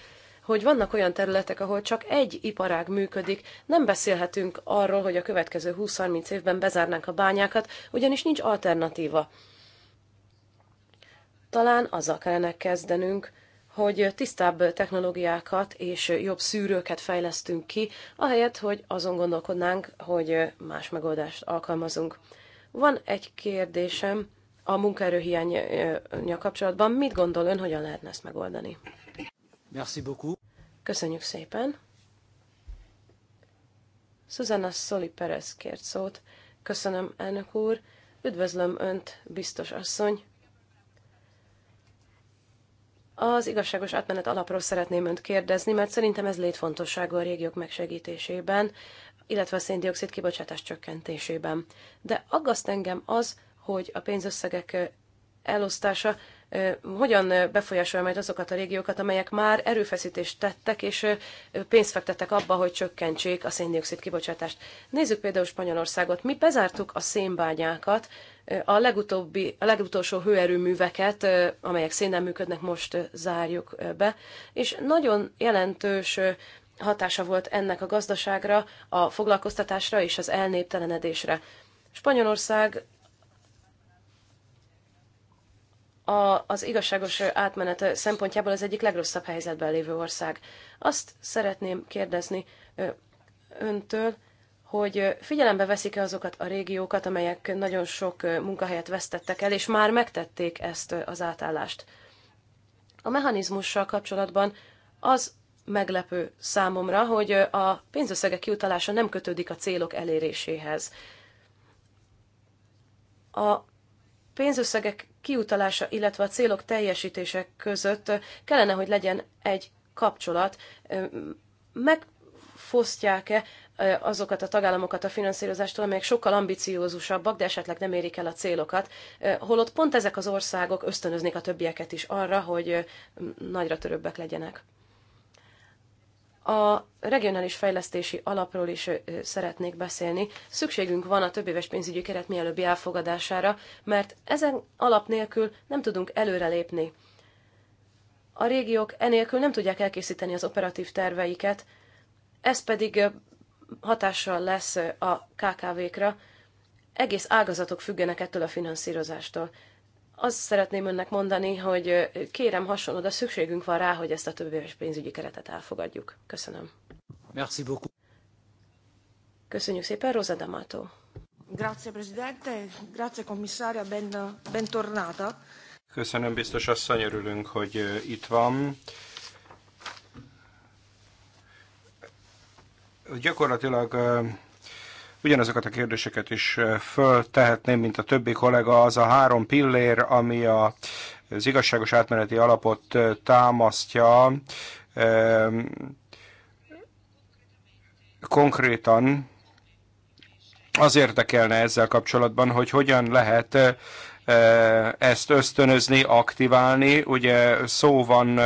hogy vannak olyan területek, ahol csak egy iparág működik, nem beszélhetünk arról, hogy a következő 20-30 évben bezárnánk a bányákat, ugyanis nincs alternatíva. Talán azzal kellene kezdenünk, hogy tisztább technológiákat és jobb szűrőket fejlesztünk ki, ahelyett, hogy azon gondolkodnánk, hogy más megoldást alkalmazunk. Van egy kérdésem a munkaerőhiány kapcsolatban. Mit gondol ön, hogyan lehetne ezt megoldani? Merci beaucoup. Köszönjük szépen. Susanna Szoli Perez kért szót. Köszönöm, elnök úr. Üdvözlöm önt, biztos asszony. Az igazságos átmenet alapról szeretném önt kérdezni, mert szerintem ez létfontosságú a régiók megsegítésében, illetve a széndiokszid kibocsátás csökkentésében. De aggaszt engem az, hogy a pénzösszegek elosztása hogyan befolyásolja majd azokat a régiókat, amelyek már erőfeszítést tettek, és pénzt fektettek abba, hogy csökkentsék a széndiokszid kibocsátást. Nézzük például Spanyolországot. Mi bezártuk a szénbányákat, a, legutóbbi, a legutolsó hőerőműveket, amelyek szénnel működnek, most zárjuk be, és nagyon jelentős hatása volt ennek a gazdaságra, a foglalkoztatásra és az elnéptelenedésre. Spanyolország a, az igazságos átmenet szempontjából az egyik legrosszabb helyzetben lévő ország. Azt szeretném kérdezni öntől, hogy figyelembe veszik-e azokat a régiókat, amelyek nagyon sok munkahelyet vesztettek el, és már megtették ezt az átállást. A mechanizmussal kapcsolatban az meglepő számomra, hogy a pénzösszegek kiutalása nem kötődik a célok eléréséhez. A pénzösszegek kiutalása, illetve a célok teljesítése között kellene, hogy legyen egy kapcsolat. Megfosztják-e azokat a tagállamokat a finanszírozástól, amelyek sokkal ambiciózusabbak, de esetleg nem érik el a célokat, holott pont ezek az országok ösztönöznék a többieket is arra, hogy nagyra törőbbek legyenek. A regionális fejlesztési alapról is szeretnék beszélni. Szükségünk van a többéves pénzügyi keret mielőbbi elfogadására, mert ezen alap nélkül nem tudunk előrelépni. A régiók enélkül nem tudják elkészíteni az operatív terveiket, ez pedig hatással lesz a KKV-kra. Egész ágazatok függenek ettől a finanszírozástól. Azt szeretném önnek mondani, hogy kérem hasonló, de szükségünk van rá, hogy ezt a több éves pénzügyi keretet elfogadjuk. Köszönöm. Merci beaucoup. Köszönjük szépen, Rosa D'Amato. Grazie, Presidente. Grazie, Commissaria. Ben, bentornata. Köszönöm, biztos asszony, örülünk, hogy eh, itt van gyakorlatilag ugyanazokat a kérdéseket is föltehetném, mint a többi kollega, az a három pillér, ami a, az igazságos átmeneti alapot támasztja, konkrétan az érdekelne ezzel kapcsolatban, hogy hogyan lehet ezt ösztönözni, aktiválni. Ugye szó van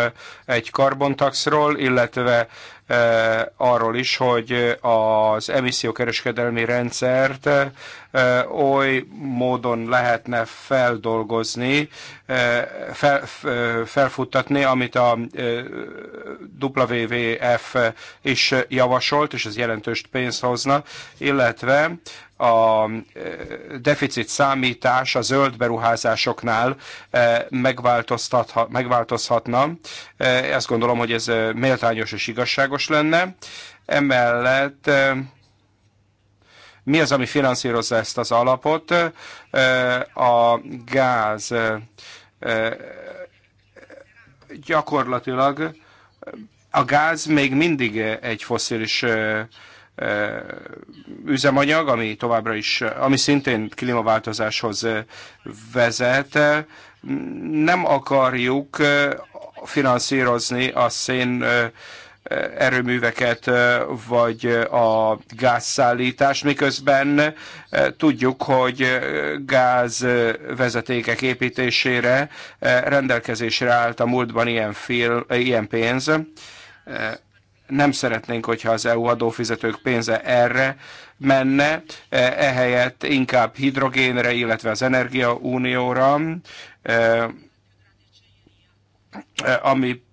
egy karbontaxról, illetve Eh, arról is, hogy az emissziókereskedelmi rendszert eh, oly módon lehetne feldolgozni, eh, fel, felfuttatni, amit a WWF is javasolt, és ez jelentős pénzt hozna, illetve a deficit számítás a zöld beruházásoknál megváltozhatna. Azt gondolom, hogy ez méltányos és igazságos világos lenne. Emellett mi az, ami finanszírozza ezt az alapot? A gáz gyakorlatilag a gáz még mindig egy foszilis üzemanyag, ami továbbra is, ami szintén klímaváltozáshoz vezet. Nem akarjuk finanszírozni a szén erőműveket, vagy a gázszállítást, miközben tudjuk, hogy gázvezetékek építésére rendelkezésre állt a múltban ilyen, film, ilyen pénz. Nem szeretnénk, hogyha az EU adófizetők pénze erre menne, ehelyett inkább hidrogénre, illetve az energia Unióra, ami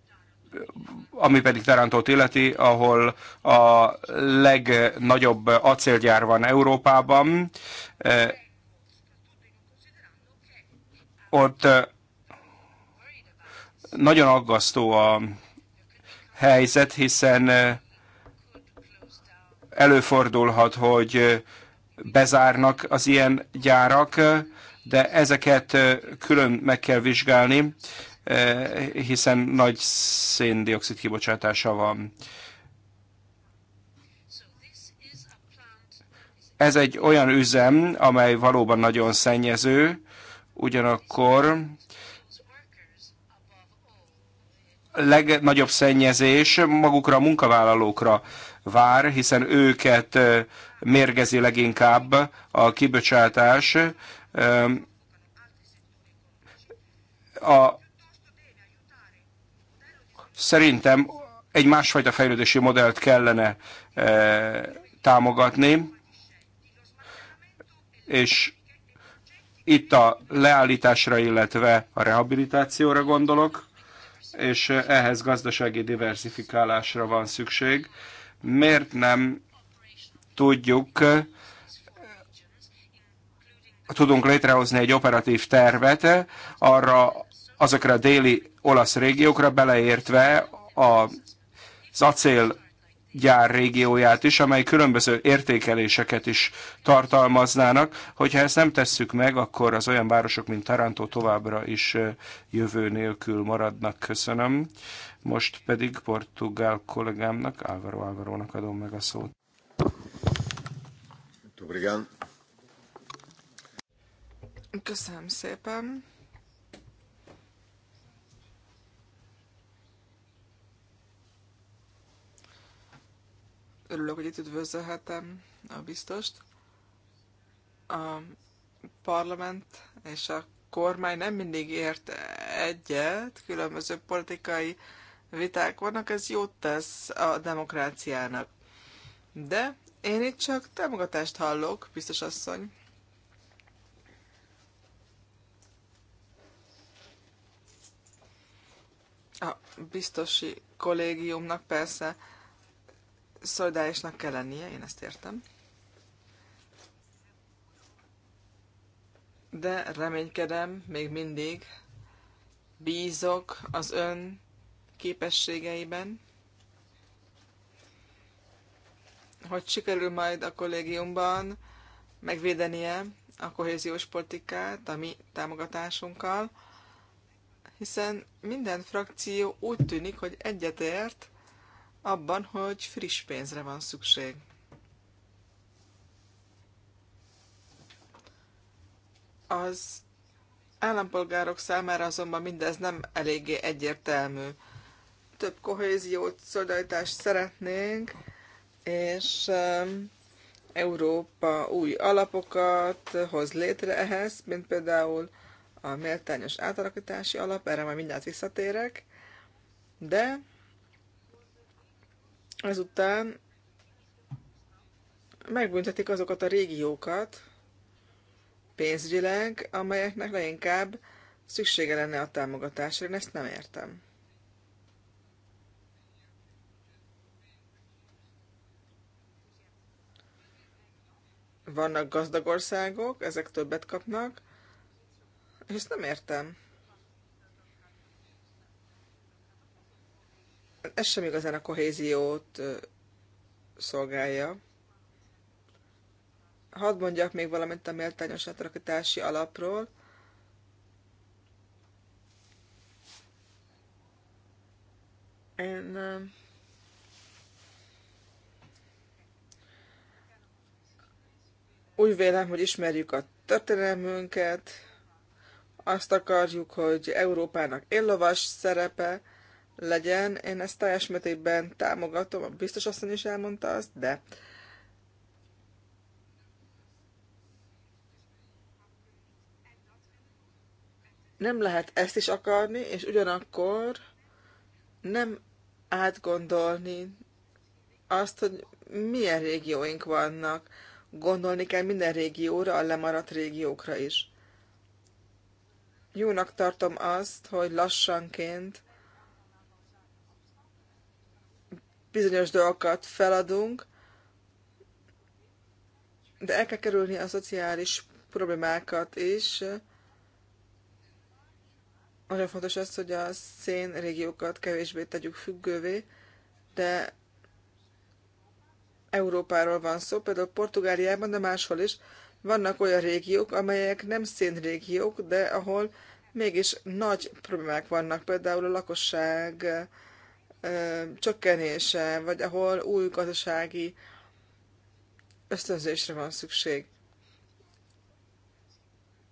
ami pedig Tarantót illeti, ahol a legnagyobb acélgyár van Európában. E, ott e, nagyon aggasztó a helyzet, hiszen e, előfordulhat, hogy bezárnak az ilyen gyárak, de ezeket külön meg kell vizsgálni, Eh, hiszen nagy széndiokszid kibocsátása van. Ez egy olyan üzem, amely valóban nagyon szennyező, ugyanakkor legnagyobb szennyezés magukra a munkavállalókra vár, hiszen őket eh, mérgezi leginkább a kibocsátás. Eh, a Szerintem egy másfajta fejlődési modellt kellene eh, támogatni, és itt a leállításra, illetve a rehabilitációra gondolok, és ehhez gazdasági diversifikálásra van szükség. Miért nem tudjuk, tudunk létrehozni egy operatív tervet arra, azokra a déli olasz régiókra, beleértve az acélgyár régióját is, amely különböző értékeléseket is tartalmaznának. Hogyha ezt nem tesszük meg, akkor az olyan városok, mint Taranto továbbra is jövő nélkül maradnak. Köszönöm. Most pedig portugál kollégámnak, Álvaro Álvarónak adom meg a szót. Köszönöm szépen. Örülök, hogy itt üdvözölhetem a biztost. A parlament és a kormány nem mindig ért egyet, különböző politikai viták vannak, ez jót tesz a demokráciának. De én itt csak támogatást hallok, biztos asszony. A biztosi kollégiumnak persze szolidárisnak kell lennie, én ezt értem. De reménykedem, még mindig bízok az ön képességeiben, hogy sikerül majd a kollégiumban megvédenie a kohéziós politikát a mi támogatásunkkal, hiszen minden frakció úgy tűnik, hogy egyetért abban, hogy friss pénzre van szükség. Az állampolgárok számára azonban mindez nem eléggé egyértelmű. Több kohéziót, szolidaritást szeretnénk, és um, Európa új alapokat hoz létre ehhez, mint például a méltányos átalakítási alap, erre majd mindjárt visszatérek, de Ezután megbüntetik azokat a régiókat pénzügyileg, amelyeknek leginkább szüksége lenne a támogatásra. Én ezt nem értem. Vannak gazdag országok, ezek többet kapnak, és ezt nem értem. ez sem igazán a kohéziót szolgálja. Hadd mondjak még valamit a méltányos átalakítási alapról. Én úgy vélem, hogy ismerjük a történelmünket, azt akarjuk, hogy Európának éllovas szerepe, legyen. Én ezt teljes mértékben támogatom, a biztos asszony is elmondta azt, de nem lehet ezt is akarni, és ugyanakkor nem átgondolni azt, hogy milyen régióink vannak. Gondolni kell minden régióra, a lemaradt régiókra is. Jónak tartom azt, hogy lassanként bizonyos dolgokat feladunk, de el kell kerülni a szociális problémákat is. Nagyon fontos az, hogy a szén régiókat kevésbé tegyük függővé, de Európáról van szó, például Portugáliában, de máshol is vannak olyan régiók, amelyek nem régiók, de ahol mégis nagy problémák vannak, például a lakosság csökkenése, vagy ahol új gazdasági ösztönzésre van szükség.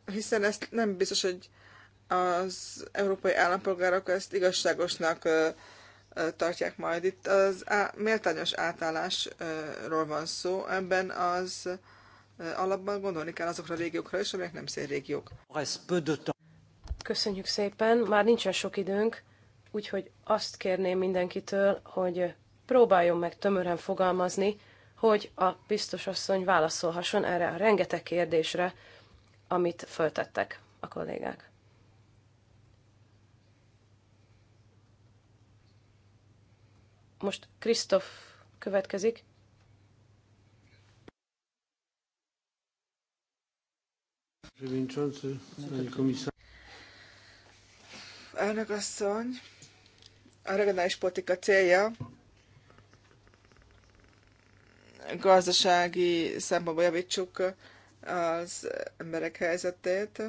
Hiszen ezt nem biztos, hogy az európai állampolgárok ezt igazságosnak tartják majd. Itt az á, méltányos átállásról van szó, ebben az alapban gondolni kell azokra a régiókra is, amelyek nem régiók. Köszönjük szépen, már nincsen sok időnk. Úgyhogy azt kérném mindenkitől, hogy próbáljon meg tömören fogalmazni, hogy a biztos asszony válaszolhasson erre a rengeteg kérdésre, amit föltettek a kollégák. Most Krisztof következik. Elnök asszony, a regionális politika célja gazdasági szempontból javítsuk az emberek helyzetét.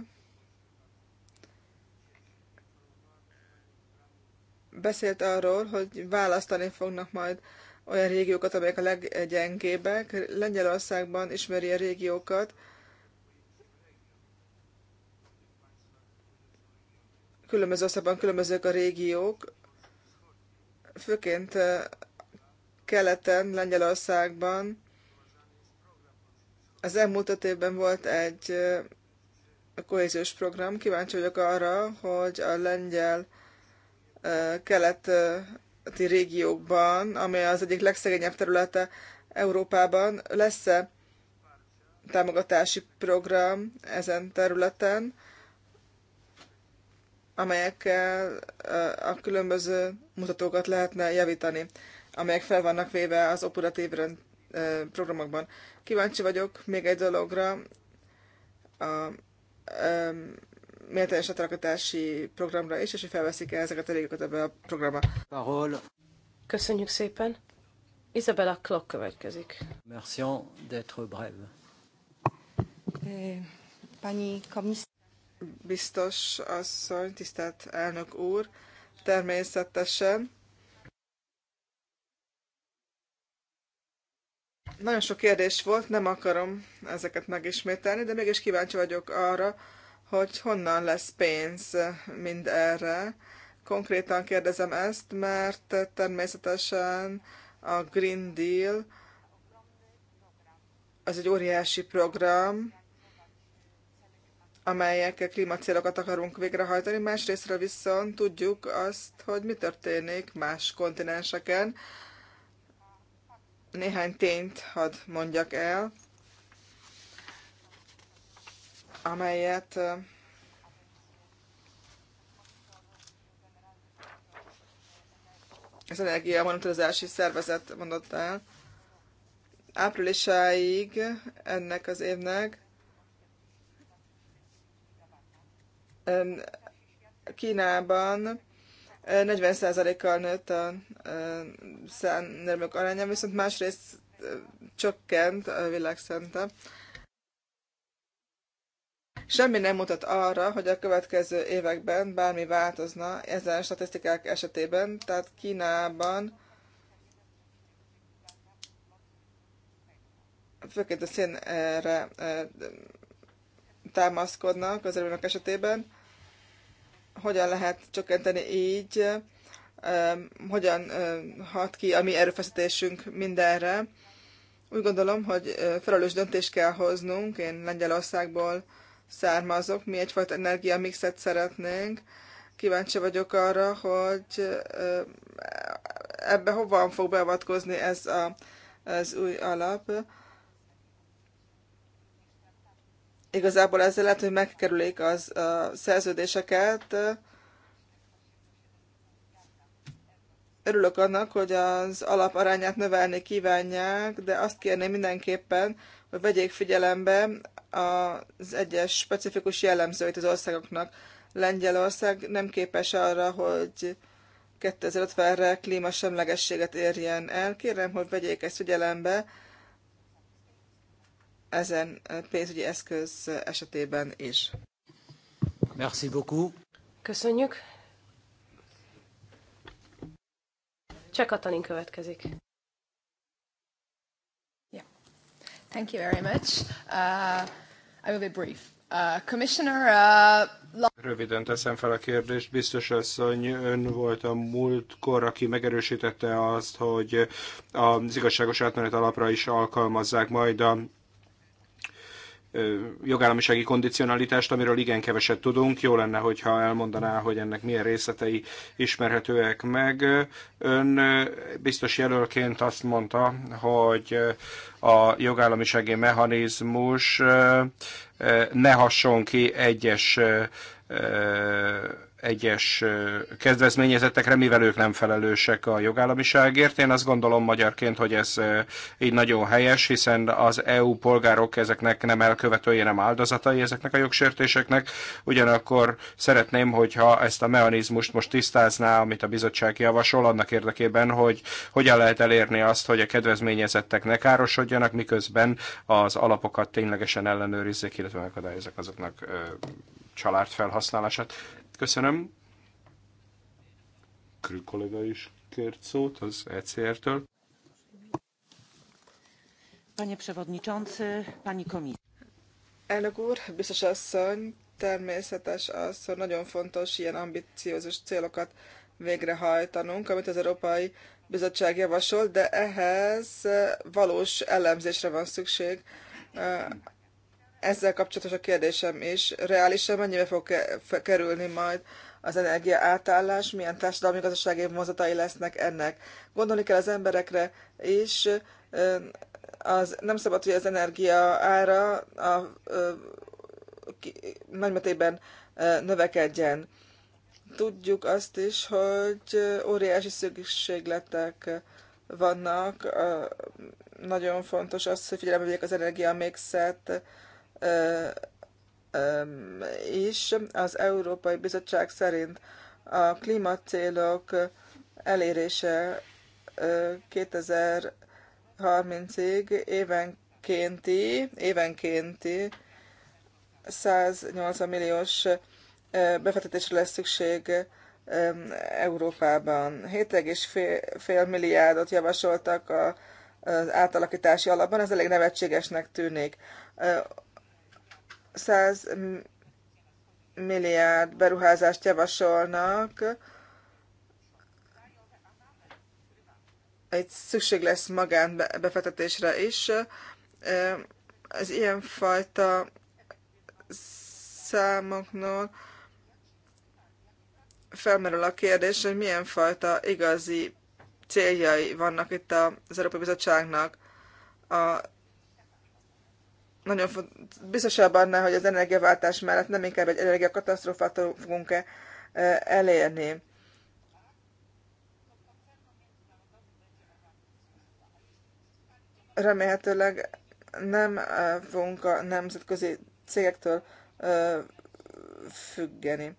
Beszélt arról, hogy választani fognak majd olyan régiókat, amelyek a leggyengébbek. Lengyelországban ismeri a régiókat, különböző országban különbözők a régiók, főként keleten, Lengyelországban az elmúlt öt évben volt egy kohéziós program. Kíváncsi vagyok arra, hogy a lengyel keleti régiókban, amely az egyik legszegényebb területe Európában, lesz-e támogatási program ezen területen, amelyekkel a különböző mutatókat lehetne javítani, amelyek fel vannak véve az operatív programokban. Kíváncsi vagyok még egy dologra, a, méltányos átalakítási programra is, és hogy felveszik -e ezeket a régeket ebbe a programba. Ahol. Köszönjük szépen. Isabella Klock következik. Merci d'être brève. Pani komisz biztos asszony, tisztelt elnök úr, természetesen. Nagyon sok kérdés volt, nem akarom ezeket megismételni, de mégis kíváncsi vagyok arra, hogy honnan lesz pénz mind erre. Konkrétan kérdezem ezt, mert természetesen a Green Deal az egy óriási program, amelyekkel klímacélokat akarunk végrehajtani, másrésztről viszont tudjuk azt, hogy mi történik más kontinenseken. Néhány tényt hadd mondjak el, amelyet az Energia Monitorozási Szervezet mondott el. Áprilisáig ennek az évnek Kínában 40%-kal eh, nőtt a eh, szánnermök aránya, viszont másrészt eh, csökkent világszente. Semmi nem mutat arra, hogy a következő években bármi változna ezen statisztikák esetében, tehát Kínában főként a szénre támaszkodnak az erőnök esetében, hogyan lehet csökkenteni így, um, hogyan um, hat ki a mi erőfeszítésünk mindenre. Úgy gondolom, hogy felelős döntést kell hoznunk. Én Lengyelországból származok, mi egyfajta energiamixet szeretnénk. Kíváncsi vagyok arra, hogy ebbe hova fog beavatkozni ez a, az új alap. igazából ezzel lehet, hogy megkerülik az a szerződéseket. Örülök annak, hogy az alaparányát növelni kívánják, de azt kérném mindenképpen, hogy vegyék figyelembe az egyes specifikus jellemzőit az országoknak. Lengyelország nem képes arra, hogy 2050-re klímasemlegességet érjen el. Kérem, hogy vegyék ezt figyelembe, ezen pénzügyi eszköz esetében is. Merci beaucoup. Köszönjük. Cseh Katalin következik. Yeah. Thank you very much. Uh, I will be brief. Uh, Commissioner, uh, Röviden teszem fel a kérdést. Biztos asszony, ön volt a múltkor, aki megerősítette azt, hogy az igazságos átmenet alapra is alkalmazzák majd a jogállamisági kondicionalitást, amiről igen keveset tudunk. Jó lenne, hogyha elmondaná, hogy ennek milyen részletei ismerhetőek meg. Ön biztos jelölként azt mondta, hogy a jogállamisági mechanizmus ne hasson ki egyes egyes kezdvezményezetekre, mivel ők nem felelősek a jogállamiságért. Én azt gondolom magyarként, hogy ez így nagyon helyes, hiszen az EU polgárok ezeknek nem elkövetője, nem áldozatai ezeknek a jogsértéseknek. Ugyanakkor szeretném, hogyha ezt a mechanizmust most tisztázná, amit a bizottság javasol, annak érdekében, hogy hogyan lehet elérni azt, hogy a kedvezményezettek ne károsodjanak, miközben az alapokat ténylegesen ellenőrizzék, illetve megadályozzák azoknak család felhasználását. Köszönöm. Krű kollega is kért szót az ECR-től. Panie Przewodniczący, Pani Komisz. Elnök úr, biztos asszony, természetes az, hogy nagyon fontos ilyen ambiciózus célokat végrehajtanunk, amit az Európai Bizottság javasol, de ehhez valós elemzésre van szükség ezzel kapcsolatos a kérdésem is. Reálisan mennyibe fog kerülni majd az energia átállás, milyen társadalmi gazdasági mozatai lesznek ennek. Gondolni kell az emberekre is, az, nem szabad, hogy az energia ára a, nagymetében növekedjen. Tudjuk azt is, hogy óriási szükségletek vannak. Nagyon fontos az, hogy figyelembe vegyék az energia mixet, is. Az Európai Bizottság szerint a klímacélok elérése 2030-ig évenkénti, évenkénti 180 milliós befektetésre lesz szükség Európában. 7,5 milliárdot javasoltak az átalakítási alapban, ez elég nevetségesnek tűnik. 100 milliárd beruházást javasolnak. egy szükség lesz magánbefektetésre is. Az ilyenfajta számoknál felmerül a kérdés, hogy milyen fajta igazi céljai vannak itt az Európai Bizottságnak. A nagyon biztosabb annál, hogy az energiaváltás mellett nem inkább egy energiakatasztrófát fogunk-e e, elérni. Remélhetőleg nem e, fogunk a nemzetközi cégektől e, függeni.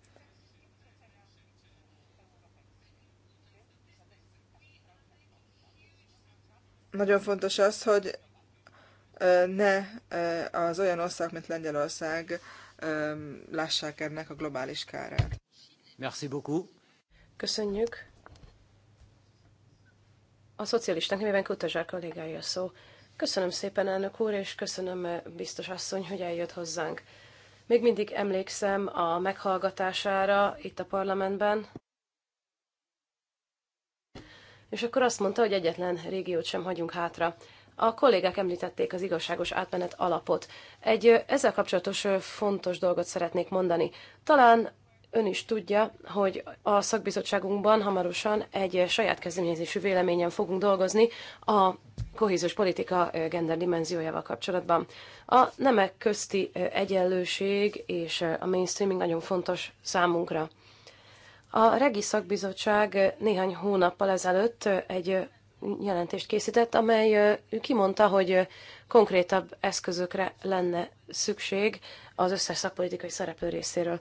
Nagyon fontos az, hogy ne az olyan ország, mint Lengyelország lássák ennek a globális kárát. Merci beaucoup. Köszönjük. A szocialisták nevében Kutazsák kollégája szó. Köszönöm szépen, elnök úr, és köszönöm eh, biztos asszony, hogy eljött hozzánk. Még mindig emlékszem a meghallgatására itt a parlamentben. És akkor azt mondta, hogy egyetlen régiót sem hagyunk hátra. A kollégák említették az igazságos átmenet alapot. Egy ezzel kapcsolatos fontos dolgot szeretnék mondani. Talán ön is tudja, hogy a szakbizottságunkban hamarosan egy saját kezdeményezésű véleményen fogunk dolgozni a kohéziós politika gender dimenziójával kapcsolatban. A nemek közti egyenlőség és a mainstreaming nagyon fontos számunkra. A Regi Szakbizottság néhány hónappal ezelőtt egy jelentést készített, amely kimondta, hogy konkrétabb eszközökre lenne szükség az összes szakpolitikai szereplő részéről.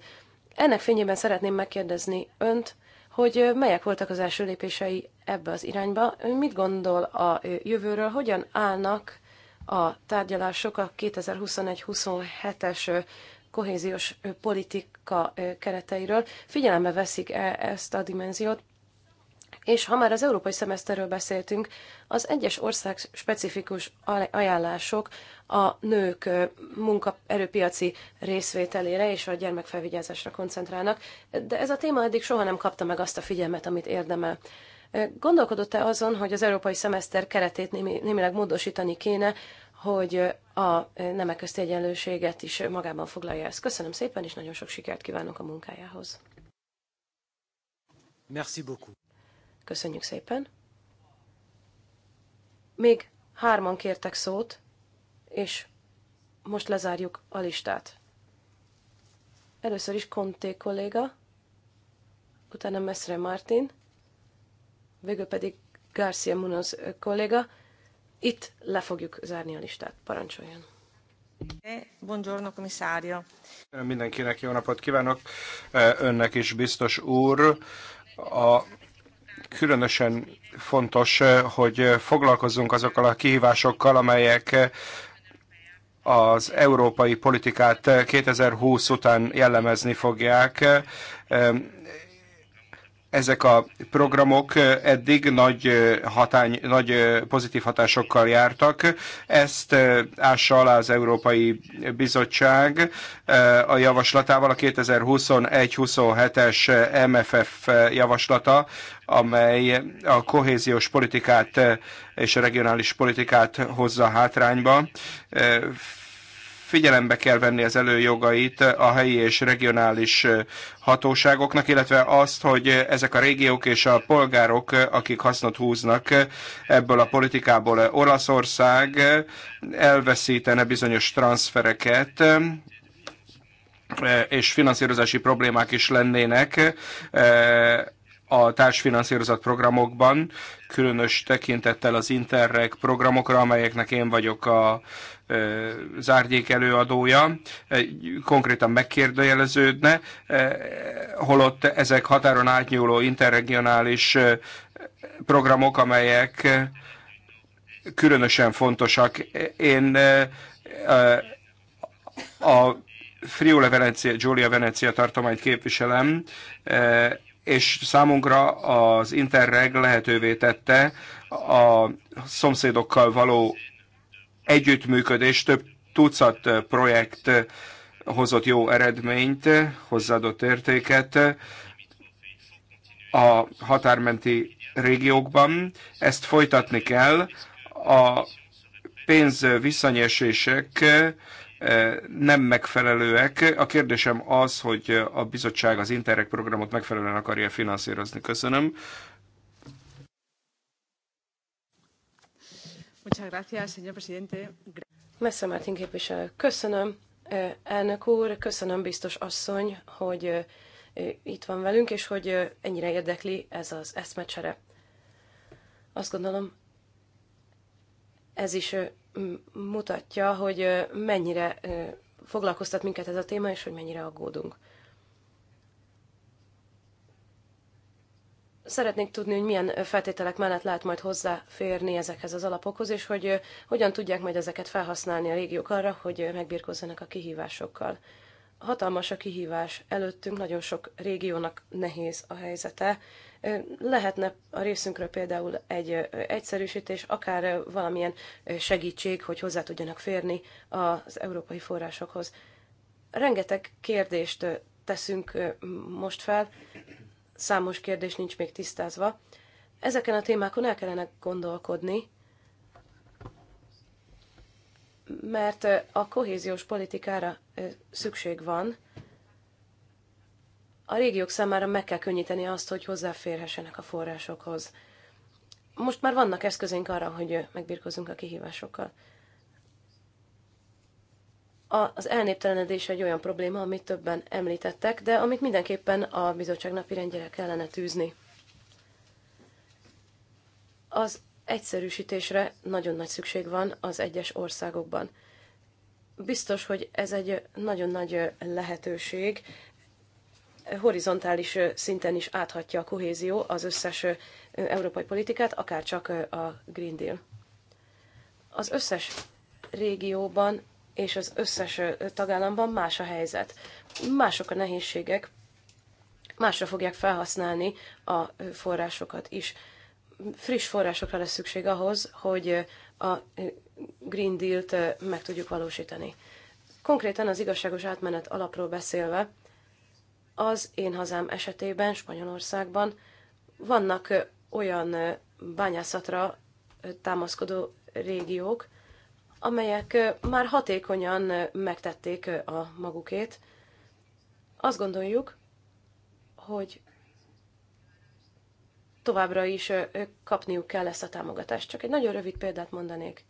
Ennek fényében szeretném megkérdezni önt, hogy melyek voltak az első lépései ebbe az irányba, Ön mit gondol a jövőről, hogyan állnak a tárgyalások a 2021-27-es kohéziós politika kereteiről, figyelembe veszik -e ezt a dimenziót, és ha már az európai szemeszterről beszéltünk, az egyes ország specifikus ajánlások a nők munkaerőpiaci részvételére és a gyermekfelvigyázásra koncentrálnak, de ez a téma eddig soha nem kapta meg azt a figyelmet, amit érdemel. Gondolkodott-e azon, hogy az európai szemeszter keretét némi, némileg módosítani kéne, hogy a nemek közti egyenlőséget is magában foglalja ezt. Köszönöm szépen, és nagyon sok sikert kívánok a munkájához. Merci beaucoup. Köszönjük szépen. Még hárman kértek szót, és most lezárjuk a listát. Először is Conté kolléga, utána Messre Martin, végül pedig Garcia Munoz kolléga. Itt le fogjuk zárni a listát. Parancsoljon! Buongiorno, commissario. Mindenkinek jó napot kívánok, önnek is biztos úr. A különösen fontos, eh, hogy eh, foglalkozzunk azokkal a kihívásokkal, amelyek eh, az európai politikát 2020 után jellemezni fogják ezek a programok eddig nagy, hatány, nagy pozitív hatásokkal jártak. Ezt ássa alá az Európai Bizottság a javaslatával, a 2021-27-es MFF javaslata, amely a kohéziós politikát és a regionális politikát hozza hátrányba figyelembe kell venni az előjogait a helyi és regionális hatóságoknak, illetve azt, hogy ezek a régiók és a polgárok, akik hasznot húznak ebből a politikából, Olaszország elveszítene bizonyos transfereket, és finanszírozási problémák is lennének a társfinanszírozott programokban, különös tekintettel az Interreg programokra, amelyeknek én vagyok a az árnyék előadója konkrétan megkérdőjeleződne, holott ezek határon átnyúló interregionális programok, amelyek különösen fontosak. Én a Friule Venecia, Giulia Venecia tartományt képviselem, és számunkra az Interreg lehetővé tette a szomszédokkal való együttműködés, több tucat projekt hozott jó eredményt, hozzáadott értéket a határmenti régiókban. Ezt folytatni kell. A pénz visszanyesések nem megfelelőek. A kérdésem az, hogy a bizottság az Interreg programot megfelelően akarja finanszírozni. Köszönöm. Messze Mártin képviselő. Köszönöm, elnök úr, köszönöm biztos asszony, hogy itt van velünk, és hogy ennyire érdekli ez az eszmecsere. Azt gondolom, ez is mutatja, hogy mennyire foglalkoztat minket ez a téma, és hogy mennyire aggódunk. Szeretnék tudni, hogy milyen feltételek mellett lehet majd hozzáférni ezekhez az alapokhoz, és hogy hogyan tudják majd ezeket felhasználni a régiók arra, hogy megbírkozzanak a kihívásokkal. Hatalmas a kihívás előttünk, nagyon sok régiónak nehéz a helyzete, Lehetne a részünkről például egy egyszerűsítés, akár valamilyen segítség, hogy hozzá tudjanak férni az európai forrásokhoz. Rengeteg kérdést teszünk most fel, számos kérdés nincs még tisztázva. Ezeken a témákon el kellene gondolkodni, mert a kohéziós politikára szükség van, a régiók számára meg kell könnyíteni azt, hogy hozzáférhessenek a forrásokhoz. Most már vannak eszközénk arra, hogy megbirkozunk a kihívásokkal. Az elnéptelenedés egy olyan probléma, amit többen említettek, de amit mindenképpen a bizottság napi rendjére kellene tűzni. Az egyszerűsítésre nagyon nagy szükség van az egyes országokban biztos, hogy ez egy nagyon nagy lehetőség horizontális szinten is áthatja a kohézió az összes európai politikát, akár csak a Green Deal. Az összes régióban és az összes tagállamban más a helyzet. Mások a nehézségek, másra fogják felhasználni a forrásokat is. Friss forrásokra lesz szükség ahhoz, hogy a Green Deal-t meg tudjuk valósítani. Konkrétan az igazságos átmenet alapról beszélve, az én hazám esetében, Spanyolországban vannak olyan bányászatra támaszkodó régiók, amelyek már hatékonyan megtették a magukét. Azt gondoljuk, hogy továbbra is kapniuk kell ezt a támogatást. Csak egy nagyon rövid példát mondanék.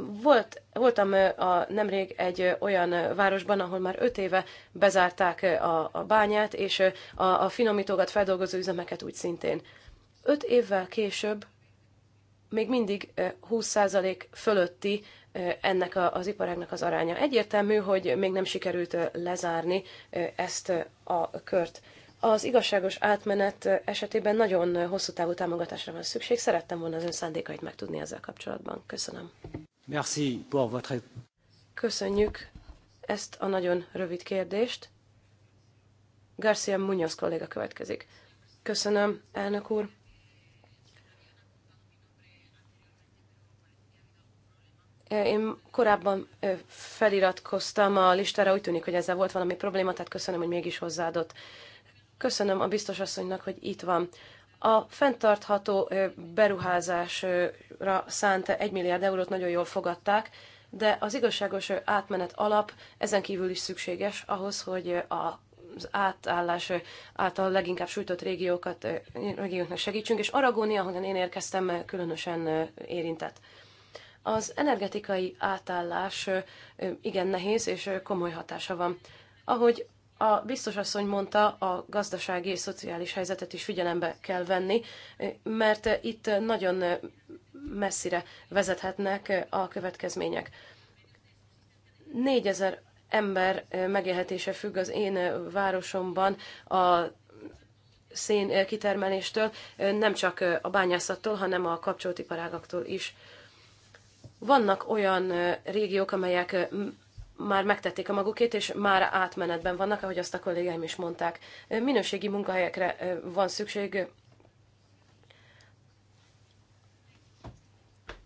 Volt, voltam a, nemrég egy olyan városban, ahol már öt éve bezárták a, a bányát, és a, a finomítógat feldolgozó üzemeket úgy szintén. Öt évvel később még mindig 20% fölötti ennek a, az iparágnak az aránya. Egyértelmű, hogy még nem sikerült lezárni ezt a kört. Az igazságos átmenet esetében nagyon hosszú távú támogatásra van szükség. Szerettem volna az ön szándékait megtudni ezzel kapcsolatban. Köszönöm. Merci pour votre... Köszönjük ezt a nagyon rövid kérdést. Garcia Munoz kolléga következik. Köszönöm, elnök úr. Én korábban feliratkoztam a listára, úgy tűnik, hogy ezzel volt valami probléma, tehát köszönöm, hogy mégis hozzáadott. Köszönöm a biztos asszonynak, hogy itt van. A fenntartható beruházásra szánt 1 milliárd eurót nagyon jól fogadták, de az igazságos átmenet alap ezen kívül is szükséges ahhoz, hogy az átállás által leginkább sújtott régiókat, régióknak segítsünk, és Aragónia, ahonnan én érkeztem, különösen érintett. Az energetikai átállás igen nehéz és komoly hatása van. Ahogy a biztos asszony mondta, a gazdasági és szociális helyzetet is figyelembe kell venni, mert itt nagyon messzire vezethetnek a következmények. 4000 ember megélhetése függ az én városomban a szén kitermeléstől, nem csak a bányászattól, hanem a kapcsoltiparágaktól is. Vannak olyan régiók, amelyek már megtették a magukét, és már átmenetben vannak, ahogy azt a kollégáim is mondták. Minőségi munkahelyekre van szükség.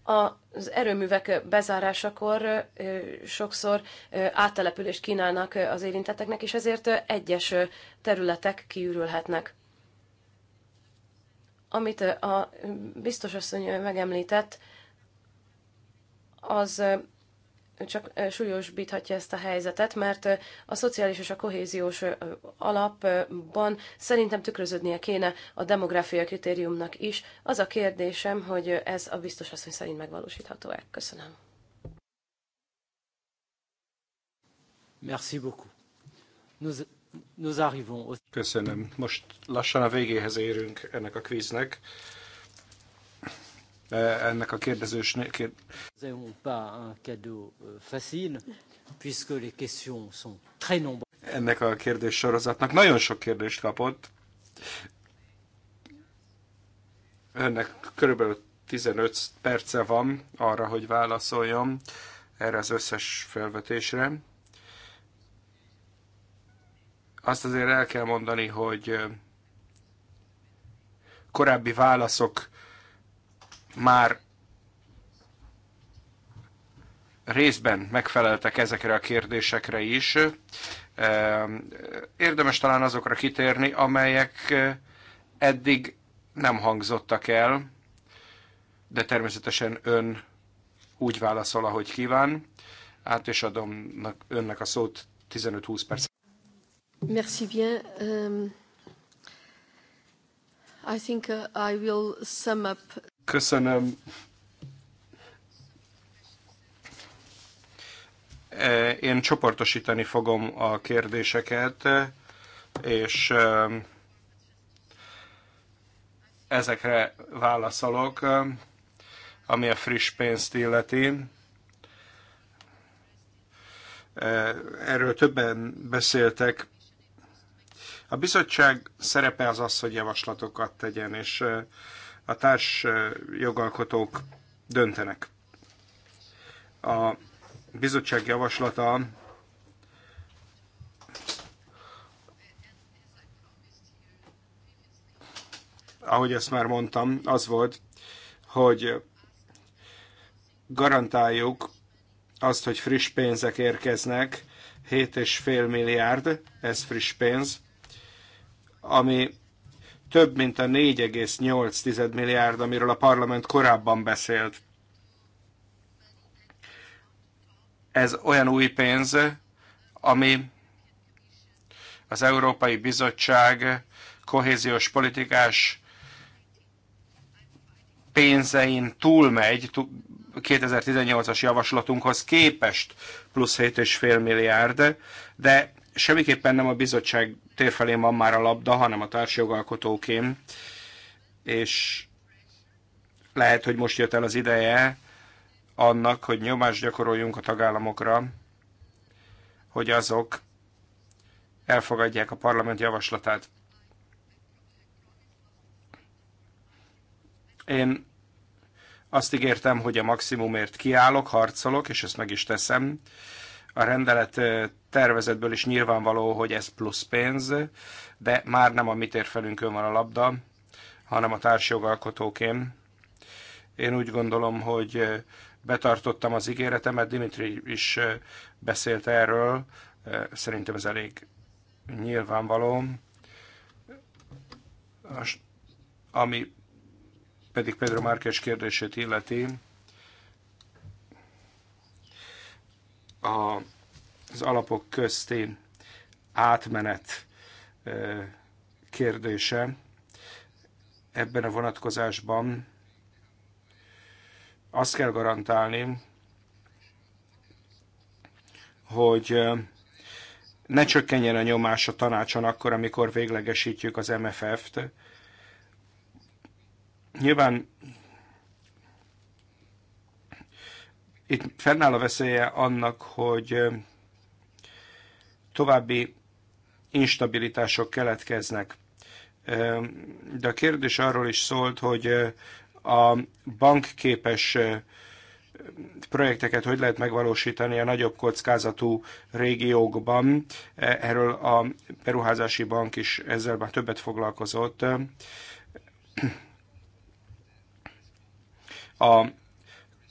Az erőművek bezárásakor sokszor áttelepülést kínálnak az érintetteknek, és ezért egyes területek kiürülhetnek. Amit a biztos asszony megemlített, az csak súlyosbíthatja ezt a helyzetet, mert a szociális és a kohéziós alapban szerintem tükröződnie kéne a demográfia kritériumnak is. Az a kérdésem, hogy ez a biztos asszony szerint megvalósítható-e. Köszönöm. Merci beaucoup. Nous, nous arrivons. Köszönöm. Most lassan a végéhez érünk ennek a kvíznek. E, ennek a kérdezősnek. Euh, ennek a kérdés sorozatnak nagyon sok kérdést kapott. Önnek körülbelül 15 perce van arra, hogy válaszoljon erre az összes felvetésre. Azt azért el kell mondani, hogy korábbi válaszok már részben megfeleltek ezekre a kérdésekre is. Ehm, érdemes talán azokra kitérni, amelyek eh, eddig nem hangzottak el, de természetesen ön úgy válaszol, ahogy kíván. Át is adom önnek a szót 15-20 perc. Merci bien. Um, I think uh, I will sum up Köszönöm. E, én csoportosítani fogom a kérdéseket, és e, ezekre válaszolok, ami a friss pénzt illeti. E, erről többen beszéltek. A bizottság szerepe az az, hogy javaslatokat tegyen, és a társ eh, jogalkotók döntenek. A bizottság javaslata ahogy ezt már mondtam, az volt, hogy garantáljuk azt, hogy friss pénzek érkeznek, 7,5 milliárd, ez friss pénz, ami több, mint a 4,8 milliárd, amiről a parlament korábban beszélt. Ez olyan új pénz, ami az Európai Bizottság kohéziós politikás pénzein túlmegy 2018-as javaslatunkhoz képest plusz 7,5 milliárd, de semmiképpen nem a bizottság térfelén van már a labda, hanem a társjogalkotókén, és lehet, hogy most jött el az ideje annak, hogy nyomást gyakoroljunk a tagállamokra, hogy azok elfogadják a parlament javaslatát. Én azt ígértem, hogy a maximumért kiállok, harcolok, és ezt meg is teszem, a rendelet tervezetből is nyilvánvaló, hogy ez plusz pénz, de már nem a mi térfelünkön van a labda, hanem a társjogalkotókén. Én úgy gondolom, hogy betartottam az ígéretemet, Dimitri is beszélt erről, szerintem ez elég nyilvánvaló. Ami pedig Pedro Márkes kérdését illeti, a, az alapok közti átmenet kérdése ebben a vonatkozásban azt kell garantálni, hogy ne csökkenjen a nyomás a tanácson akkor, amikor véglegesítjük az MFF-t. Nyilván Itt fennáll a veszélye annak, hogy további instabilitások keletkeznek. De a kérdés arról is szólt, hogy a bankképes projekteket hogy lehet megvalósítani a nagyobb kockázatú régiókban. Erről a Beruházási Bank is ezzel már többet foglalkozott. A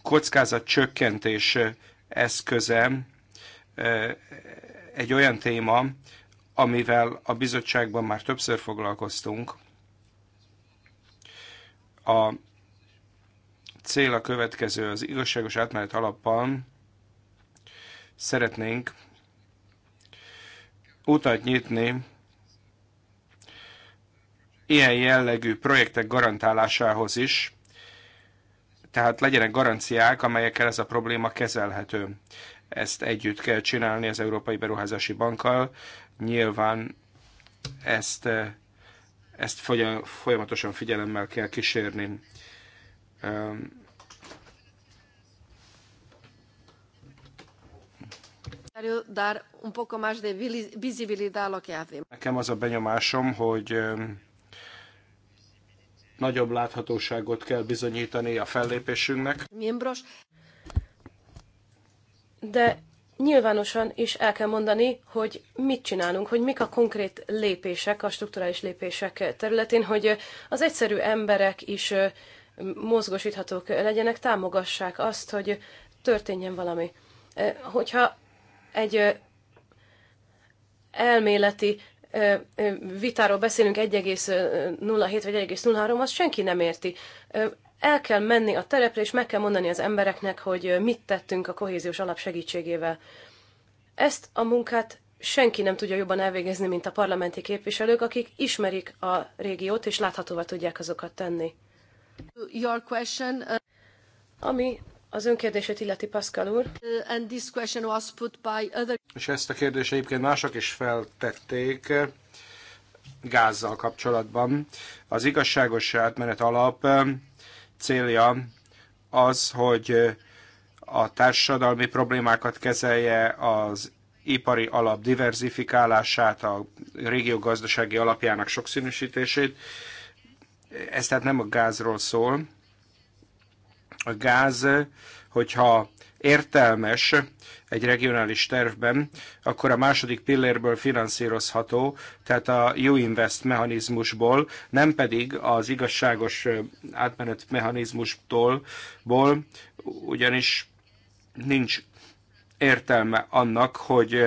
kockázat csökkentés eszköze egy olyan téma, amivel a bizottságban már többször foglalkoztunk. A cél a következő, az igazságos átmenet alapban szeretnénk utat nyitni ilyen jellegű projektek garantálásához is, tehát legyenek garanciák, amelyekkel ez a probléma kezelhető. Ezt együtt kell csinálni az Európai Beruházási Bankkal. Nyilván ezt, eh, ezt folyamatosan figyelemmel kell kísérni. Nekem az a benyomásom, hogy ehm, nagyobb láthatóságot kell bizonyítani a fellépésünknek. Miembros. De nyilvánosan is el kell mondani, hogy mit csinálunk, hogy mik a konkrét lépések, a strukturális lépések területén, hogy az egyszerű emberek is mozgosíthatók legyenek, támogassák azt, hogy történjen valami. Hogyha egy elméleti vitáról beszélünk 1,07 vagy 1,03, azt senki nem érti. El kell menni a terepre, és meg kell mondani az embereknek, hogy mit tettünk a kohéziós alap segítségével. Ezt a munkát senki nem tudja jobban elvégezni, mint a parlamenti képviselők, akik ismerik a régiót, és láthatóvá tudják azokat tenni. Your question, uh... Ami az önkérdését illeti Pascal úr. Uh, and this question was put by other... És ezt a kérdést egyébként mások is feltették uh, gázzal kapcsolatban. Az igazságos átmenet alap um, célja az, hogy uh, a társadalmi problémákat kezelje, az ipari alap diverzifikálását, a régió gazdasági alapjának sokszínűsítését. Ez tehát nem a gázról szól, a gáz, hogyha értelmes egy regionális tervben, akkor a második pillérből finanszírozható, tehát a EU Invest mechanizmusból, nem pedig az igazságos átmenet mechanizmustól, ból, ugyanis nincs értelme annak, hogy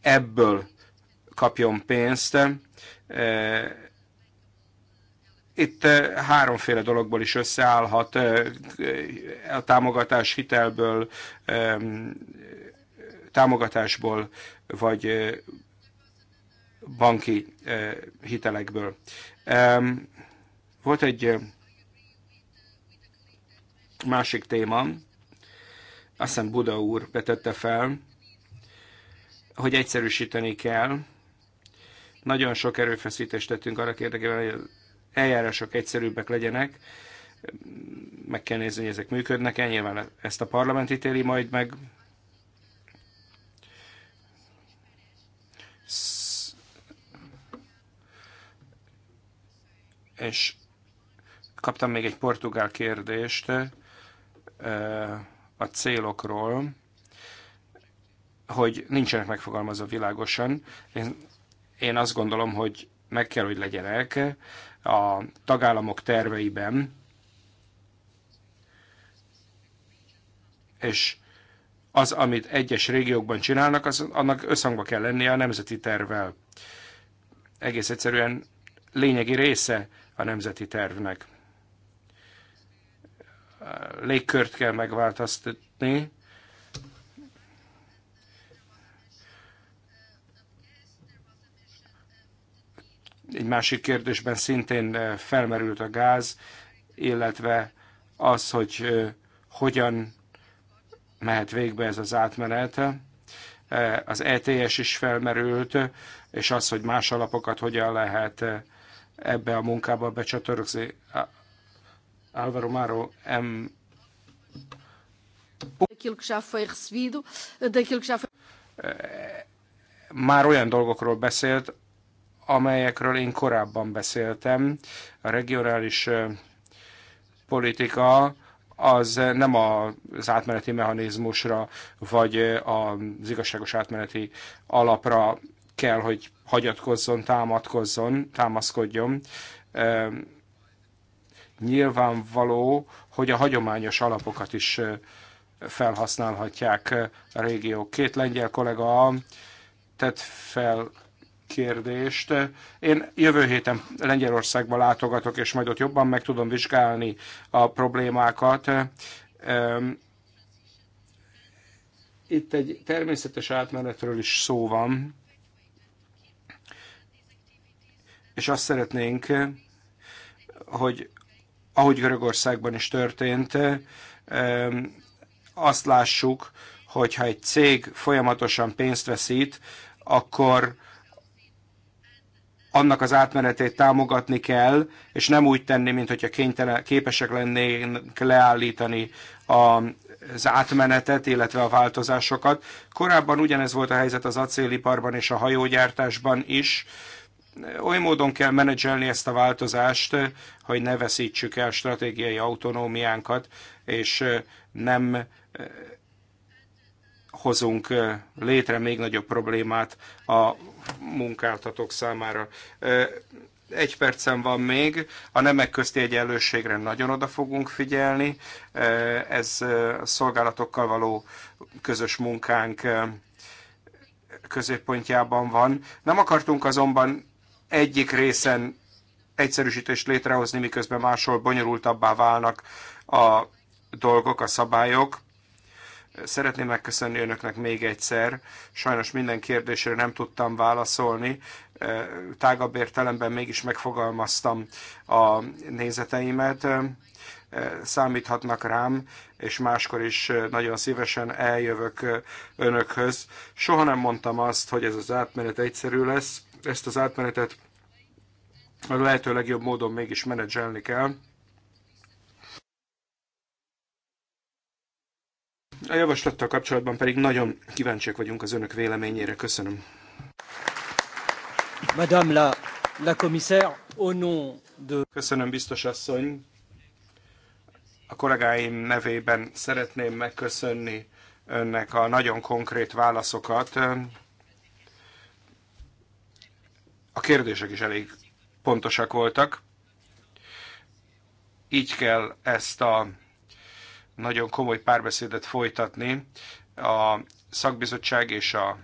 ebből kapjon pénzt, itt háromféle dologból is összeállhat a támogatás hitelből, támogatásból, vagy banki hitelekből. Volt egy másik téma, azt hiszem Buda úr betette fel, hogy egyszerűsíteni kell. Nagyon sok erőfeszítést tettünk arra érdekében, hogy eljárások egyszerűbbek legyenek, meg kell nézni, hogy ezek működnek-e, nyilván ezt a parlament ítéli majd meg. És kaptam még egy portugál kérdést a célokról, hogy nincsenek megfogalmazva világosan. Én, azt gondolom, hogy meg kell, hogy legyenek a tagállamok terveiben, és az, amit egyes régiókban csinálnak, az, annak összhangba kell lennie a nemzeti tervvel. Egész egyszerűen lényegi része a nemzeti tervnek. Légkört kell megváltoztatni, egy másik kérdésben szintén eh, felmerült a gáz, illetve az, hogy eh, hogyan mehet végbe ez az átmenet. Eh, az ETS is felmerült, és az, hogy más alapokat hogyan lehet ebbe a munkába becsatorogni. Álvaro Máró, M. Már olyan dolgokról beszélt, amelyekről én korábban beszéltem. A regionális politika az nem az átmeneti mechanizmusra, vagy az igazságos átmeneti alapra kell, hogy hagyatkozzon, támadkozzon, támaszkodjon. Nyilvánvaló, hogy a hagyományos alapokat is felhasználhatják a régiók. Két lengyel kollega tett fel kérdést. Én jövő héten Lengyelországba látogatok, és majd ott jobban meg tudom vizsgálni a problémákat. Itt egy természetes átmenetről is szó van, és azt szeretnénk, hogy ahogy Görögországban is történt, azt lássuk, hogyha egy cég folyamatosan pénzt veszít, akkor annak az átmenetét támogatni kell, és nem úgy tenni, mint hogyha kénytelen, képesek lennénk leállítani a, az átmenetet, illetve a változásokat. Korábban ugyanez volt a helyzet az acéliparban és a hajógyártásban is. Oly módon kell menedzselni ezt a változást, hogy ne veszítsük el stratégiai autonómiánkat, és nem hozunk létre még nagyobb problémát a munkáltatók számára. Egy percem van még. A nemek közti egyenlőségre nagyon oda fogunk figyelni. Ez a szolgálatokkal való közös munkánk középpontjában van. Nem akartunk azonban egyik részen egyszerűsítést létrehozni, miközben máshol bonyolultabbá válnak a dolgok, a szabályok. Szeretném megköszönni önöknek még egyszer. Sajnos minden kérdésre nem tudtam válaszolni. Tágabb értelemben mégis megfogalmaztam a nézeteimet. Számíthatnak rám, és máskor is nagyon szívesen eljövök önökhöz. Soha nem mondtam azt, hogy ez az átmenet egyszerű lesz. Ezt az átmenetet a lehető legjobb módon mégis menedzselni kell A javaslattal kapcsolatban pedig nagyon kíváncsiak vagyunk az önök véleményére. Köszönöm. Madame la, la commissaire, au nom de... Köszönöm, biztos asszony. A kollégáim nevében szeretném megköszönni önnek a nagyon konkrét válaszokat. A kérdések is elég pontosak voltak. Így kell ezt a nagyon komoly párbeszédet folytatni a szakbizottság és a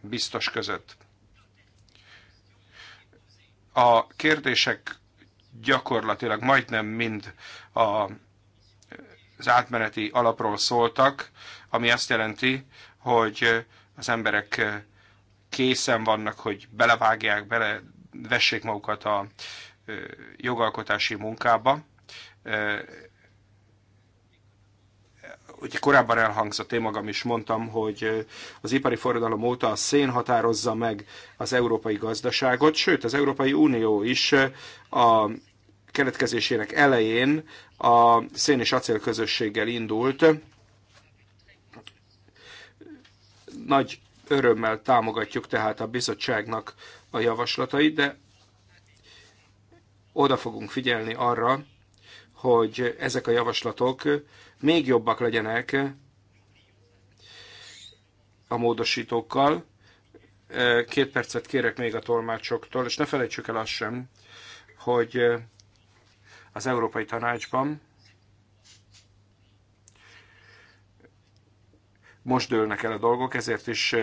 biztos között. A kérdések gyakorlatilag majdnem mind a, az átmeneti alapról szóltak, ami azt jelenti, hogy az emberek készen vannak, hogy belevágják, bele vessék magukat a jogalkotási munkába ugye korábban elhangzott, én magam is mondtam, hogy az ipari forradalom óta a szén határozza meg az európai gazdaságot, sőt az Európai Unió is a keletkezésének elején a szén és acél közösséggel indult. Nagy örömmel támogatjuk tehát a bizottságnak a javaslatait, de oda fogunk figyelni arra, hogy ezek a javaslatok még jobbak legyenek a módosítókkal. Két percet kérek még a tolmácsoktól, és ne felejtsük el azt sem, hogy az Európai Tanácsban most dőlnek el a dolgok, ezért is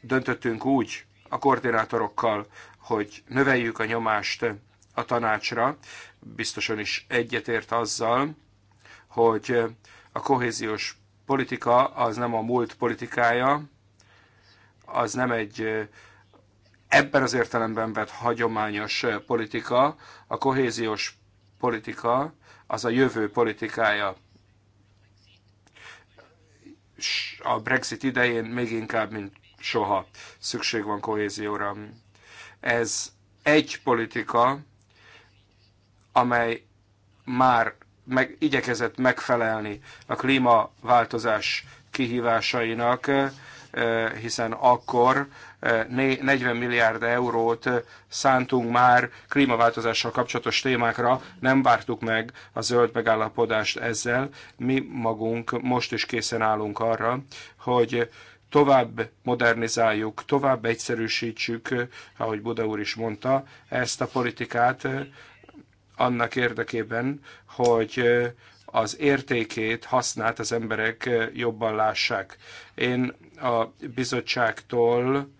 döntöttünk úgy a koordinátorokkal, hogy növeljük a nyomást a tanácsra, biztosan is egyetért azzal, hogy a kohéziós politika az nem a múlt politikája, az nem egy ebben az értelemben vett hagyományos politika, a kohéziós politika az a jövő politikája. A Brexit idején még inkább, mint soha szükség van kohézióra. Ez egy politika, amely már meg, igyekezett megfelelni a klímaváltozás kihívásainak, hiszen akkor 40 milliárd eurót szántunk már klímaváltozással kapcsolatos témákra, nem vártuk meg a zöld megállapodást ezzel. Mi magunk most is készen állunk arra, hogy tovább modernizáljuk, tovább egyszerűsítsük, ahogy Buda úr is mondta, ezt a politikát annak érdekében, hogy az értékét, hasznát az emberek jobban lássák. Én a bizottságtól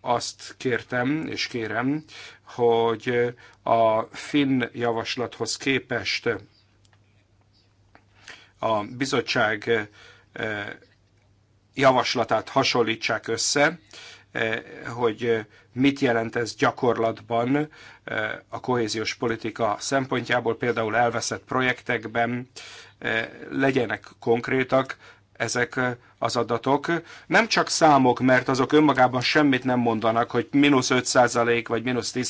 azt kértem és kérem, hogy a finn javaslathoz képest a bizottság javaslatát hasonlítsák össze, Eh, hogy eh, mit jelent ez gyakorlatban eh, a kohéziós politika szempontjából, például elveszett projektekben, legyenek konkrétak ezek az adatok. Nem csak számok, mert azok önmagában semmit nem mondanak, hogy mínusz 5% vagy mínusz 10%